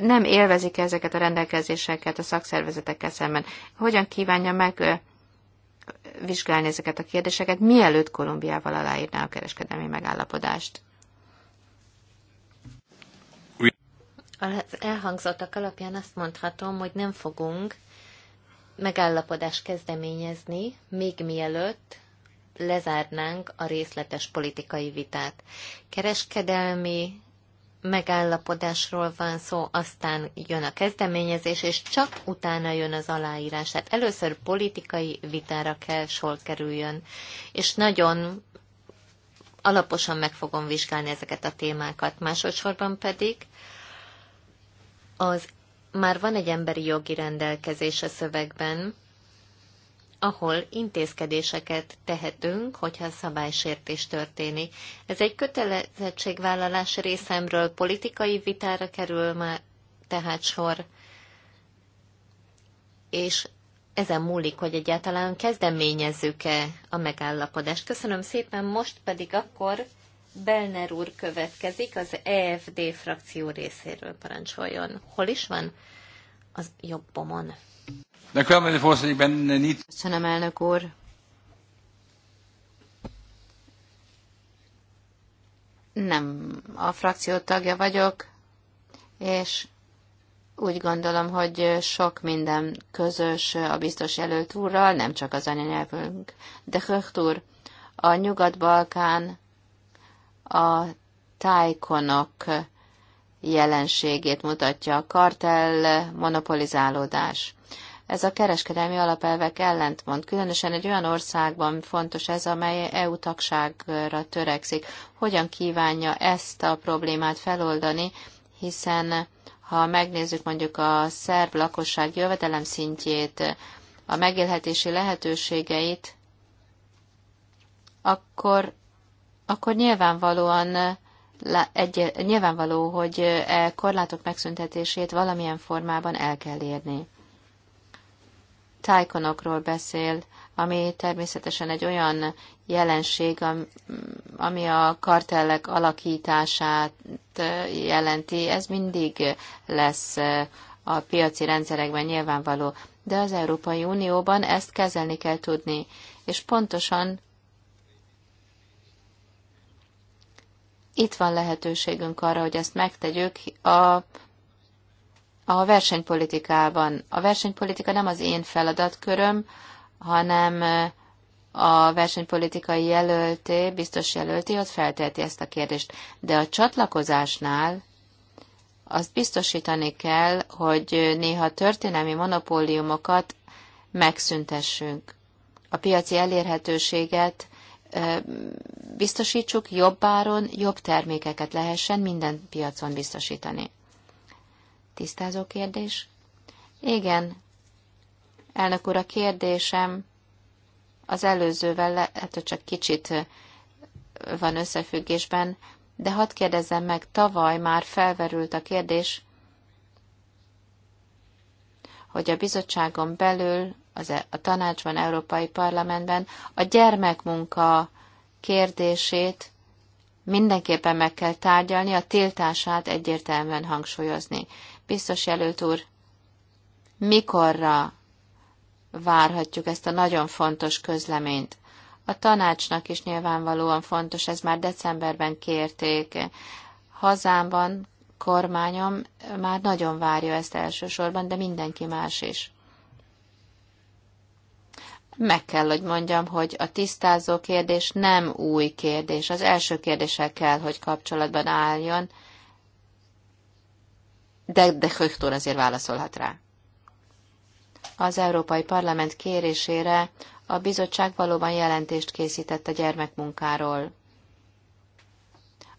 nem élvezik -e ezeket a rendelkezéseket a szakszervezetekkel szemben. Hogyan kívánja meg vizsgálni ezeket a kérdéseket, mielőtt Kolumbiával aláírná a kereskedelmi megállapodást? Az elhangzottak alapján azt mondhatom, hogy nem fogunk megállapodást kezdeményezni, még mielőtt lezárnánk a részletes politikai vitát. Kereskedelmi megállapodásról van szó, aztán jön a kezdeményezés, és csak utána jön az aláírás. Tehát először politikai vitára kell sor kerüljön, és nagyon alaposan meg fogom vizsgálni ezeket a témákat. Másodszorban pedig az már van egy emberi jogi rendelkezés a szövegben, ahol intézkedéseket tehetünk, hogyha szabálysértés történik. Ez egy kötelezettségvállalás részemről politikai vitára kerül már tehát sor, és ezen múlik, hogy egyáltalán kezdeményezzük-e a megállapodást. Köszönöm szépen, most pedig akkor Belner úr következik az EFD frakció részéről parancsoljon. Hol is van? Az jobbomon. Eh, Köszönöm, elnök úr. Nem a frakció tagja vagyok, és úgy gondolom, hogy sok minden közös a biztos jelölt úrral, nem csak az anyanyelvünk. De Höcht úr, a Nyugat-Balkán a tájkonok jelenségét mutatja a kartell monopolizálódás. Ez a kereskedelmi alapelvek ellentmond. Különösen egy olyan országban fontos ez, amely EU tagságra törekszik. Hogyan kívánja ezt a problémát feloldani, hiszen ha megnézzük mondjuk a szerb lakosság jövedelem szintjét, a megélhetési lehetőségeit, akkor, akkor nyilvánvalóan egy, nyilvánvaló, hogy e korlátok megszüntetését valamilyen formában el kell érni tájkonokról beszél, ami természetesen egy olyan jelenség, ami a kartellek alakítását jelenti. Ez mindig lesz a piaci rendszerekben nyilvánvaló. De az Európai Unióban ezt kezelni kell tudni, és pontosan itt van lehetőségünk arra, hogy ezt megtegyük a a versenypolitikában. A versenypolitika nem az én feladatköröm, hanem eh, a versenypolitikai jelölté, biztos jelölté, ott feltelti ezt a kérdést. De a csatlakozásnál azt biztosítani kell, hogy néha történelmi monopóliumokat megszüntessünk. A piaci elérhetőséget eh, biztosítsuk, jobb áron, jobb termékeket lehessen minden piacon biztosítani. Tisztázó kérdés? Igen. Elnök úr, a kérdésem az előzővel lehet, hogy csak kicsit van összefüggésben, de hadd kérdezzem meg, tavaly már felverült a kérdés, hogy a bizottságon belül, az, e- a tanácsban, Európai Parlamentben a gyermekmunka kérdését mindenképpen meg kell tárgyalni, a tiltását egyértelműen hangsúlyozni. Biztos jelölt úr, mikorra várhatjuk ezt a nagyon fontos közleményt? A tanácsnak is nyilvánvalóan fontos, ez már decemberben kérték. Hazámban kormányom már nagyon várja ezt elsősorban, de mindenki más is. Meg kell, hogy mondjam, hogy a tisztázó kérdés nem új kérdés. Az első kérdéssel kell, hogy kapcsolatban álljon, de, de Höchtor azért válaszolhat rá. Az Európai Parlament kérésére a bizottság valóban jelentést készített a gyermekmunkáról.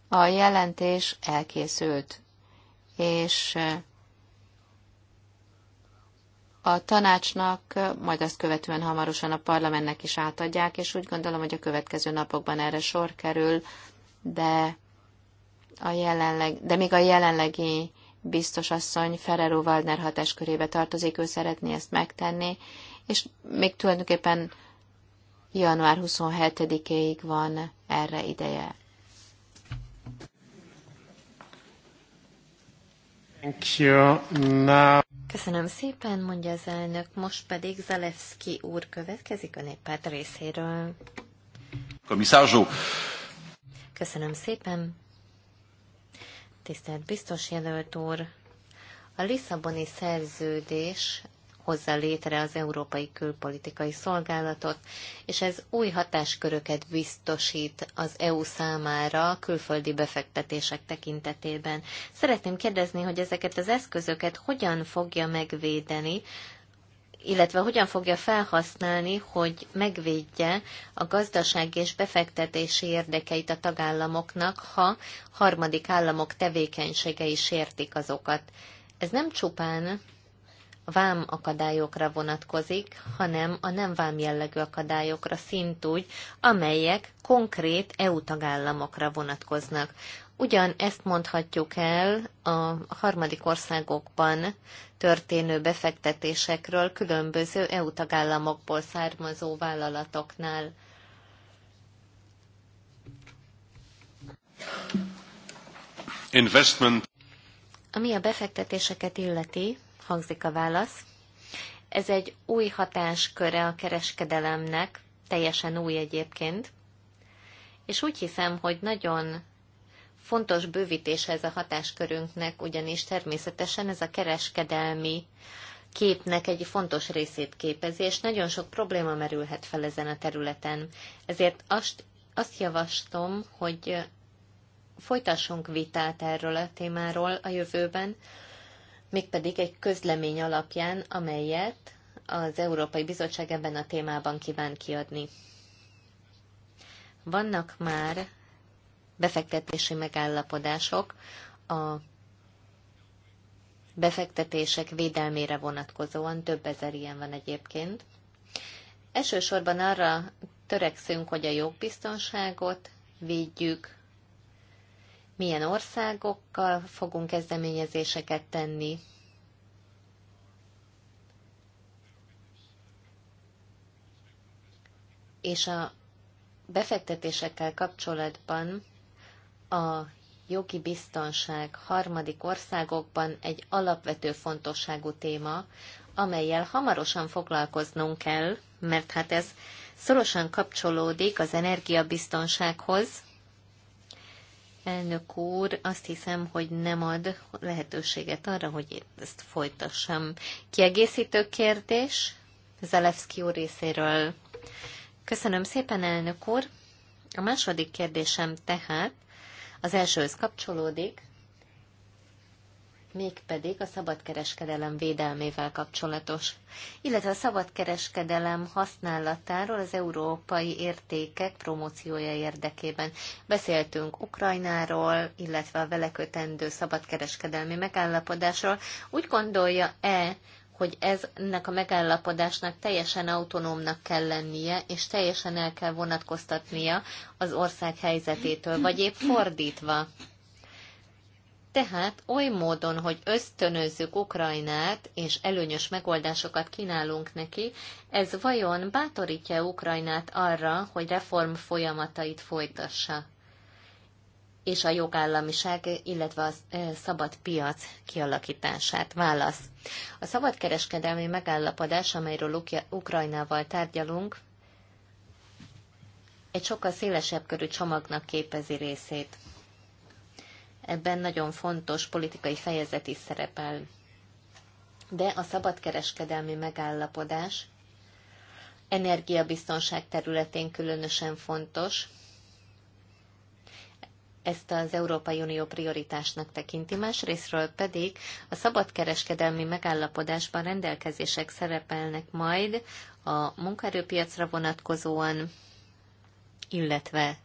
A jelentés elkészült, és a tanácsnak, majd azt követően hamarosan a parlamentnek is átadják, és úgy gondolom, hogy a következő napokban erre sor kerül, de, a jelenleg, de még a jelenlegi biztos asszony Ferrero Waldner körébe tartozik, ő szeretné ezt megtenni, és még tulajdonképpen január 27-éig van erre ideje. Thank you. Now... Köszönöm szépen, mondja az elnök. Most pedig Zalewski úr következik a néppárt részéről. Komisszárzsó! Köszönöm szépen tisztelt biztos jelölt úr! A Lisszaboni szerződés hozza létre az Európai Külpolitikai Szolgálatot, és ez új hatásköröket biztosít az EU számára külföldi befektetések tekintetében. Szeretném kérdezni, hogy ezeket az eszközöket hogyan fogja megvédeni illetve hogyan fogja felhasználni, hogy megvédje a gazdasági és befektetési érdekeit a tagállamoknak, ha harmadik államok tevékenységei sértik azokat. Ez nem csupán vám akadályokra vonatkozik, hanem a nem vám jellegű akadályokra szintúgy, amelyek konkrét EU tagállamokra vonatkoznak. Ugyan ezt mondhatjuk el a harmadik országokban történő befektetésekről különböző EU tagállamokból származó vállalatoknál. Investment. Ami a befektetéseket illeti, hangzik a válasz. Ez egy új hatásköre a kereskedelemnek, teljesen új egyébként, és úgy hiszem, hogy nagyon fontos bővítése ez a hatáskörünknek, ugyanis természetesen ez a kereskedelmi képnek egy fontos részét képezi, és nagyon sok probléma merülhet fel ezen a területen. Ezért azt, azt javaslom, hogy folytassunk vitát erről a témáról a jövőben, mégpedig egy közlemény alapján, amelyet az Európai Bizottság ebben a témában kíván kiadni. Vannak már befektetési megállapodások a befektetések védelmére vonatkozóan, több ezer ilyen van egyébként. Elsősorban arra törekszünk, hogy a jogbiztonságot védjük, milyen országokkal fogunk kezdeményezéseket tenni, és a befektetésekkel kapcsolatban a jogi biztonság harmadik országokban egy alapvető fontosságú téma, amelyel hamarosan foglalkoznunk kell, mert hát ez szorosan kapcsolódik az energiabiztonsághoz, Elnök úr, azt hiszem, hogy nem ad lehetőséget arra, hogy ezt folytassam. Kiegészítő kérdés Zalewski úr részéről. Köszönöm szépen, elnök úr. A második kérdésem tehát az elsőhöz kapcsolódik mégpedig a szabadkereskedelem védelmével kapcsolatos, illetve a szabadkereskedelem használatáról az európai értékek promóciója érdekében. Beszéltünk Ukrajnáról, illetve a vele kötendő szabadkereskedelmi megállapodásról. Úgy gondolja-e, hogy ez ennek a megállapodásnak teljesen autonómnak kell lennie, és teljesen el kell vonatkoztatnia az ország helyzetétől, vagy épp fordítva. Tehát oly módon, hogy ösztönözzük Ukrajnát, és előnyös megoldásokat kínálunk neki, ez vajon bátorítja Ukrajnát arra, hogy reform folyamatait folytassa, és a jogállamiság, illetve a szabad piac kialakítását. Válasz. A szabadkereskedelmi megállapodás, amelyről Ukrajnával tárgyalunk, egy sokkal szélesebb körű csomagnak képezi részét. Ebben nagyon fontos politikai fejezet is szerepel. De a szabadkereskedelmi megállapodás energiabiztonság területén különösen fontos. Ezt az Európai Unió prioritásnak tekinti, másrésztről pedig a szabadkereskedelmi megállapodásban rendelkezések szerepelnek majd a munkaerőpiacra vonatkozóan, illetve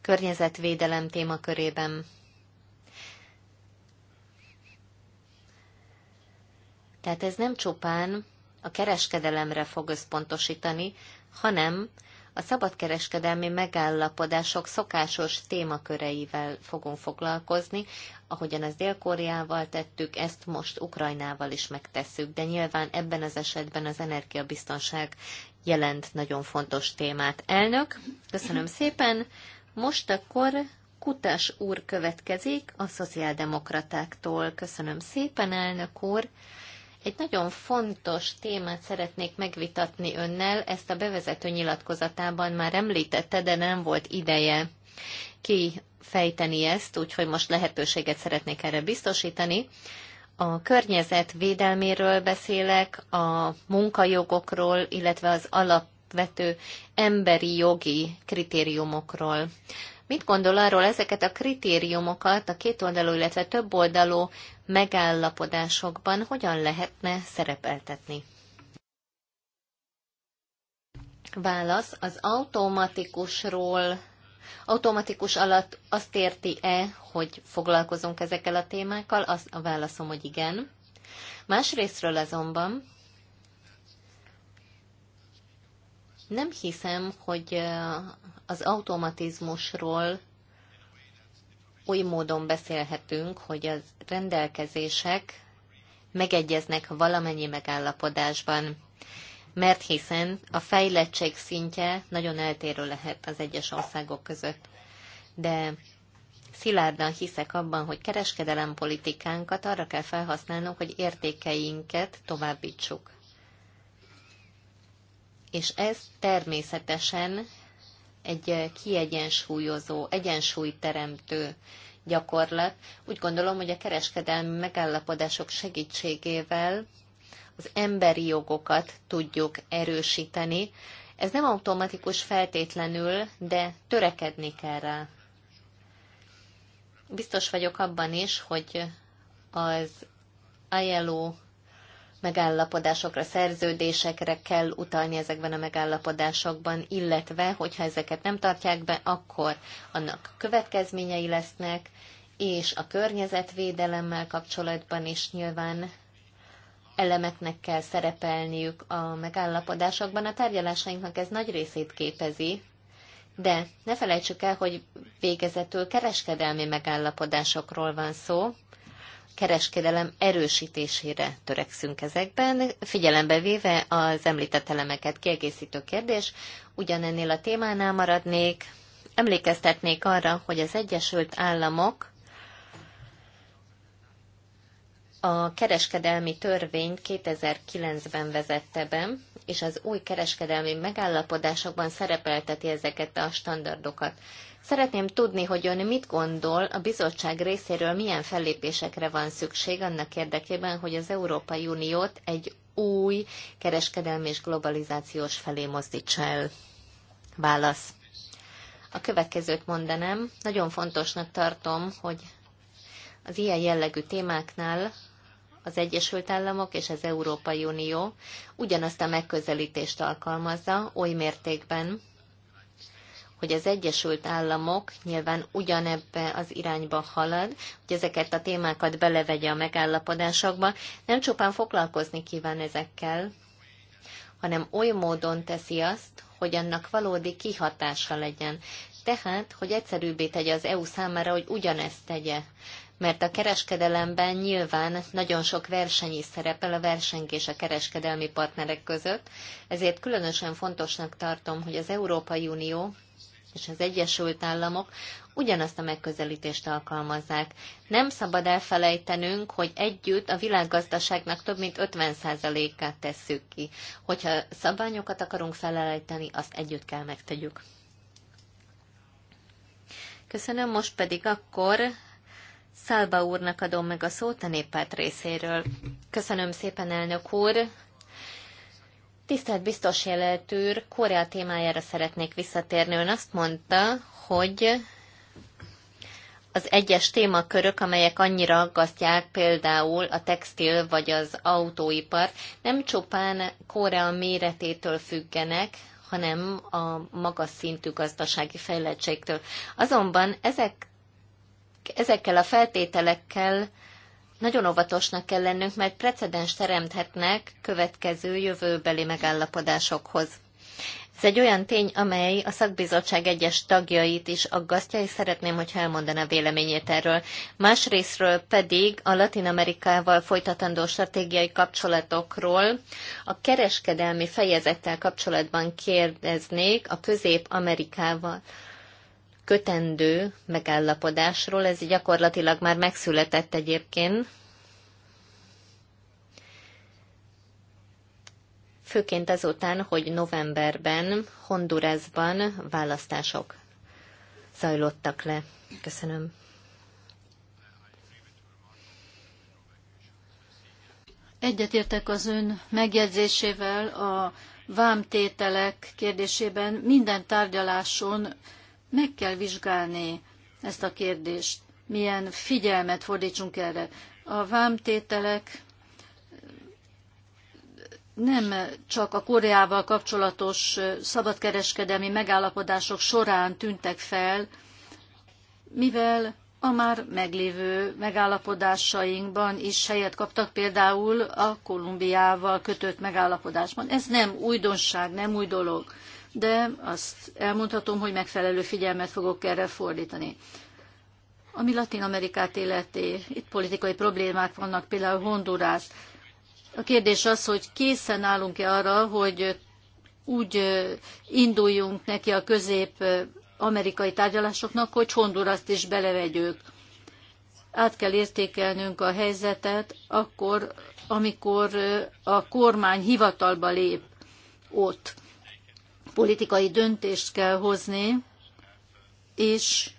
környezetvédelem témakörében. Tehát ez nem csupán a kereskedelemre fog összpontosítani, hanem a szabadkereskedelmi megállapodások szokásos témaköreivel fogunk foglalkozni, ahogyan az Dél-Koreával tettük, ezt most Ukrajnával is megtesszük, de nyilván ebben az esetben az energiabiztonság jelent nagyon fontos témát. Elnök, köszönöm szépen, most akkor Kutas úr következik a szociáldemokratáktól. Köszönöm szépen, elnök úr. Egy nagyon fontos témát szeretnék megvitatni önnel, ezt a bevezető nyilatkozatában már említette, de nem volt ideje kifejteni ezt, úgyhogy most lehetőséget szeretnék erre biztosítani. A környezet védelméről beszélek, a munkajogokról, illetve az alapvető emberi jogi kritériumokról. Mit gondol arról ezeket a kritériumokat a kétoldalú, illetve többoldalú megállapodásokban hogyan lehetne szerepeltetni? Válasz az automatikusról. Automatikus alatt azt érti-e, hogy foglalkozunk ezekkel a témákkal? Az a válaszom, hogy igen. Másrésztről azonban Nem hiszem, hogy az automatizmusról oly módon beszélhetünk, hogy az rendelkezések megegyeznek valamennyi megállapodásban, mert hiszen a fejlettség szintje nagyon eltérő lehet az egyes országok között. De szilárdan hiszek abban, hogy kereskedelempolitikánkat arra kell felhasználnunk, hogy értékeinket továbbítsuk és ez természetesen egy kiegyensúlyozó, egyensúlyteremtő gyakorlat. Úgy gondolom, hogy a kereskedelmi megállapodások segítségével az emberi jogokat tudjuk erősíteni. Ez nem automatikus feltétlenül, de törekedni kell rá. Biztos vagyok abban is, hogy az ILO megállapodásokra, szerződésekre kell utalni ezekben a megállapodásokban, illetve, hogyha ezeket nem tartják be, akkor annak következményei lesznek, és a környezetvédelemmel kapcsolatban is nyilván elemeknek kell szerepelniük a megállapodásokban. A tárgyalásainknak ez nagy részét képezi, de ne felejtsük el, hogy végezetül kereskedelmi megállapodásokról van szó, kereskedelem erősítésére törekszünk ezekben, figyelembe véve az említett elemeket kiegészítő kérdés, ugyanennél a témánál maradnék, emlékeztetnék arra, hogy az Egyesült Államok a kereskedelmi törvényt 2009-ben vezette be, és az új kereskedelmi megállapodásokban szerepelteti ezeket a standardokat. Szeretném tudni, hogy ön mit gondol a bizottság részéről, milyen fellépésekre van szükség annak érdekében, hogy az Európai Uniót egy új kereskedelmi és globalizációs felé mozdítsa el. Válasz. A következőt mondanám. Nagyon fontosnak tartom, hogy az ilyen jellegű témáknál az Egyesült Államok és az Európai Unió ugyanazt a megközelítést alkalmazza oly mértékben, hogy az Egyesült Államok nyilván ugyanebbe az irányba halad, hogy ezeket a témákat belevegye a megállapodásokba. Nem csupán foglalkozni kíván ezekkel, hanem oly módon teszi azt, hogy annak valódi kihatása legyen. Tehát, hogy egyszerűbbé tegye az EU számára, hogy ugyanezt tegye. Mert a kereskedelemben nyilván nagyon sok verseny is szerepel a versengés a kereskedelmi partnerek között, ezért különösen fontosnak tartom, hogy az Európai Unió és az Egyesült Államok ugyanazt a megközelítést alkalmazzák. Nem szabad elfelejtenünk, hogy együtt a világgazdaságnak több mint 50%-át tesszük ki. Hogyha szabványokat akarunk felelejteni, azt együtt kell megtegyük. Köszönöm, most pedig akkor Szálba úrnak adom meg a szót a néppárt részéről. Köszönöm szépen, elnök úr! Tisztelt biztos jelölt úr, Korea témájára szeretnék visszatérni. Ön azt mondta, hogy az egyes témakörök, amelyek annyira aggasztják például a textil vagy az autóipar, nem csupán Korea méretétől függenek, hanem a magas szintű gazdasági fejlettségtől. Azonban ezek, ezekkel a feltételekkel nagyon óvatosnak kell lennünk, mert precedens teremthetnek következő jövőbeli megállapodásokhoz. Ez egy olyan tény, amely a szakbizottság egyes tagjait is aggasztja, és szeretném, hogyha elmondaná véleményét erről. Másrésztről pedig a Latin Amerikával folytatandó stratégiai kapcsolatokról a kereskedelmi fejezettel kapcsolatban kérdeznék a Közép-Amerikával kötendő megállapodásról, ez gyakorlatilag már megszületett egyébként, főként azután, hogy novemberben Hondurasban választások zajlottak le. Köszönöm. Egyetértek az ön megjegyzésével a vámtételek kérdésében minden tárgyaláson meg kell vizsgálni ezt a kérdést, milyen figyelmet fordítsunk erre. A vámtételek nem csak a Koreával kapcsolatos szabadkereskedelmi megállapodások során tűntek fel, mivel a már meglévő megállapodásainkban is helyet kaptak, például a Kolumbiával kötött megállapodásban. Ez nem újdonság, nem új dolog de azt elmondhatom, hogy megfelelő figyelmet fogok erre fordítani. Ami Latin Amerikát illeti, itt politikai problémák vannak, például Hondurász. A kérdés az, hogy készen állunk-e arra, hogy úgy induljunk neki a közép-amerikai tárgyalásoknak, hogy Honduraszt is belevegyük. Át kell értékelnünk a helyzetet akkor, amikor a kormány hivatalba lép ott politikai döntést kell hozni, és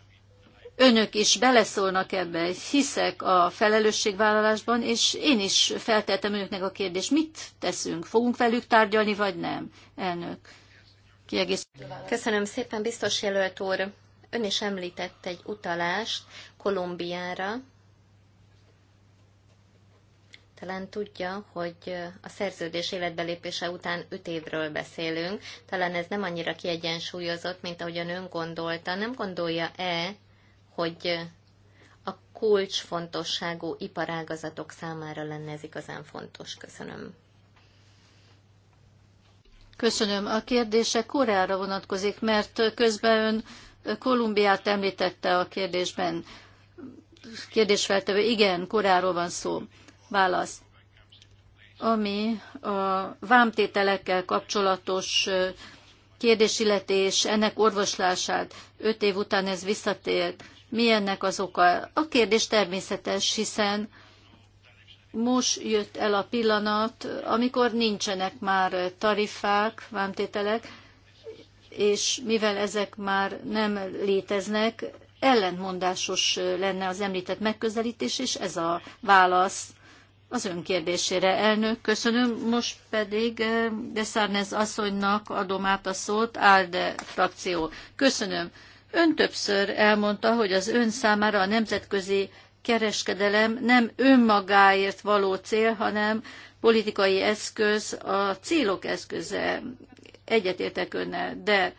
önök is beleszólnak ebbe, hiszek a felelősségvállalásban, és én is felteltem önöknek a kérdést, mit teszünk, fogunk velük tárgyalni, vagy nem, elnök. Kiegészítő Köszönöm szépen, biztos jelölt úr. Ön is említett egy utalást Kolumbiára, talán tudja, hogy a szerződés életbelépése után 5 évről beszélünk. Talán ez nem annyira kiegyensúlyozott, mint ahogyan ön gondolta. Nem gondolja-e, hogy a kulcsfontosságú iparágazatok számára lenne ez igazán fontos? Köszönöm. Köszönöm. A kérdése Koreára vonatkozik, mert közben ön Kolumbiát említette a kérdésben. Kérdésfeltevő, igen, Koreáról van szó. Válasz. Ami a vámtételekkel kapcsolatos kérdésilletés, ennek orvoslását öt év után ez visszatért. Mi ennek az oka? A kérdés természetes, hiszen most jött el a pillanat, amikor nincsenek már tarifák, vámtételek, és mivel ezek már nem léteznek, ellentmondásos lenne az említett megközelítés, és ez a válasz az ön kérdésére. Elnök, köszönöm. Most pedig eh, de Szárnez asszonynak adom át a szót, ALDE frakció. Köszönöm. Ön többször elmondta, hogy az ön számára a nemzetközi kereskedelem nem önmagáért való cél, hanem politikai eszköz, a célok eszköze. Egyetértek önnel, de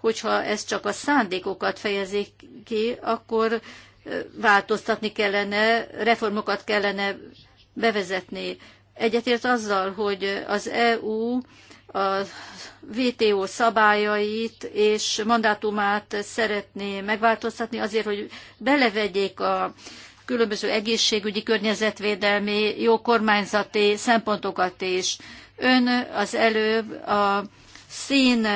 hogyha ez csak a szándékokat fejezi ki, akkor eh, változtatni kellene, reformokat kellene bevezetni. Egyetért azzal, hogy az EU a VTO szabályait és mandátumát szeretné megváltoztatni azért, hogy belevegyék a különböző egészségügyi, környezetvédelmi, jó kormányzati szempontokat is. Ön az előbb a szín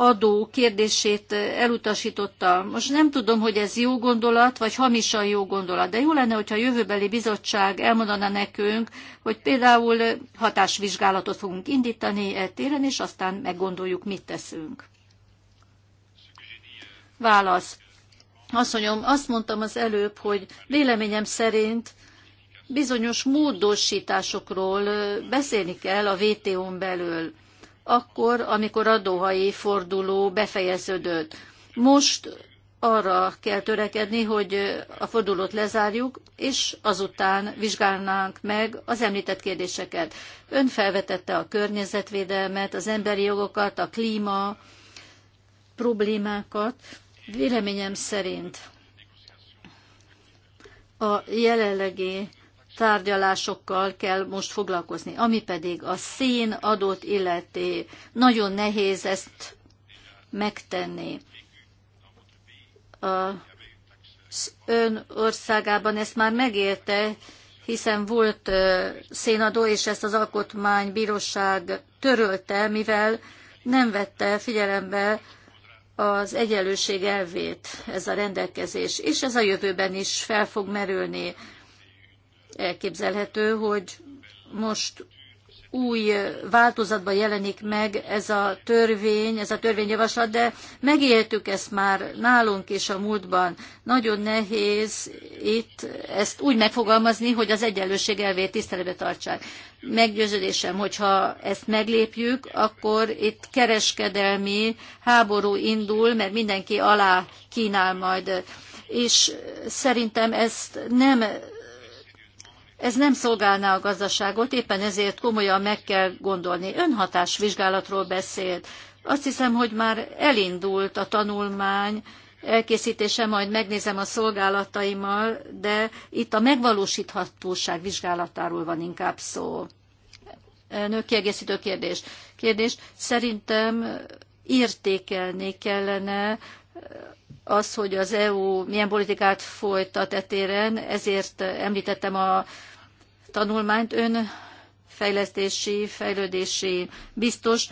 adó kérdését eh, elutasította. Most nem tudom, hogy ez jó gondolat, vagy hamisan jó gondolat, de jó lenne, hogyha a jövőbeli bizottság elmondana nekünk, hogy például eh, hatásvizsgálatot fogunk indítani e téren, és aztán meggondoljuk, mit teszünk. Válasz. Asszonyom, azt mondtam az előbb, hogy véleményem szerint bizonyos módosításokról eh, beszélni kell a VTO-n belül akkor, amikor a dohai forduló befejeződött. Most arra kell törekedni, hogy a fordulót lezárjuk, és azután vizsgálnánk meg az említett kérdéseket. Ön felvetette a környezetvédelmet, az emberi jogokat, a klíma problémákat. Véleményem szerint a jelenlegi tárgyalásokkal kell most foglalkozni. Ami pedig a szín adott illeti, nagyon nehéz ezt megtenni. A ön országában ezt már megérte, hiszen volt szénadó, és ezt az alkotmánybíróság törölte, mivel nem vette figyelembe az egyenlőség elvét ez a rendelkezés, és ez a jövőben is fel fog merülni elképzelhető, hogy most új változatban jelenik meg ez a törvény, ez a törvényjavaslat, de megéltük ezt már nálunk és a múltban. Nagyon nehéz itt ezt úgy megfogalmazni, hogy az egyenlőség elvét tiszteletbe tartsák. Meggyőződésem, hogyha ezt meglépjük, akkor itt kereskedelmi háború indul, mert mindenki alá kínál majd. És szerintem ezt nem ez nem szolgálná a gazdaságot, éppen ezért komolyan meg kell gondolni. vizsgálatról beszélt. Azt hiszem, hogy már elindult a tanulmány elkészítése, majd megnézem a szolgálataimmal, de itt a megvalósíthatóság vizsgálatáról van inkább szó. Nő kiegészítő kérdés. Kérdés, szerintem értékelni kellene az, hogy az EU milyen politikát folytat etéren, ezért említettem a tanulmányt, ön fejlesztési, fejlődési biztos,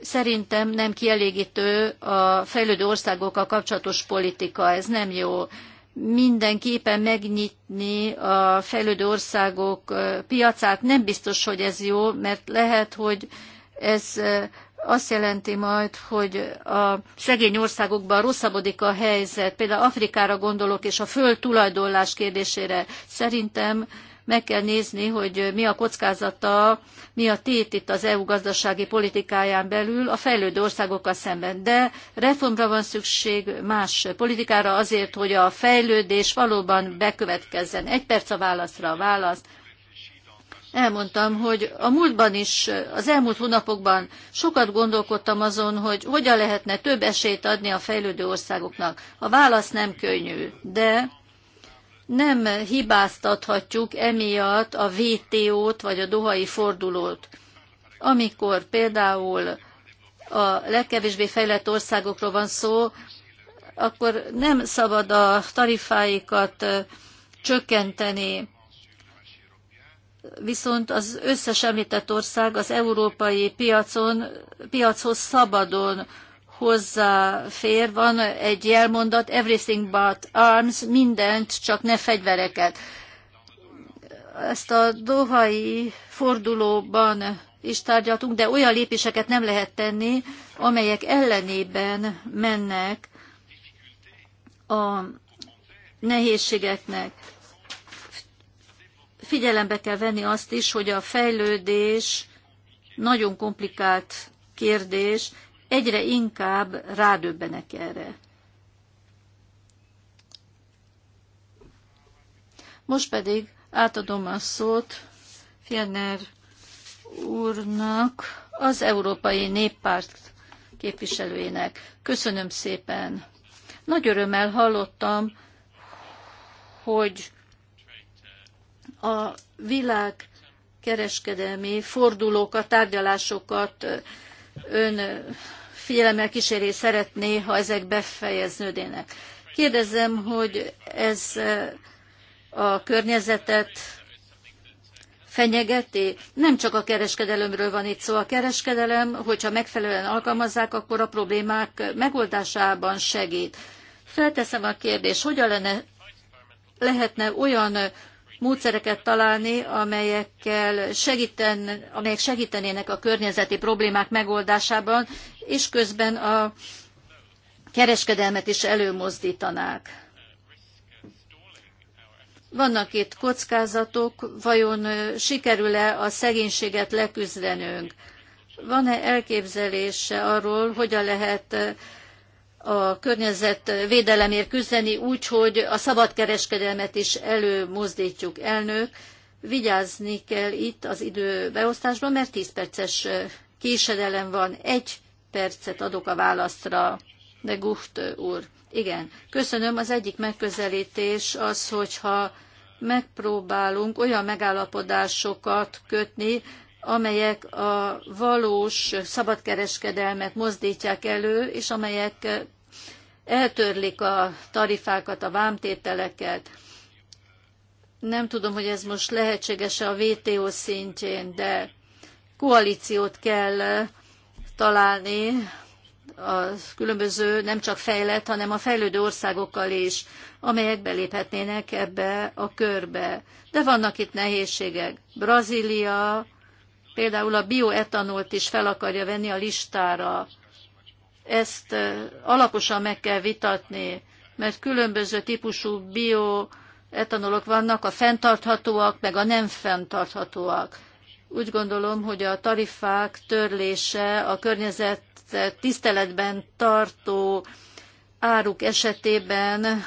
szerintem nem kielégítő a fejlődő országokkal kapcsolatos politika, ez nem jó. Mindenképpen megnyitni a fejlődő országok piacát nem biztos, hogy ez jó, mert lehet, hogy ez azt jelenti majd, hogy a szegény országokban rosszabbodik a helyzet. Például Afrikára gondolok, és a föld tulajdonlás kérdésére szerintem meg kell nézni, hogy mi a kockázata, mi a tét itt az EU gazdasági politikáján belül a fejlődő országokkal szemben. De reformra van szükség más politikára azért, hogy a fejlődés valóban bekövetkezzen. Egy perc a válaszra a válasz. Elmondtam, hogy a múltban is, az elmúlt hónapokban sokat gondolkodtam azon, hogy hogyan lehetne több esélyt adni a fejlődő országoknak. A válasz nem könnyű, de nem hibáztathatjuk emiatt a VTO-t vagy a dohai fordulót. Amikor például a legkevésbé fejlett országokról van szó, akkor nem szabad a tarifáikat csökkenteni. Viszont az összes említett ország az európai piacon, piachoz szabadon hozzáfér. Van egy jelmondat, everything but arms, mindent, csak ne fegyvereket. Ezt a dohai fordulóban is tárgyaltunk, de olyan lépéseket nem lehet tenni, amelyek ellenében mennek a nehézségeknek. Figyelembe kell venni azt is, hogy a fejlődés nagyon komplikált kérdés, egyre inkább rádöbbenek erre. Most pedig átadom a szót Fjellner úrnak, az Európai Néppárt képviselőjének. Köszönöm szépen. Nagy örömmel hallottam, hogy a világ kereskedelmi fordulókat, tárgyalásokat ön figyelemmel kíséri szeretné, ha ezek befejeződnének. Kérdezem, hogy ez e, a környezetet fenyegeti. Nem csak a kereskedelemről van itt szó. A kereskedelem, hogyha megfelelően alkalmazzák, akkor a problémák megoldásában segít. Felteszem a kérdést, hogyan lenne, lehetne olyan módszereket találni, amelyekkel segíten, amelyek segítenének a környezeti problémák megoldásában, és közben a kereskedelmet is előmozdítanák. Vannak itt kockázatok, vajon sikerül-e a szegénységet leküzdenünk? Van-e elképzelése arról, hogyan lehet a környezet védelemért küzdeni úgy, hogy a szabadkereskedelmet is előmozdítjuk, elnök? Vigyázni kell itt az időbeosztásban, mert 10 perces késedelem van. Egy percet adok a válaszra, de Gucht úr. Igen, köszönöm. Az egyik megközelítés az, hogyha megpróbálunk olyan megállapodásokat kötni, amelyek a valós szabadkereskedelmet mozdítják elő, és amelyek eltörlik a tarifákat, a vámtételeket. Nem tudom, hogy ez most lehetséges-e a WTO szintjén, de koalíciót kell találni a különböző nem csak fejlett, hanem a fejlődő országokkal is, amelyek beléphetnének ebbe a körbe. De vannak itt nehézségek. Brazília például a bioetanolt is fel akarja venni a listára. Ezt alaposan meg kell vitatni, mert különböző típusú bioetanolok vannak, a fenntarthatóak, meg a nem fenntarthatóak úgy gondolom, hogy a tarifák törlése a környezet tiszteletben tartó áruk esetében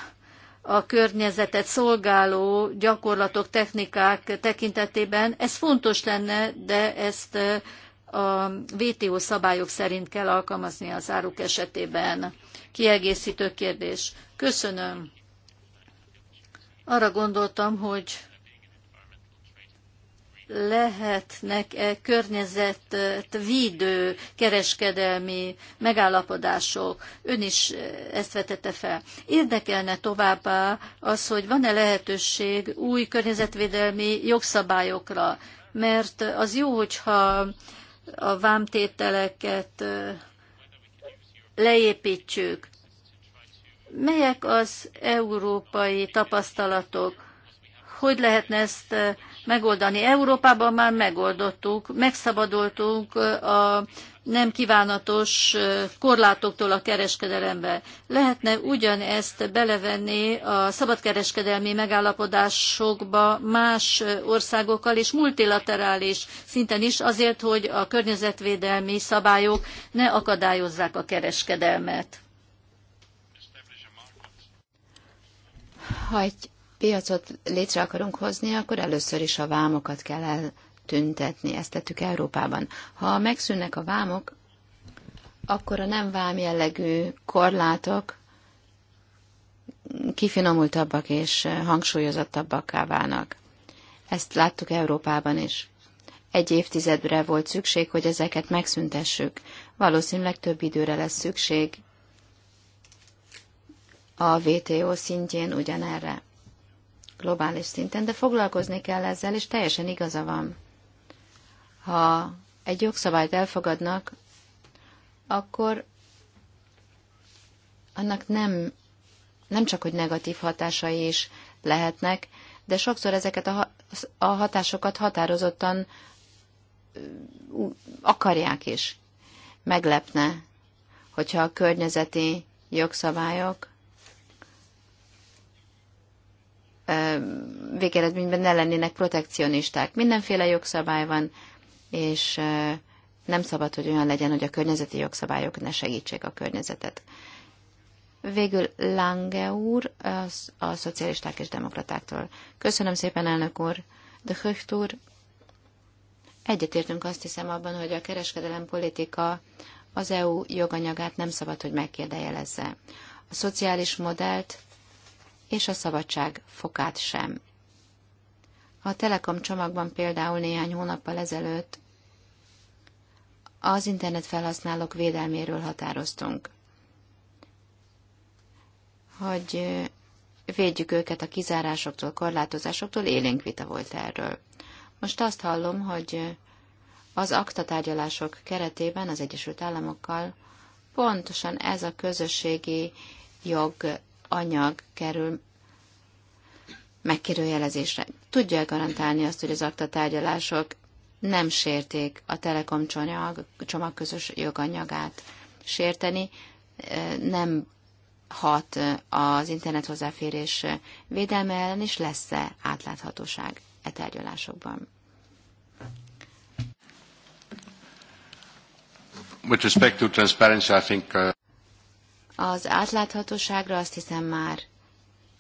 a környezetet szolgáló gyakorlatok, technikák tekintetében. Ez fontos lenne, de ezt a WTO szabályok szerint kell alkalmazni az áruk esetében. Kiegészítő kérdés. Köszönöm. Arra gondoltam, hogy lehetnek-e védő kereskedelmi megállapodások. Ön is ezt vetette fel. Érdekelne továbbá az, hogy van-e lehetőség új környezetvédelmi jogszabályokra, mert az jó, hogyha a vámtételeket leépítjük. Melyek az európai tapasztalatok? Hogy lehetne ezt megoldani. Európában már megoldottuk, megszabadultunk a nem kívánatos korlátoktól a kereskedelembe. Lehetne ugyanezt belevenni a szabadkereskedelmi megállapodásokba más országokkal és multilaterális szinten is azért, hogy a környezetvédelmi szabályok ne akadályozzák a kereskedelmet. Hogy piacot létre akarunk hozni, akkor először is a vámokat kell eltüntetni. Ezt tettük Európában. Ha megszűnnek a vámok, akkor a nem vám jellegű korlátok kifinomultabbak és hangsúlyozottabbakká válnak. Ezt láttuk Európában is. Egy évtizedre volt szükség, hogy ezeket megszüntessük. Valószínűleg több időre lesz szükség a VTO szintjén ugyanerre globális szinten, de foglalkozni kell ezzel, és teljesen igaza van. Ha egy jogszabályt elfogadnak, akkor annak nem, nem csak, hogy negatív hatásai is lehetnek, de sokszor ezeket a, a hatásokat határozottan akarják is. Meglepne, hogyha a környezeti jogszabályok végeredményben ne lennének protekcionisták. Mindenféle jogszabály van, és nem szabad, hogy olyan legyen, hogy a környezeti jogszabályok ne segítsék a környezetet. Végül Lange úr a, a szocialisták és demokratáktól. Köszönöm szépen, elnök úr. De Höcht úr, egyetértünk azt hiszem abban, hogy a kereskedelem politika az EU joganyagát nem szabad, hogy megkérdejelezze. A szociális modellt és a szabadság fokát sem. A Telekom csomagban például néhány hónappal ezelőtt az internet felhasználók védelméről határoztunk, hogy védjük őket a kizárásoktól, korlátozásoktól, élénk vita volt erről. Most azt hallom, hogy az aktatárgyalások keretében az Egyesült Államokkal pontosan ez a közösségi jog anyag kerül megkérőjelezésre. Tudja garantálni azt, hogy az akta tárgyalások nem sérték a Telekom csomag, csomag közös joganyagát. Sérteni e, nem hat az internet hozzáférés védelme ellen, és lesz-e átláthatóság e tárgyalásokban? With respect to transparency, I think, uh... Az átláthatóságra azt hiszem már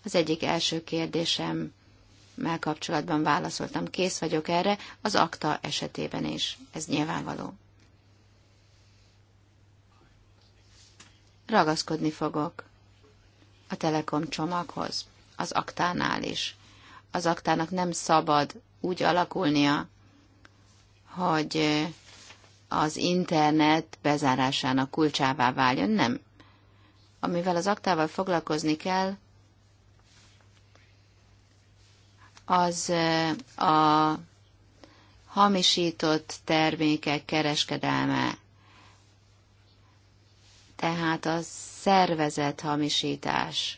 az egyik első kérdésem mel kapcsolatban válaszoltam. Kész vagyok erre, az akta esetében is. Ez nyilvánvaló. Ragaszkodni fogok a Telekom csomaghoz, az aktánál is. Az aktának nem szabad úgy alakulnia, hogy az internet bezárásának kulcsává váljon. Nem, amivel az aktával foglalkozni kell, az eh, a hamisított termékek kereskedelme, tehát a szervezet hamisítás.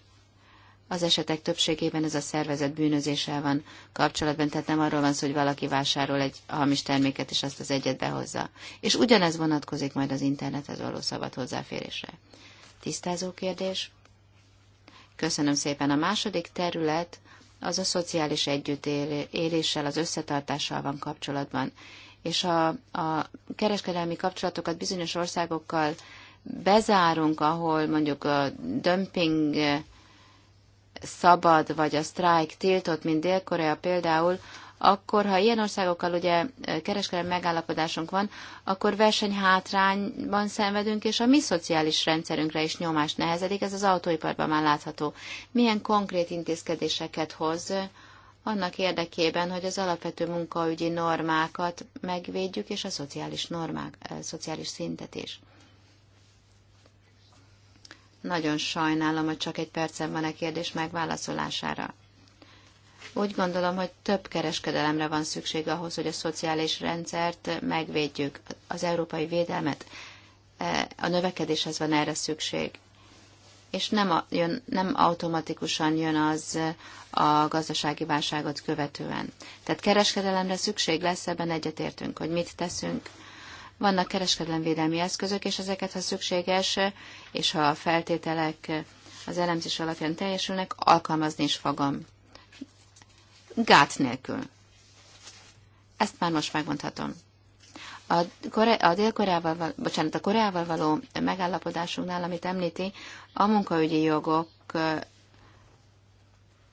Az esetek többségében ez a szervezet bűnözéssel van kapcsolatban, tehát nem arról van szó, hogy valaki vásárol egy hamis terméket, és azt az egyet behozza. És ugyanez vonatkozik majd az internethez való szabad hozzáférésre. Tisztázó kérdés. Köszönöm szépen. A második terület az a szociális együttéléssel, az összetartással van kapcsolatban. És ha a kereskedelmi kapcsolatokat bizonyos országokkal bezárunk, ahol mondjuk a dömping szabad, vagy a sztrájk tiltott, mint Dél-Korea például, akkor ha ilyen országokkal ugye kereskedelmi megállapodásunk van, akkor versenyhátrányban szenvedünk, és a mi szociális rendszerünkre is nyomás nehezedik, ez az autóiparban már látható. Milyen konkrét intézkedéseket hoz annak érdekében, hogy az alapvető munkaügyi normákat megvédjük, és a szociális normák, a szociális szintet is. Nagyon sajnálom, hogy csak egy percem van a kérdés megválaszolására. Úgy gondolom, hogy több kereskedelemre van szükség ahhoz, hogy a szociális rendszert megvédjük, az európai védelmet. E, a növekedéshez van erre szükség. És nem, a, jön, nem automatikusan jön az a gazdasági válságot követően. Tehát kereskedelemre szükség lesz, ebben egyetértünk, hogy mit teszünk. Vannak kereskedelemvédelmi eszközök, és ezeket, ha szükséges, és ha a feltételek az elemzés alapján teljesülnek, alkalmazni is fogom gát nélkül. Ezt már most megmondhatom. A, Kore- a dél-koreával, bocsánat, a Koreával való megállapodásunknál, amit említi, a munkaügyi jogok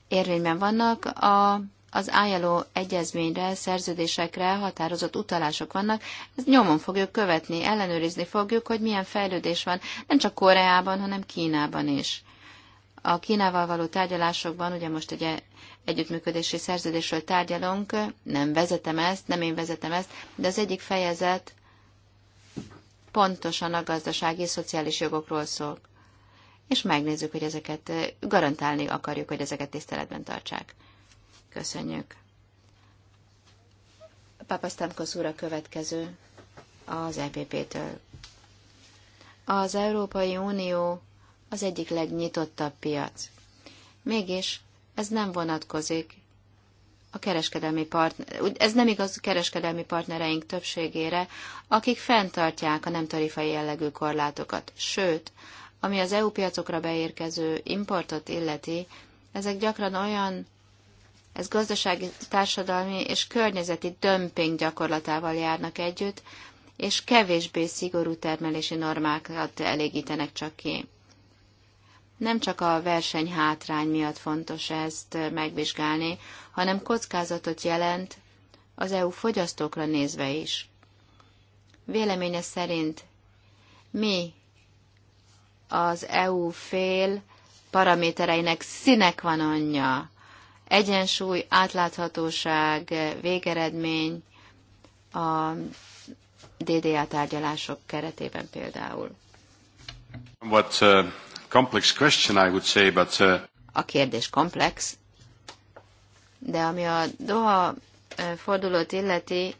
érvényben vannak, a, az ILO egyezményre, szerződésekre határozott utalások vannak. Ezt nyomon fogjuk követni, ellenőrizni fogjuk, hogy milyen fejlődés van, nem csak Koreában, hanem Kínában is. A Kínával való tárgyalásokban ugye most egy együttműködési szerződésről tárgyalunk, nem vezetem ezt, nem én vezetem ezt, de az egyik fejezet pontosan a gazdasági és szociális jogokról szól. És megnézzük, hogy ezeket garantálni akarjuk, hogy ezeket tiszteletben tartsák. Köszönjük. Papasztánkosz úr a következő az EPP-től. Az Európai Unió az egyik legnyitottabb piac. Mégis ez nem vonatkozik a kereskedelmi partner, ez nem igaz a kereskedelmi partnereink többségére, akik fenntartják a nem tarifai jellegű korlátokat. Sőt, ami az EU piacokra beérkező importot illeti, ezek gyakran olyan, ez gazdasági, társadalmi és környezeti dömping gyakorlatával járnak együtt, és kevésbé szigorú termelési normákat elégítenek csak ki. Nem csak a versenyhátrány miatt fontos ezt megvizsgálni, hanem kockázatot jelent az EU fogyasztókra nézve is. Véleménye szerint mi az EU fél paramétereinek színek van anyja. Egyensúly, átláthatóság, végeredmény a DDA tárgyalások keretében például. What, uh, complex question, I would say, but... Uh... A kérdés komplex, de ami a Doha fordulót illeti,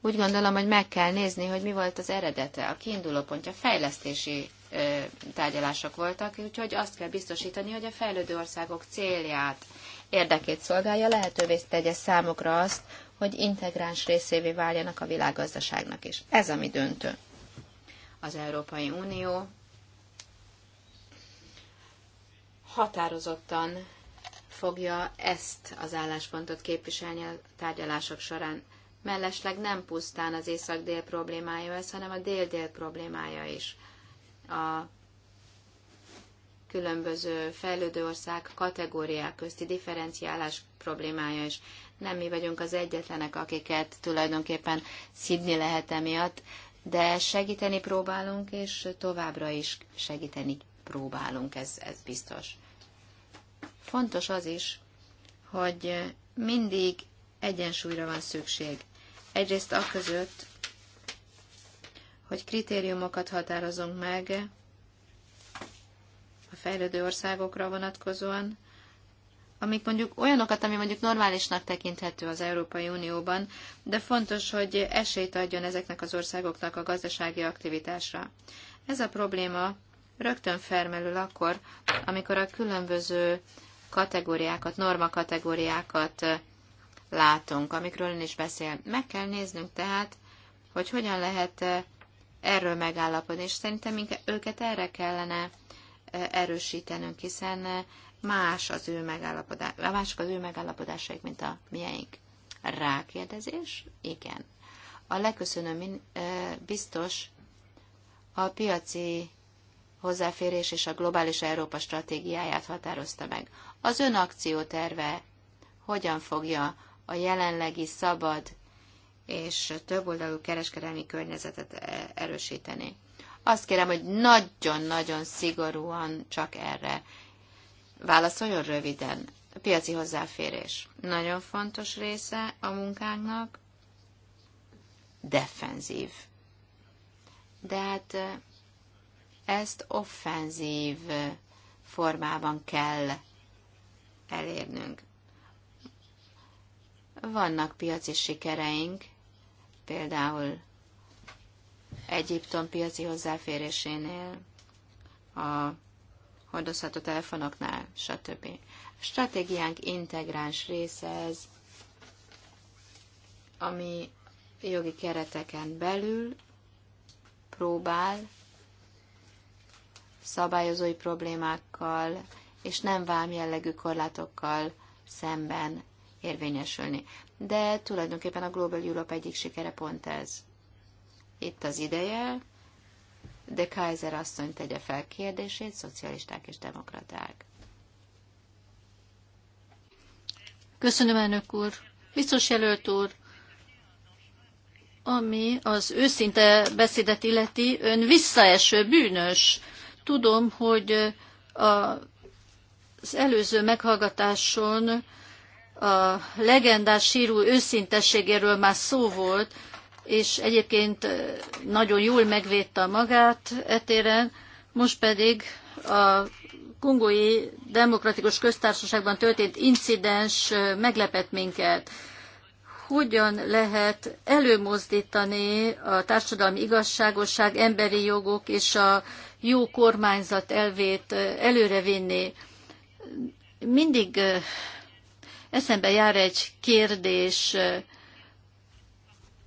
úgy gondolom, hogy meg kell nézni, hogy mi volt az eredete, a kiinduló pontja, fejlesztési tárgyalások voltak, úgyhogy azt kell biztosítani, hogy a fejlődő országok célját, érdekét szolgálja, lehetővé tegye számukra azt, hogy integráns részévé váljanak a világgazdaságnak is. Ez a mi döntő. Az Európai Unió határozottan fogja ezt az álláspontot képviselni a tárgyalások során. Mellesleg nem pusztán az észak-dél problémája ez, hanem a dél-dél problémája is. A különböző fejlődő ország kategóriák közti differenciálás problémája is. Nem mi vagyunk az egyetlenek, akiket tulajdonképpen szidni lehet emiatt, de segíteni próbálunk, és továbbra is segíteni próbálunk, ez, ez biztos. Fontos az is, hogy mindig egyensúlyra van szükség. Egyrészt a között, hogy kritériumokat határozunk meg a fejlődő országokra vonatkozóan, amik mondjuk olyanokat, ami mondjuk normálisnak tekinthető az Európai Unióban, de fontos, hogy esélyt adjon ezeknek az országoknak a gazdasági aktivitásra. Ez a probléma rögtön felmerül akkor, amikor a különböző kategóriákat, norma kategóriákat látunk, amikről ön is beszél. Meg kell néznünk tehát, hogy hogyan lehet erről megállapodni, és szerintem őket erre kellene erősítenünk, hiszen más az ő megállapodás, mások az ő megállapodásaik, mint a miénk. Rákérdezés? Igen. A legköszönöm, biztos a piaci hozzáférés és a globális Európa stratégiáját határozta meg. Az ön akcióterve hogyan fogja a jelenlegi szabad és többoldalú kereskedelmi környezetet e- erősíteni? Azt kérem, hogy nagyon-nagyon szigorúan csak erre válaszoljon röviden. A piaci hozzáférés nagyon fontos része a munkánknak, defenzív. De hát ezt offenzív formában kell elérnünk. Vannak piaci sikereink, például Egyiptom piaci hozzáférésénél, a hordozható telefonoknál, stb. A stratégiánk integráns része ez, ami jogi kereteken belül próbál szabályozói problémákkal és nem vám jellegű korlátokkal szemben érvényesülni. De tulajdonképpen a Global Europe egyik sikere pont ez. Itt az ideje, de Kaiser asszony tegye fel kérdését, szocialisták és demokraták. Köszönöm, elnök úr. Biztos jelölt úr, ami az őszinte beszédet illeti, ön visszaeső bűnös Tudom, hogy az előző meghallgatáson a legendás sírú őszintességéről már szó volt, és egyébként nagyon jól megvédte magát etéren, most pedig a kongói demokratikus köztársaságban történt incidens meglepett minket hogyan lehet előmozdítani a társadalmi igazságosság, emberi jogok és a jó kormányzat elvét előrevinni. Mindig eszembe jár egy kérdés.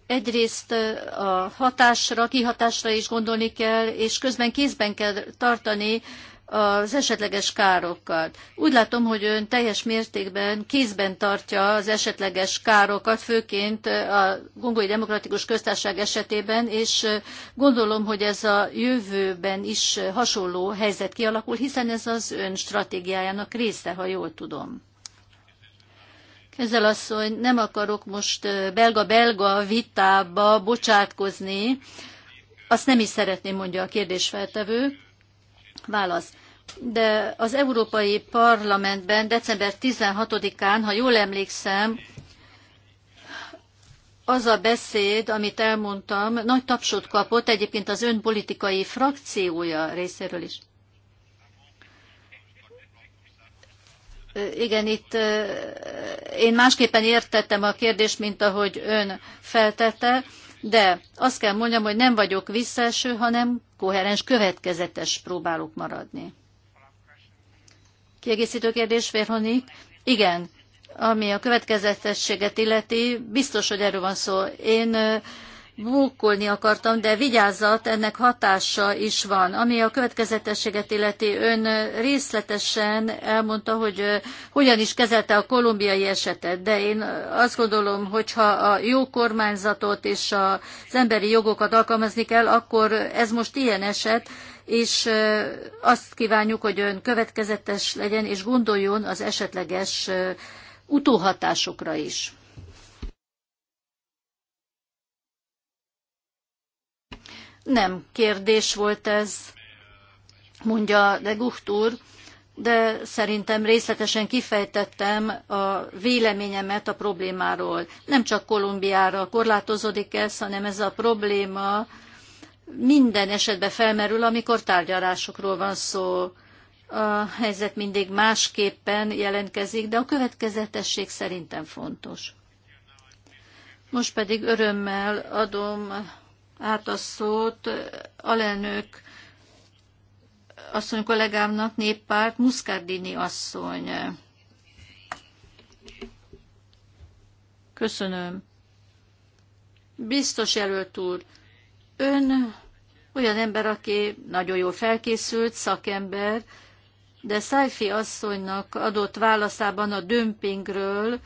Egyrészt a hatásra, kihatásra is gondolni kell, és közben kézben kell tartani az esetleges károkat. Úgy látom, hogy ön teljes mértékben kézben tartja az esetleges károkat, főként a Gongolyi Demokratikus Köztársaság esetében, és gondolom, hogy ez a jövőben is hasonló helyzet kialakul, hiszen ez az ön stratégiájának része, ha jól tudom. Ezzel asszony, nem akarok most belga-belga vitába bocsátkozni, azt nem is szeretném, mondja a kérdésfeltevő. Válasz de az Európai Parlamentben december 16-án, ha jól emlékszem, az a beszéd, amit elmondtam, nagy tapsot kapott egyébként az ön politikai frakciója részéről is. Igen, itt eh, én másképpen értettem a kérdést, mint ahogy ön feltette, de azt kell mondjam, hogy nem vagyok visszaeső, hanem koherens, következetes próbálok maradni. Kiegészítő kérdés, Vérhonik? Igen, ami a következetességet illeti, biztos, hogy erről van szó. Én bókolni akartam, de vigyázzat, ennek hatása is van. Ami a következetességet illeti, ön részletesen elmondta, hogy hogyan is kezelte a kolumbiai esetet, de én azt gondolom, hogy ha a jó kormányzatot és az emberi jogokat alkalmazni kell, akkor ez most ilyen eset, és azt kívánjuk, hogy ön következetes legyen, és gondoljon az esetleges utóhatásokra is. Nem kérdés volt ez, mondja de Gucht úr, de szerintem részletesen kifejtettem a véleményemet a problémáról. Nem csak Kolumbiára korlátozódik ez, hanem ez a probléma minden esetben felmerül, amikor tárgyalásokról van szó. A helyzet mindig másképpen jelentkezik, de a következetesség szerintem fontos. Most pedig örömmel adom át a szót alelnök asszony kollégámnak, néppárt, Muscardini asszony. Köszönöm. Biztos jelölt úr, Ön olyan ember, aki nagyon jól felkészült, szakember, de Szájfi asszonynak adott válaszában a dömpingről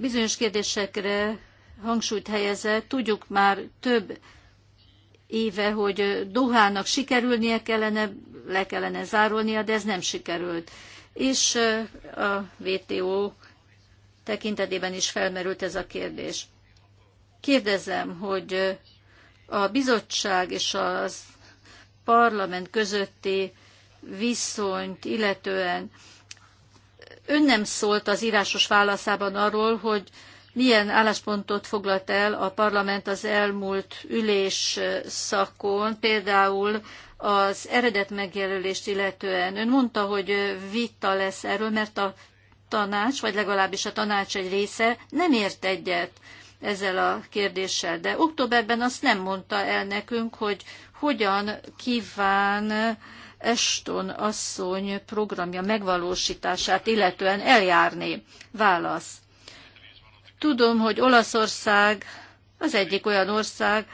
bizonyos kérdésekre hangsúlyt helyezett. Tudjuk már több éve, hogy Dohának sikerülnie kellene, le kellene zárulnia, de ez nem sikerült. És a WTO tekintetében is felmerült ez a kérdés. Kérdezem, hogy a bizottság és a parlament közötti viszonyt illetően ön nem szólt az írásos válaszában arról, hogy milyen álláspontot foglalt el a parlament az elmúlt ülés szakon, például az eredet megjelölést illetően. Ön mondta, hogy vita lesz erről, mert a tanács, vagy legalábbis a tanács egy része nem ért egyet ezzel a kérdéssel. De októberben azt nem mondta el nekünk, hogy hogyan kíván Eston asszony programja megvalósítását illetően eljárni. Válasz. Tudom, hogy Olaszország az egyik olyan ország,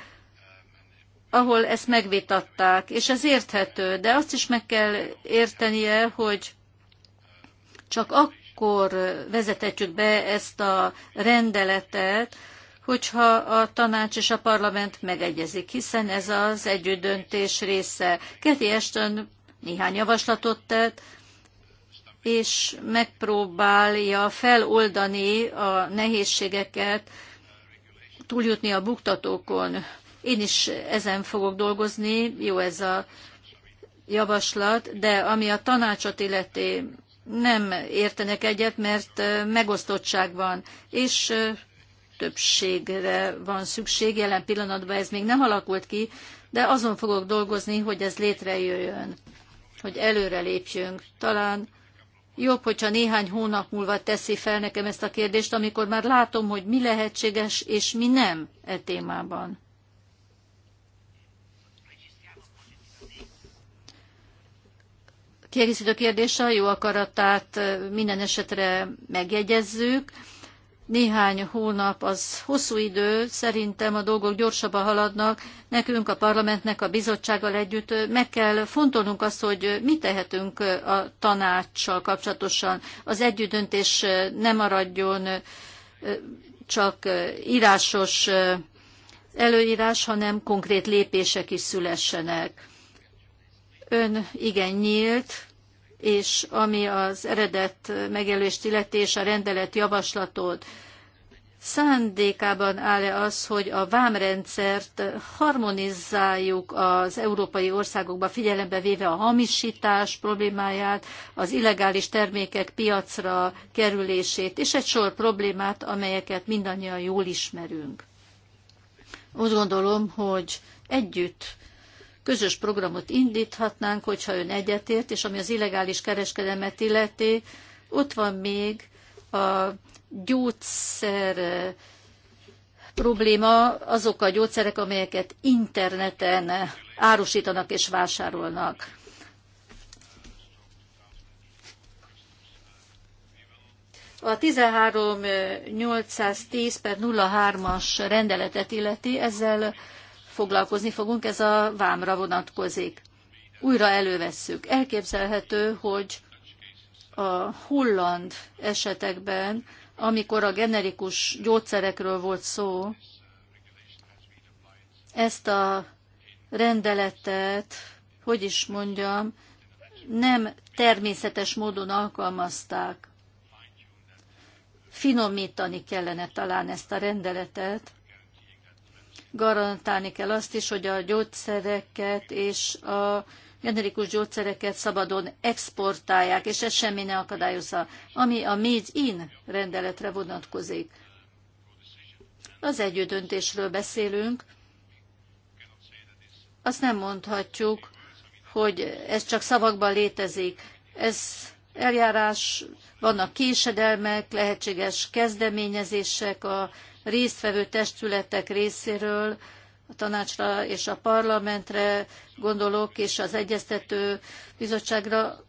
ahol ezt megvitatták, és ez érthető, de azt is meg kell értenie, hogy csak akkor, mikor vezethetjük be ezt a rendeletet, hogyha a tanács és a parlament megegyezik, hiszen ez az együttdöntés része. Keti Ashton néhány javaslatot tett, és megpróbálja feloldani a nehézségeket, túljutni a buktatókon. Én is ezen fogok dolgozni, jó ez a javaslat, de ami a tanácsot illeti, nem értenek egyet, mert megosztottság van, és többségre van szükség. Jelen pillanatban ez még nem alakult ki, de azon fogok dolgozni, hogy ez létrejöjjön, hogy előre lépjünk. Talán jobb, hogyha néhány hónap múlva teszi fel nekem ezt a kérdést, amikor már látom, hogy mi lehetséges és mi nem e témában. kiegészítő kérdése, jó akaratát minden esetre megjegyezzük. Néhány hónap az hosszú idő, szerintem a dolgok gyorsabban haladnak, nekünk, a parlamentnek, a bizottsággal együtt meg kell fontolnunk azt, hogy mit tehetünk a tanácssal kapcsolatosan. Az együttdöntés nem maradjon csak írásos előírás, hanem konkrét lépések is szülessenek Ön igen nyílt, és ami az eredet megjelölést illeti és a rendelet javaslatot, szándékában áll-e az, hogy a vámrendszert harmonizáljuk az európai országokba figyelembe véve a hamisítás problémáját, az illegális termékek piacra kerülését, és egy sor problémát, amelyeket mindannyian jól ismerünk. Úgy gondolom, hogy együtt közös programot indíthatnánk, hogyha ön egyetért, és ami az illegális kereskedelmet illeti, ott van még a gyógyszer eh, probléma azok a gyógyszerek, amelyeket interneten árusítanak és vásárolnak. A 13810 eh, per 03-as rendeletet illeti, ezzel foglalkozni fogunk, ez a vámra vonatkozik. Újra elővesszük. Elképzelhető, hogy a holland esetekben, amikor a generikus gyógyszerekről volt szó, ezt a rendeletet, hogy is mondjam, nem természetes módon alkalmazták. Finomítani kellene talán ezt a rendeletet, garantálni kell azt is, hogy a gyógyszereket és a generikus gyógyszereket szabadon exportálják, és ez semmi ne akadályozza, ami a Made in rendeletre vonatkozik. Az együttdöntésről beszélünk, azt nem mondhatjuk, hogy ez csak szavakban létezik. Ez eljárás, vannak késedelmek, lehetséges kezdeményezések a résztvevő testületek részéről, a tanácsra és a parlamentre gondolok, és az egyeztető bizottságra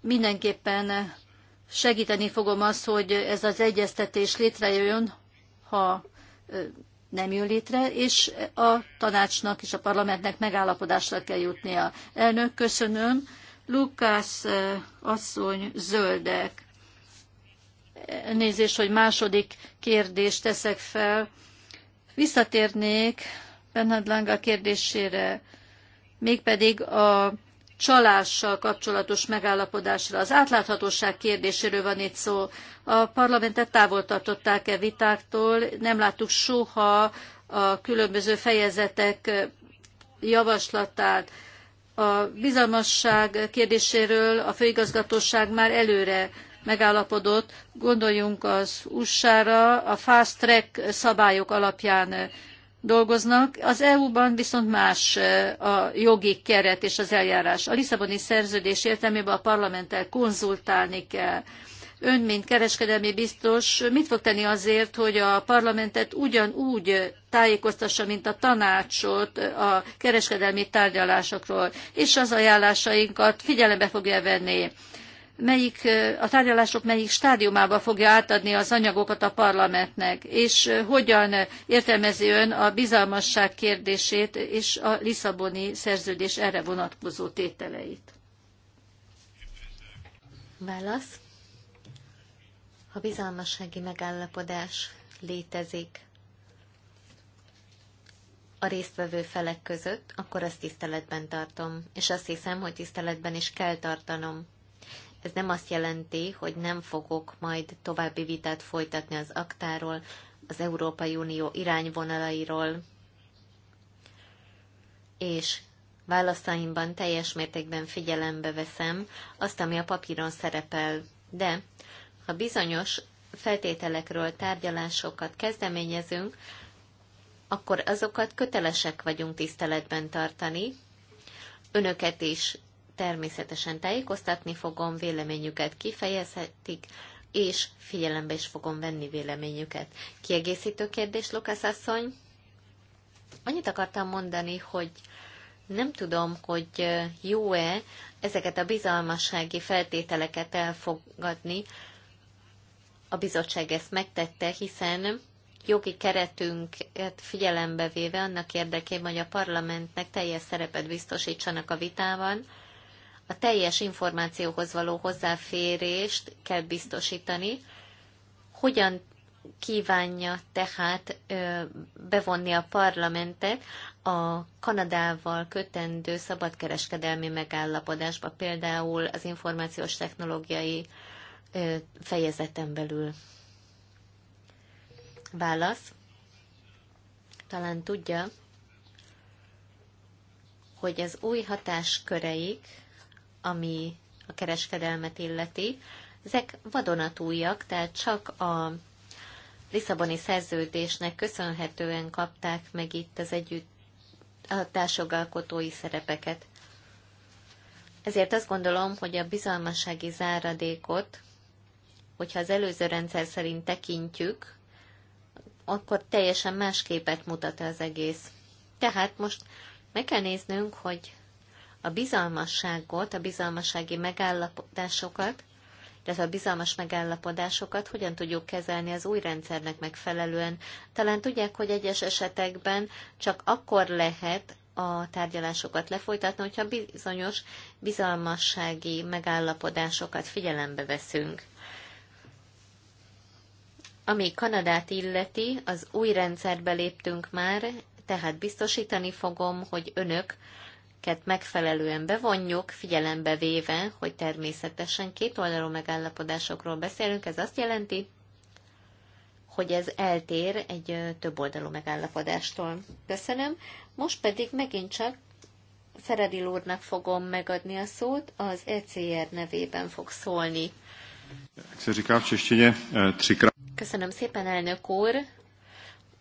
mindenképpen segíteni fogom azt, hogy ez az egyeztetés létrejöjjön, ha nem jön létre, és a tanácsnak és a parlamentnek megállapodásra kell jutnia. Elnök, köszönöm. Lukász asszony, zöldek elnézést, hogy második kérdést teszek fel. Visszatérnék Bernhard Langa kérdésére, mégpedig a csalással kapcsolatos megállapodásra. Az átláthatóság kérdéséről van itt szó. A parlamentet távol tartották-e vitáktól, nem láttuk soha a különböző fejezetek javaslatát. A bizalmasság kérdéséről a főigazgatóság már előre megállapodott, gondoljunk az USA-ra, a fast track szabályok alapján dolgoznak. Az EU-ban viszont más a jogi keret és az eljárás. A Lisszaboni szerződés értelmében a parlamenttel konzultálni kell. Ön, mint kereskedelmi biztos, mit fog tenni azért, hogy a parlamentet ugyanúgy tájékoztassa, mint a tanácsot a kereskedelmi tárgyalásokról, és az ajánlásainkat figyelembe fogja venni? melyik, a tárgyalások melyik stádiumába fogja átadni az anyagokat a parlamentnek, és hogyan értelmezi ön a bizalmasság kérdését és a Lisszaboni szerződés erre vonatkozó tételeit? Válasz. A bizalmassági megállapodás létezik a résztvevő felek között, akkor azt tiszteletben tartom, és azt hiszem, hogy tiszteletben is kell tartanom ez nem azt jelenti, hogy nem fogok majd további vitát folytatni az aktáról, az Európai Unió irányvonalairól, és válaszaimban teljes mértékben figyelembe veszem azt, ami a papíron szerepel. De ha bizonyos feltételekről tárgyalásokat kezdeményezünk, akkor azokat kötelesek vagyunk tiszteletben tartani, önöket is természetesen tájékoztatni fogom, véleményüket kifejezhetik, és figyelembe is fogom venni véleményüket. Kiegészítő kérdés, Lukasz asszony? Annyit akartam mondani, hogy nem tudom, hogy jó-e ezeket a bizalmassági feltételeket elfogadni. A bizottság ezt megtette, hiszen jogi keretünket figyelembe véve annak érdekében, hogy a parlamentnek teljes szerepet biztosítsanak a vitában, a teljes információhoz való hozzáférést kell biztosítani. Hogyan kívánja tehát bevonni a parlamentet a Kanadával kötendő szabadkereskedelmi megállapodásba, például az információs technológiai fejezeten belül? Válasz. Talán tudja, hogy az új hatásköreik ami a kereskedelmet illeti, ezek vadonatújak, tehát csak a Lisszaboni szerződésnek köszönhetően kapták meg itt az együtt a társjogalkotói szerepeket. Ezért azt gondolom, hogy a bizalmassági záradékot, hogyha az előző rendszer szerint tekintjük, akkor teljesen más képet mutat az egész. Tehát most meg kell néznünk, hogy a bizalmasságot, a bizalmassági megállapodásokat, illetve a bizalmas megállapodásokat hogyan tudjuk kezelni az új rendszernek megfelelően. Talán tudják, hogy egyes esetekben csak akkor lehet a tárgyalásokat lefolytatni, hogyha bizonyos bizalmassági megállapodásokat figyelembe veszünk. Ami Kanadát illeti, az új rendszerbe léptünk már, tehát biztosítani fogom, hogy önök megfelelően bevonjuk, figyelembe véve, hogy természetesen két oldalú megállapodásokról beszélünk, ez azt jelenti, hogy ez eltér egy több oldalú megállapodástól. Köszönöm. Most pedig megint csak Feredi úrnak fogom megadni a szót, az ECR nevében fog szólni. Eh, Köszönöm szépen, elnök úr.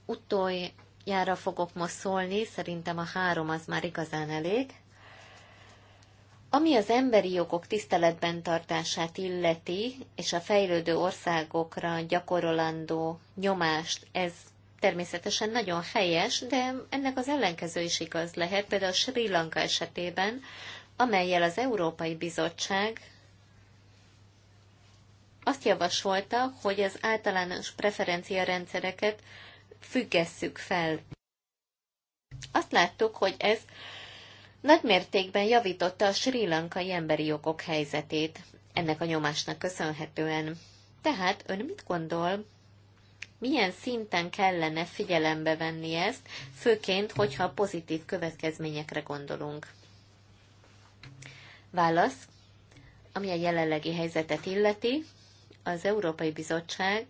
Utolj, jára fogok most szólni, szerintem a három az már igazán elég. Ami az emberi jogok tiszteletben tartását illeti, és a fejlődő országokra gyakorolandó nyomást, ez természetesen nagyon helyes, de ennek az ellenkező is igaz lehet, például Sri Lanka esetében, amelyel az Európai Bizottság azt javasolta, hogy az általános preferenciarendszereket függesszük fel. Azt láttuk, hogy ez nagymértékben javította a sri lankai emberi jogok helyzetét ennek a nyomásnak köszönhetően. Tehát ön mit gondol, milyen szinten kellene figyelembe venni ezt, főként, hogyha pozitív következményekre gondolunk? Válasz, ami a jelenlegi helyzetet illeti, az Európai Bizottság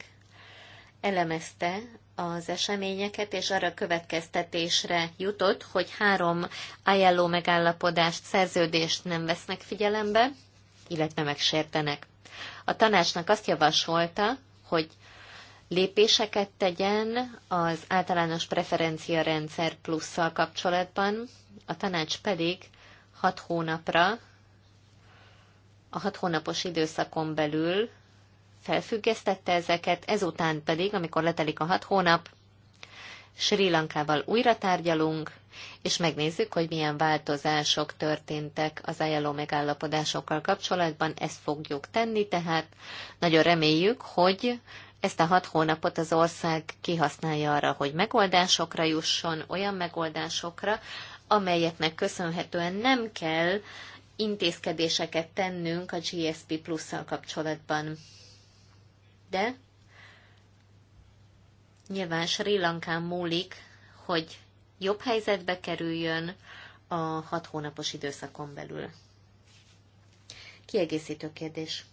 elemezte az eseményeket, és arra következtetésre jutott, hogy három ajánló megállapodást, szerződést nem vesznek figyelembe, illetve megsértenek. A tanácsnak azt javasolta, hogy lépéseket tegyen az általános preferencia rendszer plusszal kapcsolatban, a tanács pedig hat hónapra, a hat hónapos időszakon belül felfüggesztette ezeket, ezután pedig, amikor letelik a hat hónap, Sri Lankával újra tárgyalunk, és megnézzük, hogy milyen változások történtek az ajánló megállapodásokkal kapcsolatban. Ezt fogjuk tenni, tehát nagyon reméljük, hogy ezt a hat hónapot az ország kihasználja arra, hogy megoldásokra jusson, olyan megoldásokra, amelyeknek köszönhetően nem kell intézkedéseket tennünk a GSP plusszal kapcsolatban de nyilván Sri Lankán múlik, hogy jobb helyzetbe kerüljön a hat hónapos időszakon belül. Kiegészítő kérdés.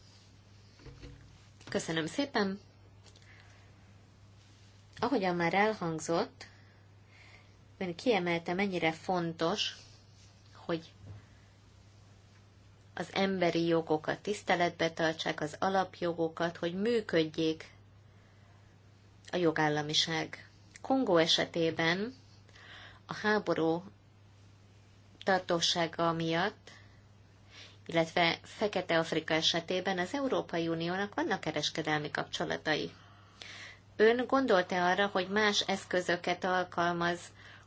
Köszönöm szépen. Ahogyan már elhangzott, ön kiemelte, mennyire fontos, hogy az emberi jogokat tiszteletbe tartsák, az alapjogokat, hogy működjék a jogállamiság. Kongó esetében a háború tartósága miatt, illetve Fekete-Afrika esetében az Európai Uniónak vannak kereskedelmi kapcsolatai. Ön gondolta arra, hogy más eszközöket alkalmaz,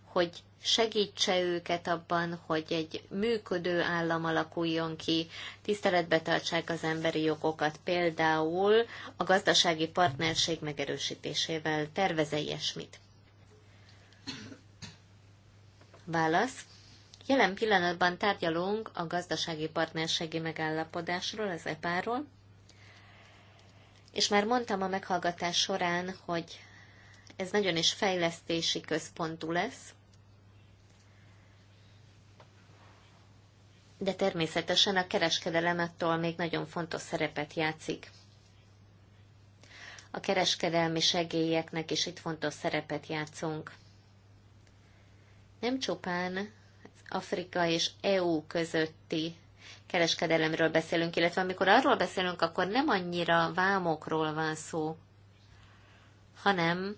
hogy segítse őket abban, hogy egy működő állam alakuljon ki, tiszteletbe tartsák az emberi jogokat, például a gazdasági partnerség megerősítésével. Terveze ilyesmit? Válasz. Jelen pillanatban tárgyalunk a gazdasági partnerségi megállapodásról, az EPA-ról, és már mondtam a meghallgatás során, hogy ez nagyon is fejlesztési központú lesz, de természetesen a kereskedelem attól még nagyon fontos szerepet játszik. A kereskedelmi segélyeknek is itt fontos szerepet játszunk. Nem csupán Afrika és EU közötti kereskedelemről beszélünk, illetve amikor arról beszélünk, akkor nem annyira vámokról van szó, hanem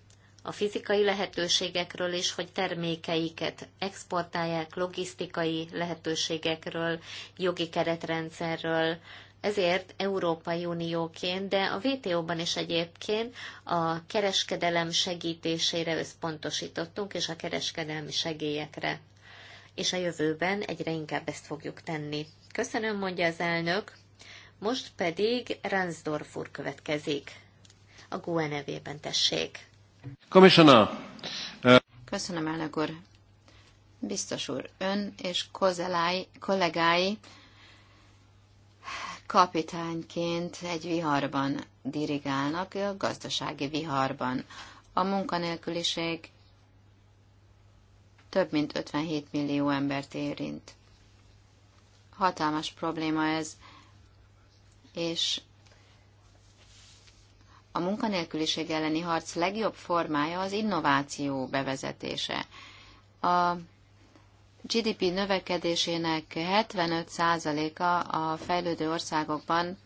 a fizikai lehetőségekről is, hogy termékeiket exportálják, logisztikai lehetőségekről, jogi keretrendszerről, ezért Európai Unióként, de a WTO-ban is egyébként a kereskedelem segítésére összpontosítottunk, és a kereskedelmi segélyekre. És a jövőben egyre inkább ezt fogjuk tenni. Köszönöm, mondja az elnök. Most pedig Ransdorf úr következik. A GUE nevében tessék. Commissioner. Köszönöm, elnök úr. Biztos úr, ön és kozelái, kollégái kapitányként egy viharban dirigálnak, a gazdasági viharban. A munkanélküliség több mint 57 millió embert érint. Hatalmas probléma ez, és a munkanélküliség elleni harc legjobb formája az innováció bevezetése. A GDP növekedésének 75%-a a fejlődő országokban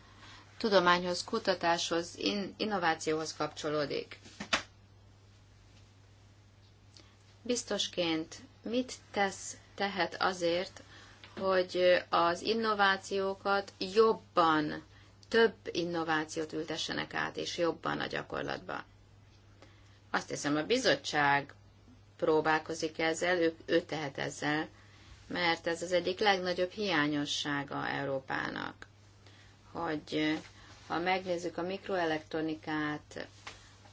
tudományhoz, kutatáshoz, innovációhoz kapcsolódik. Biztosként mit tesz, tehet azért, hogy az innovációkat jobban több innovációt ültessenek át, és jobban a gyakorlatba. Azt hiszem, a bizottság próbálkozik ezzel, ő, ő tehet ezzel, mert ez az egyik legnagyobb hiányossága Európának, hogy eh, ha megnézzük a mikroelektronikát,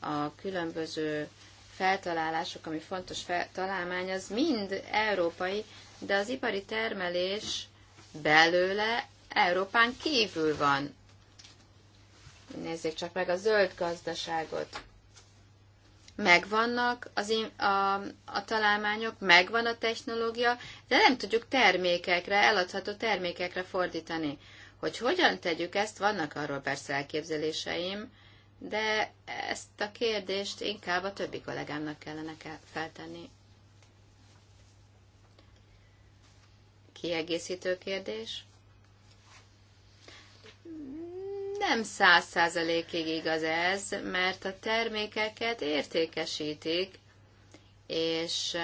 a különböző feltalálások, ami fontos fel, találmány, az mind európai, de az ipari termelés belőle Európán kívül van. Nézzék csak meg a zöld gazdaságot. Megvannak az, a, a találmányok, megvan a technológia, de nem tudjuk termékekre, eladható termékekre fordítani. Hogy hogyan tegyük ezt, vannak arról persze elképzeléseim, de ezt a kérdést inkább a többi kollégámnak kellene feltenni. Kiegészítő kérdés? Nem száz százalékig igaz ez, mert a termékeket értékesítik, és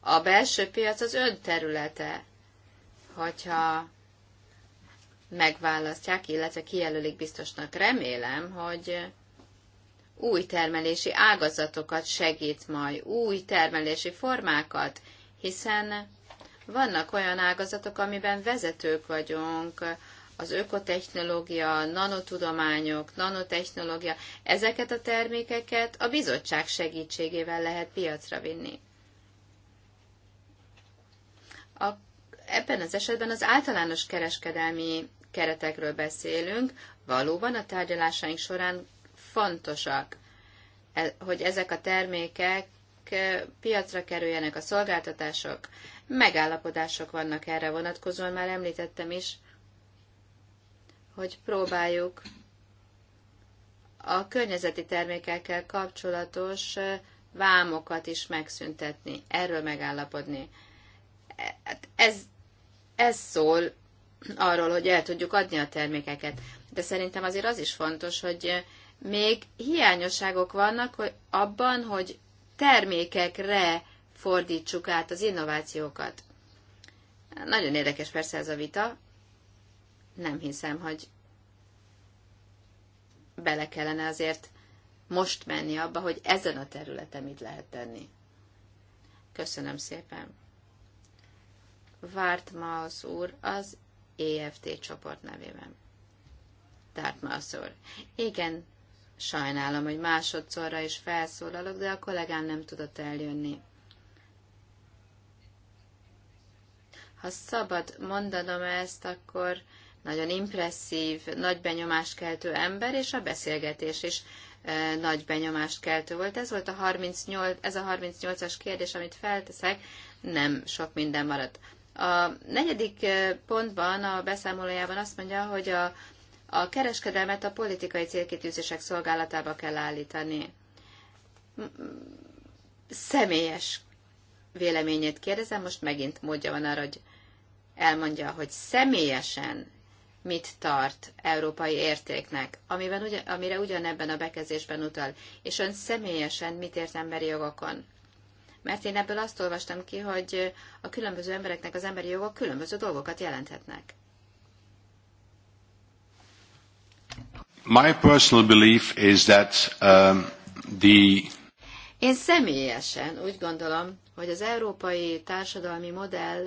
a belső piac az ön területe, hogyha megválasztják, illetve kijelölik biztosnak. Remélem, hogy új termelési ágazatokat segít majd, új termelési formákat, hiszen vannak olyan ágazatok, amiben vezetők vagyunk, az ökotechnológia, nanotudományok, nanotechnológia, ezeket a termékeket a bizottság segítségével lehet piacra vinni. A, ebben az esetben az általános kereskedelmi keretekről beszélünk, valóban a tárgyalásaink során fontosak, e, hogy ezek a termékek e, piacra kerüljenek a szolgáltatások, megállapodások vannak erre vonatkozóan, már említettem is, hogy próbáljuk a környezeti termékekkel kapcsolatos vámokat is megszüntetni, erről megállapodni. E, hát ez, ez szól arról, hogy el tudjuk adni a termékeket. De szerintem azért az is fontos, hogy még hiányosságok vannak hogy abban, hogy termékekre fordítsuk át az innovációkat. Nagyon érdekes persze ez a vita, nem hiszem, hogy bele kellene azért most menni abba, hogy ezen a területen mit lehet tenni. Köszönöm szépen. Várt Maus úr az EFT csoport nevében. Dartmouth úr. Igen, sajnálom, hogy másodszorra is felszólalok, de a kollégám nem tudott eljönni. Ha szabad mondanom ezt, akkor nagyon impresszív, nagy benyomást keltő ember, és a beszélgetés is e, nagy benyomást keltő volt. Ez volt a 38, ez a 38-as kérdés, amit felteszek, nem sok minden maradt. A negyedik e, pontban a beszámolójában azt mondja, hogy a, a kereskedelmet a politikai célkitűzések szolgálatába kell állítani. Személyes véleményét kérdezem, most megint módja van arra, hogy elmondja, hogy személyesen mit tart európai értéknek, amiben ugyan, amire ugyanebben a bekezésben utal, és ön személyesen mit ért emberi jogokon. Mert én ebből azt olvastam ki, hogy a különböző embereknek az emberi jogok különböző dolgokat jelenthetnek. My personal belief is that um, the én személyesen úgy gondolom, hogy az európai társadalmi modell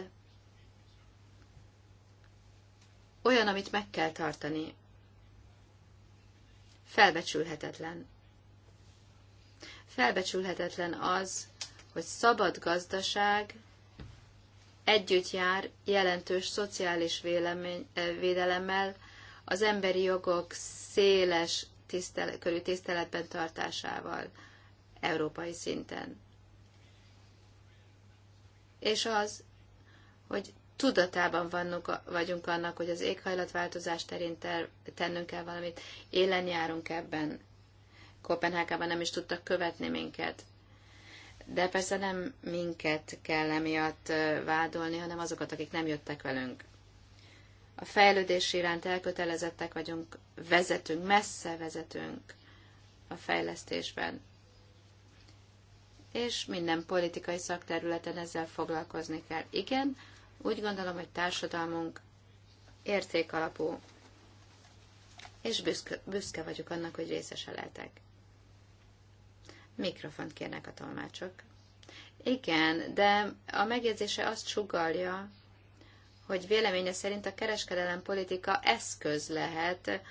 olyan, amit meg kell tartani. Felbecsülhetetlen. Felbecsülhetetlen az, hogy szabad gazdaság együtt jár jelentős szociális vélemény, eh, védelemmel, az emberi jogok széles tisztel, körű tiszteletben tartásával európai szinten. És az, hogy tudatában vannunk, vagyunk annak, hogy az éghajlatváltozás terén ter, tennünk kell valamit, élen járunk ebben. Kopenhágában nem is tudtak követni minket. De persze nem minket kell emiatt vádolni, hanem azokat, akik nem jöttek velünk. A fejlődés iránt elkötelezettek vagyunk, vezetünk, messze vezetünk a fejlesztésben. És minden politikai szakterületen ezzel foglalkozni kell. Igen, úgy gondolom, hogy társadalmunk értékalapú, és büszke, büszke vagyok annak, hogy részese lehetek. Mikrofont kérnek a tolmácsok. Igen, de a megjegyzése azt sugalja, hogy véleménye szerint a kereskedelem politika eszköz lehet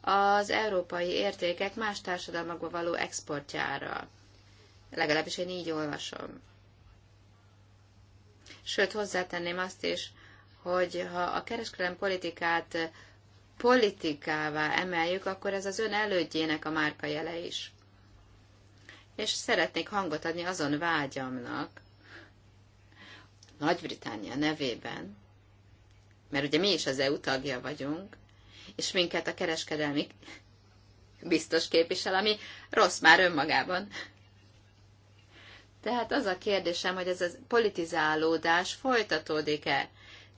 az európai értékek más társadalmakba való exportjára. Legalábbis én így olvasom. Sőt, hozzátenném azt is, hogy ha a kereskedelem politikát politikává emeljük, akkor ez az ön elődjének a jele is. És szeretnék hangot adni azon vágyamnak, Nagy-Britannia nevében, mert ugye mi is az EU tagja vagyunk, és minket a kereskedelmi biztos képvisel, ami rossz már önmagában. Tehát az a kérdésem, hogy ez a politizálódás folytatódik-e?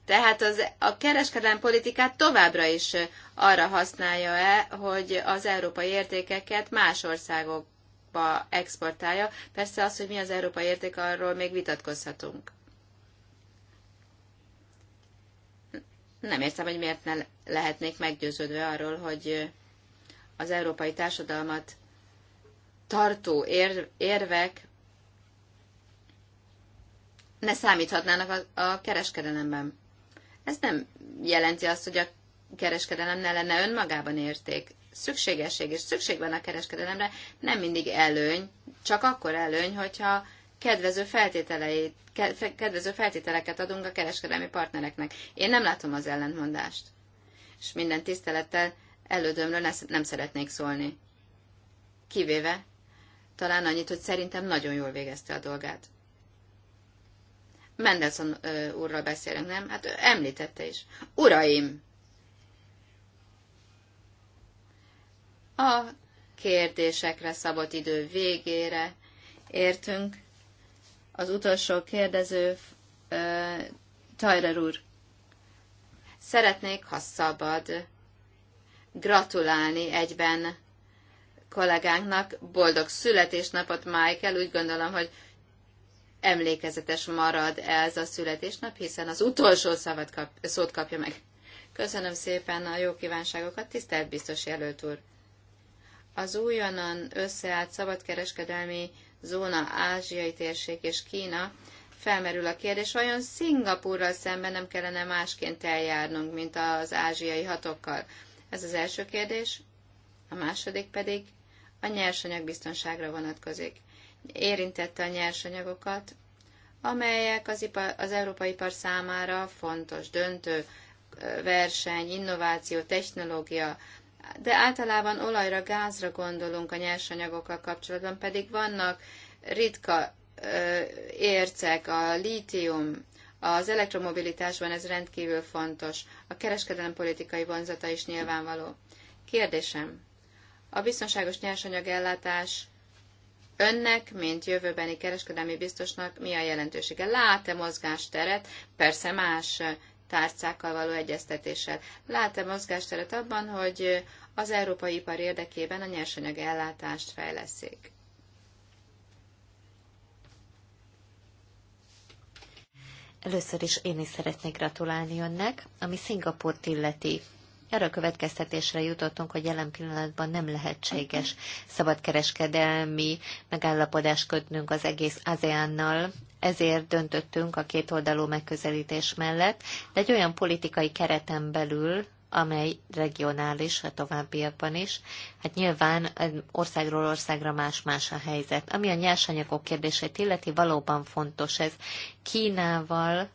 Tehát az, a kereskedelmi politikát továbbra is arra használja-e, hogy az európai értékeket más országokba exportálja. Persze az, hogy mi az európai érték, arról még vitatkozhatunk. Nem értem, hogy miért ne lehetnék meggyőződve arról, hogy az európai társadalmat tartó érvek ne számíthatnának a, a kereskedelemben. Ez nem jelenti azt, hogy a kereskedelem ne lenne önmagában érték. Szükségesség és szükség van a kereskedelemre, nem mindig előny, csak akkor előny, hogyha kedvező, feltételeit, kedvező feltételeket adunk a kereskedelmi partnereknek. Én nem látom az ellentmondást. És minden tisztelettel elődömről nem szeretnék szólni. Kivéve talán annyit, hogy szerintem nagyon jól végezte a dolgát. Mendelssohn úrral beszélek, nem? Hát ő említette is. Uraim! A kérdésekre szabott idő végére értünk. Az utolsó kérdező, Tajrer úr, szeretnék, ha szabad, gratulálni egyben kollégánknak. Boldog születésnapot, Michael! Úgy gondolom, hogy emlékezetes marad ez a születésnap, hiszen az utolsó szavat kap, szót kapja meg. Köszönöm szépen a jó kívánságokat, tisztelt biztos jelölt úr! Az újonnan összeállt szabadkereskedelmi zóna ázsiai térség és Kína felmerül a kérdés, vajon Szingapurral szemben nem kellene másként eljárnunk, mint az ázsiai hatokkal? Ez az első kérdés. A második pedig a nyersanyag biztonságra vonatkozik érintette a nyersanyagokat, amelyek az, ipar, az európai ipar számára fontos, döntő verseny, innováció, technológia, de általában olajra, gázra gondolunk a nyersanyagokkal kapcsolatban, pedig vannak ritka ércek, a lítium, az elektromobilitásban ez rendkívül fontos, a kereskedelem politikai vonzata is nyilvánvaló. Kérdésem, a biztonságos nyersanyag ellátás Önnek, mint jövőbeni kereskedelmi biztosnak mi a jelentősége? Lát-e mozgásteret? Persze más tárcákkal való egyeztetéssel. Lát-e mozgásteret abban, hogy az európai ipar érdekében a nyersanyag ellátást fejleszik? Először is én is szeretnék gratulálni önnek, ami Szingapurt illeti. Erre a következtetésre jutottunk, hogy jelen pillanatban nem lehetséges szabadkereskedelmi megállapodást kötnünk az egész ASEAN-nal, ezért döntöttünk a kétoldalú megközelítés mellett, de egy olyan politikai kereten belül, amely regionális a továbbiakban is. Hát nyilván országról országra más-más a helyzet. Ami a nyersanyagok kérdését illeti, valóban fontos ez. Kínával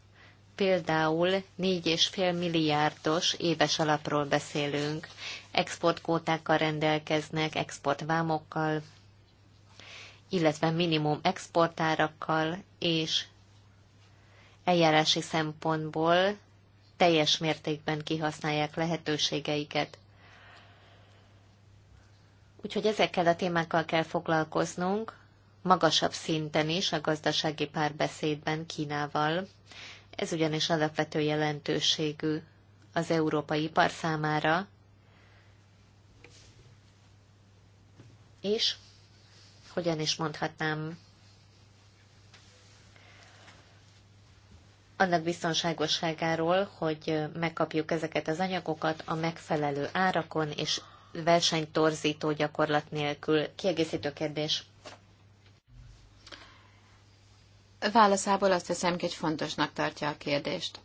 például 4,5 milliárdos éves alapról beszélünk. Exportkótákkal rendelkeznek, exportvámokkal, illetve minimum exportárakkal, és eljárási szempontból teljes mértékben kihasználják lehetőségeiket. Úgyhogy ezekkel a témákkal kell foglalkoznunk, magasabb szinten is a gazdasági párbeszédben Kínával, ez ugyanis alapvető jelentőségű az európai ipar számára, és hogyan is mondhatnám, annak biztonságosságáról, hogy megkapjuk ezeket az anyagokat a megfelelő árakon és versenytorzító gyakorlat nélkül. Kiegészítő kérdés. Válaszából azt hiszem, hogy fontosnak tartja a kérdést.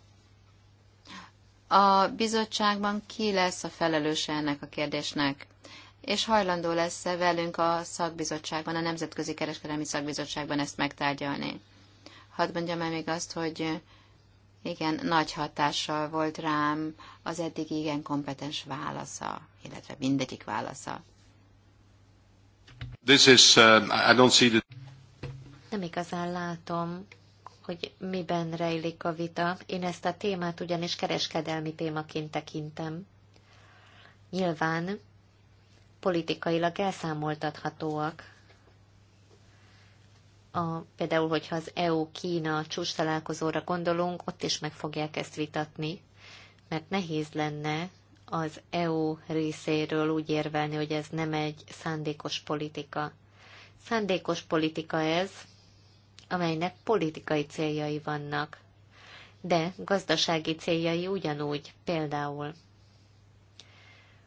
A bizottságban ki lesz a felelőse ennek a kérdésnek? és hajlandó lesz -e velünk a szakbizottságban, a Nemzetközi Kereskedelmi Szakbizottságban ezt megtárgyalni. Hadd mondjam el még azt, hogy igen, nagy hatással volt rám az eddig igen kompetens válasza, illetve mindegyik válasza. This is, uh, I don't see the nem igazán látom, hogy miben rejlik a vita. Én ezt a témát ugyanis kereskedelmi témaként tekintem. Nyilván politikailag elszámoltathatóak. A, például, hogyha az EU-Kína csúcs találkozóra gondolunk, ott is meg fogják ezt vitatni, mert nehéz lenne az EU részéről úgy érvelni, hogy ez nem egy szándékos politika. Szándékos politika ez, amelynek politikai céljai vannak, de gazdasági céljai ugyanúgy, például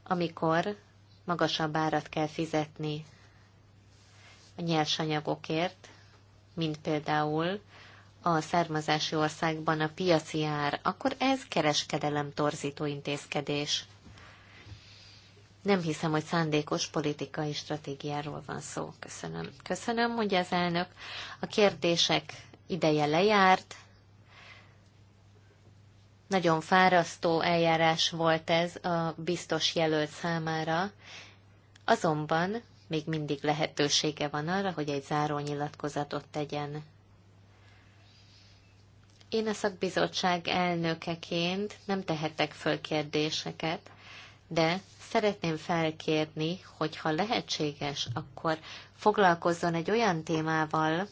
amikor magasabb árat kell fizetni a nyersanyagokért, mint például a származási országban a piaci ár, akkor ez kereskedelem torzító intézkedés. Nem hiszem, hogy szándékos politikai stratégiáról van szó. Köszönöm. Köszönöm, mondja az elnök. A kérdések ideje lejárt. Nagyon fárasztó eljárás volt ez a biztos jelölt számára, azonban még mindig lehetősége van arra, hogy egy záró nyilatkozatot tegyen. Én a szakbizottság elnökeként nem tehetek föl kérdéseket, de szeretném felkérni, hogy ha lehetséges, akkor foglalkozzon egy olyan témával,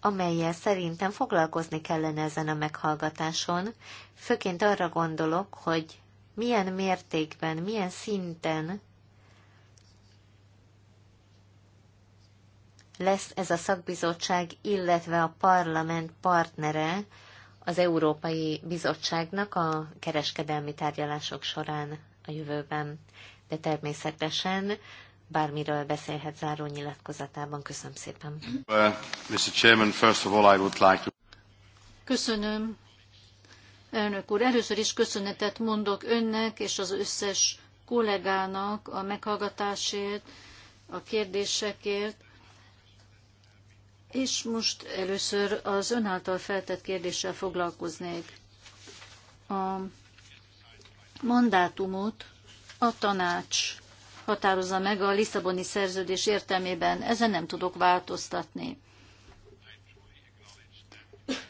amelyel szerintem foglalkozni kellene ezen a meghallgatáson. Főként arra gondolok, hogy milyen mértékben, milyen szinten lesz ez a szakbizottság, illetve a parlament partnere az Európai Bizottságnak a kereskedelmi tárgyalások során a jövőben. De természetesen bármiről beszélhet záró nyilatkozatában. Köszönöm szépen. Uh, Mr. Chairman, first of all, I would like to... Köszönöm, elnök úr. Először is köszönetet mondok önnek és az összes kollégának a meghallgatásért, a kérdésekért. És most először az ön által feltett kérdéssel foglalkoznék. A mandátumot a tanács határozza meg a Lisszaboni szerződés értelmében. Ezen nem tudok változtatni.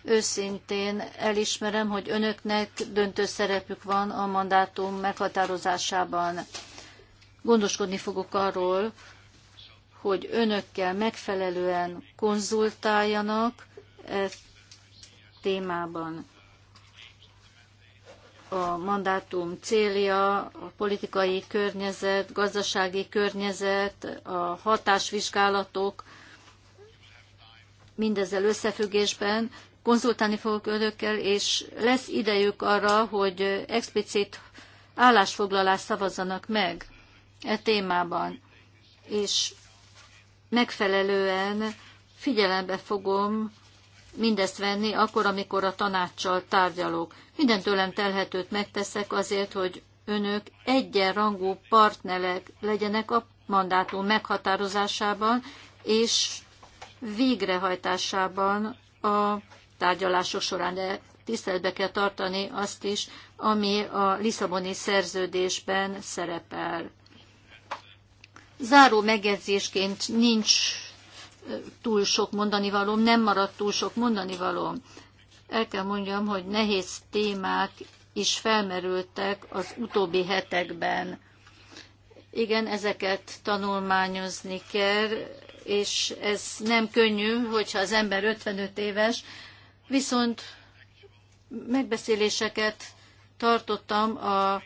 Őszintén elismerem, hogy önöknek döntő szerepük van a mandátum meghatározásában. Gondoskodni fogok arról, hogy önökkel megfelelően konzultáljanak e témában a mandátum célja, a politikai környezet, gazdasági környezet, a hatásvizsgálatok, mindezzel összefüggésben konzultálni fogok önökkel, és lesz idejük arra, hogy explicit állásfoglalást szavazzanak meg e témában, és megfelelően figyelembe fogom mindezt venni akkor, amikor a tanácssal tárgyalok. Minden tőlem telhetőt megteszek azért, hogy önök egyenrangú partnerek legyenek a mandátum meghatározásában és végrehajtásában a tárgyalások során. De tiszteletbe kell tartani azt is, ami a Lisszaboni szerződésben szerepel. Záró megjegyzésként nincs túl sok mondani valóm, nem maradt túl sok mondani valóm. El kell mondjam, hogy nehéz témák is felmerültek az utóbbi hetekben. Igen, ezeket tanulmányozni kell, és ez nem könnyű, hogyha az ember 55 éves, viszont megbeszéléseket tartottam az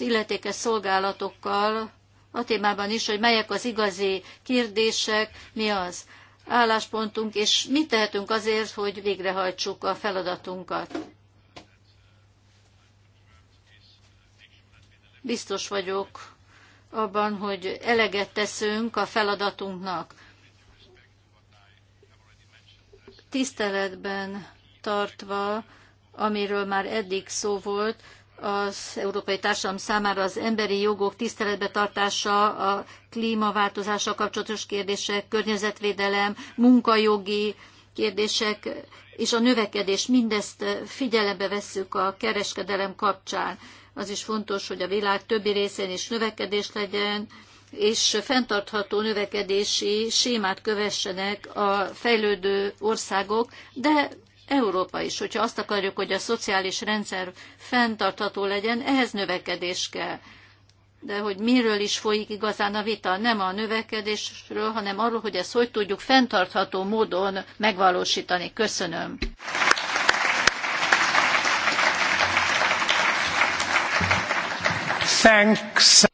illetékes szolgálatokkal, a témában is, hogy melyek az igazi kérdések, mi az álláspontunk, és mit tehetünk azért, hogy végrehajtsuk a feladatunkat. Biztos vagyok abban, hogy eleget teszünk a feladatunknak. Tiszteletben tartva, amiről már eddig szó volt, az európai társadalom számára az emberi jogok tiszteletbe tartása, a klímaváltozással kapcsolatos kérdések, környezetvédelem, munkajogi kérdések és a növekedés, mindezt eh, figyelembe vesszük a kereskedelem kapcsán. Az is fontos, hogy a világ többi részén is növekedés legyen, és fenntartható növekedési sémát kövessenek a fejlődő országok, de Európa is. Hogyha azt akarjuk, hogy a szociális rendszer fenntartható legyen, ehhez növekedés kell. De hogy miről is folyik igazán a vita, nem a növekedésről, hanem arról, hogy ezt hogy tudjuk fenntartható módon megvalósítani. Köszönöm. Thanks.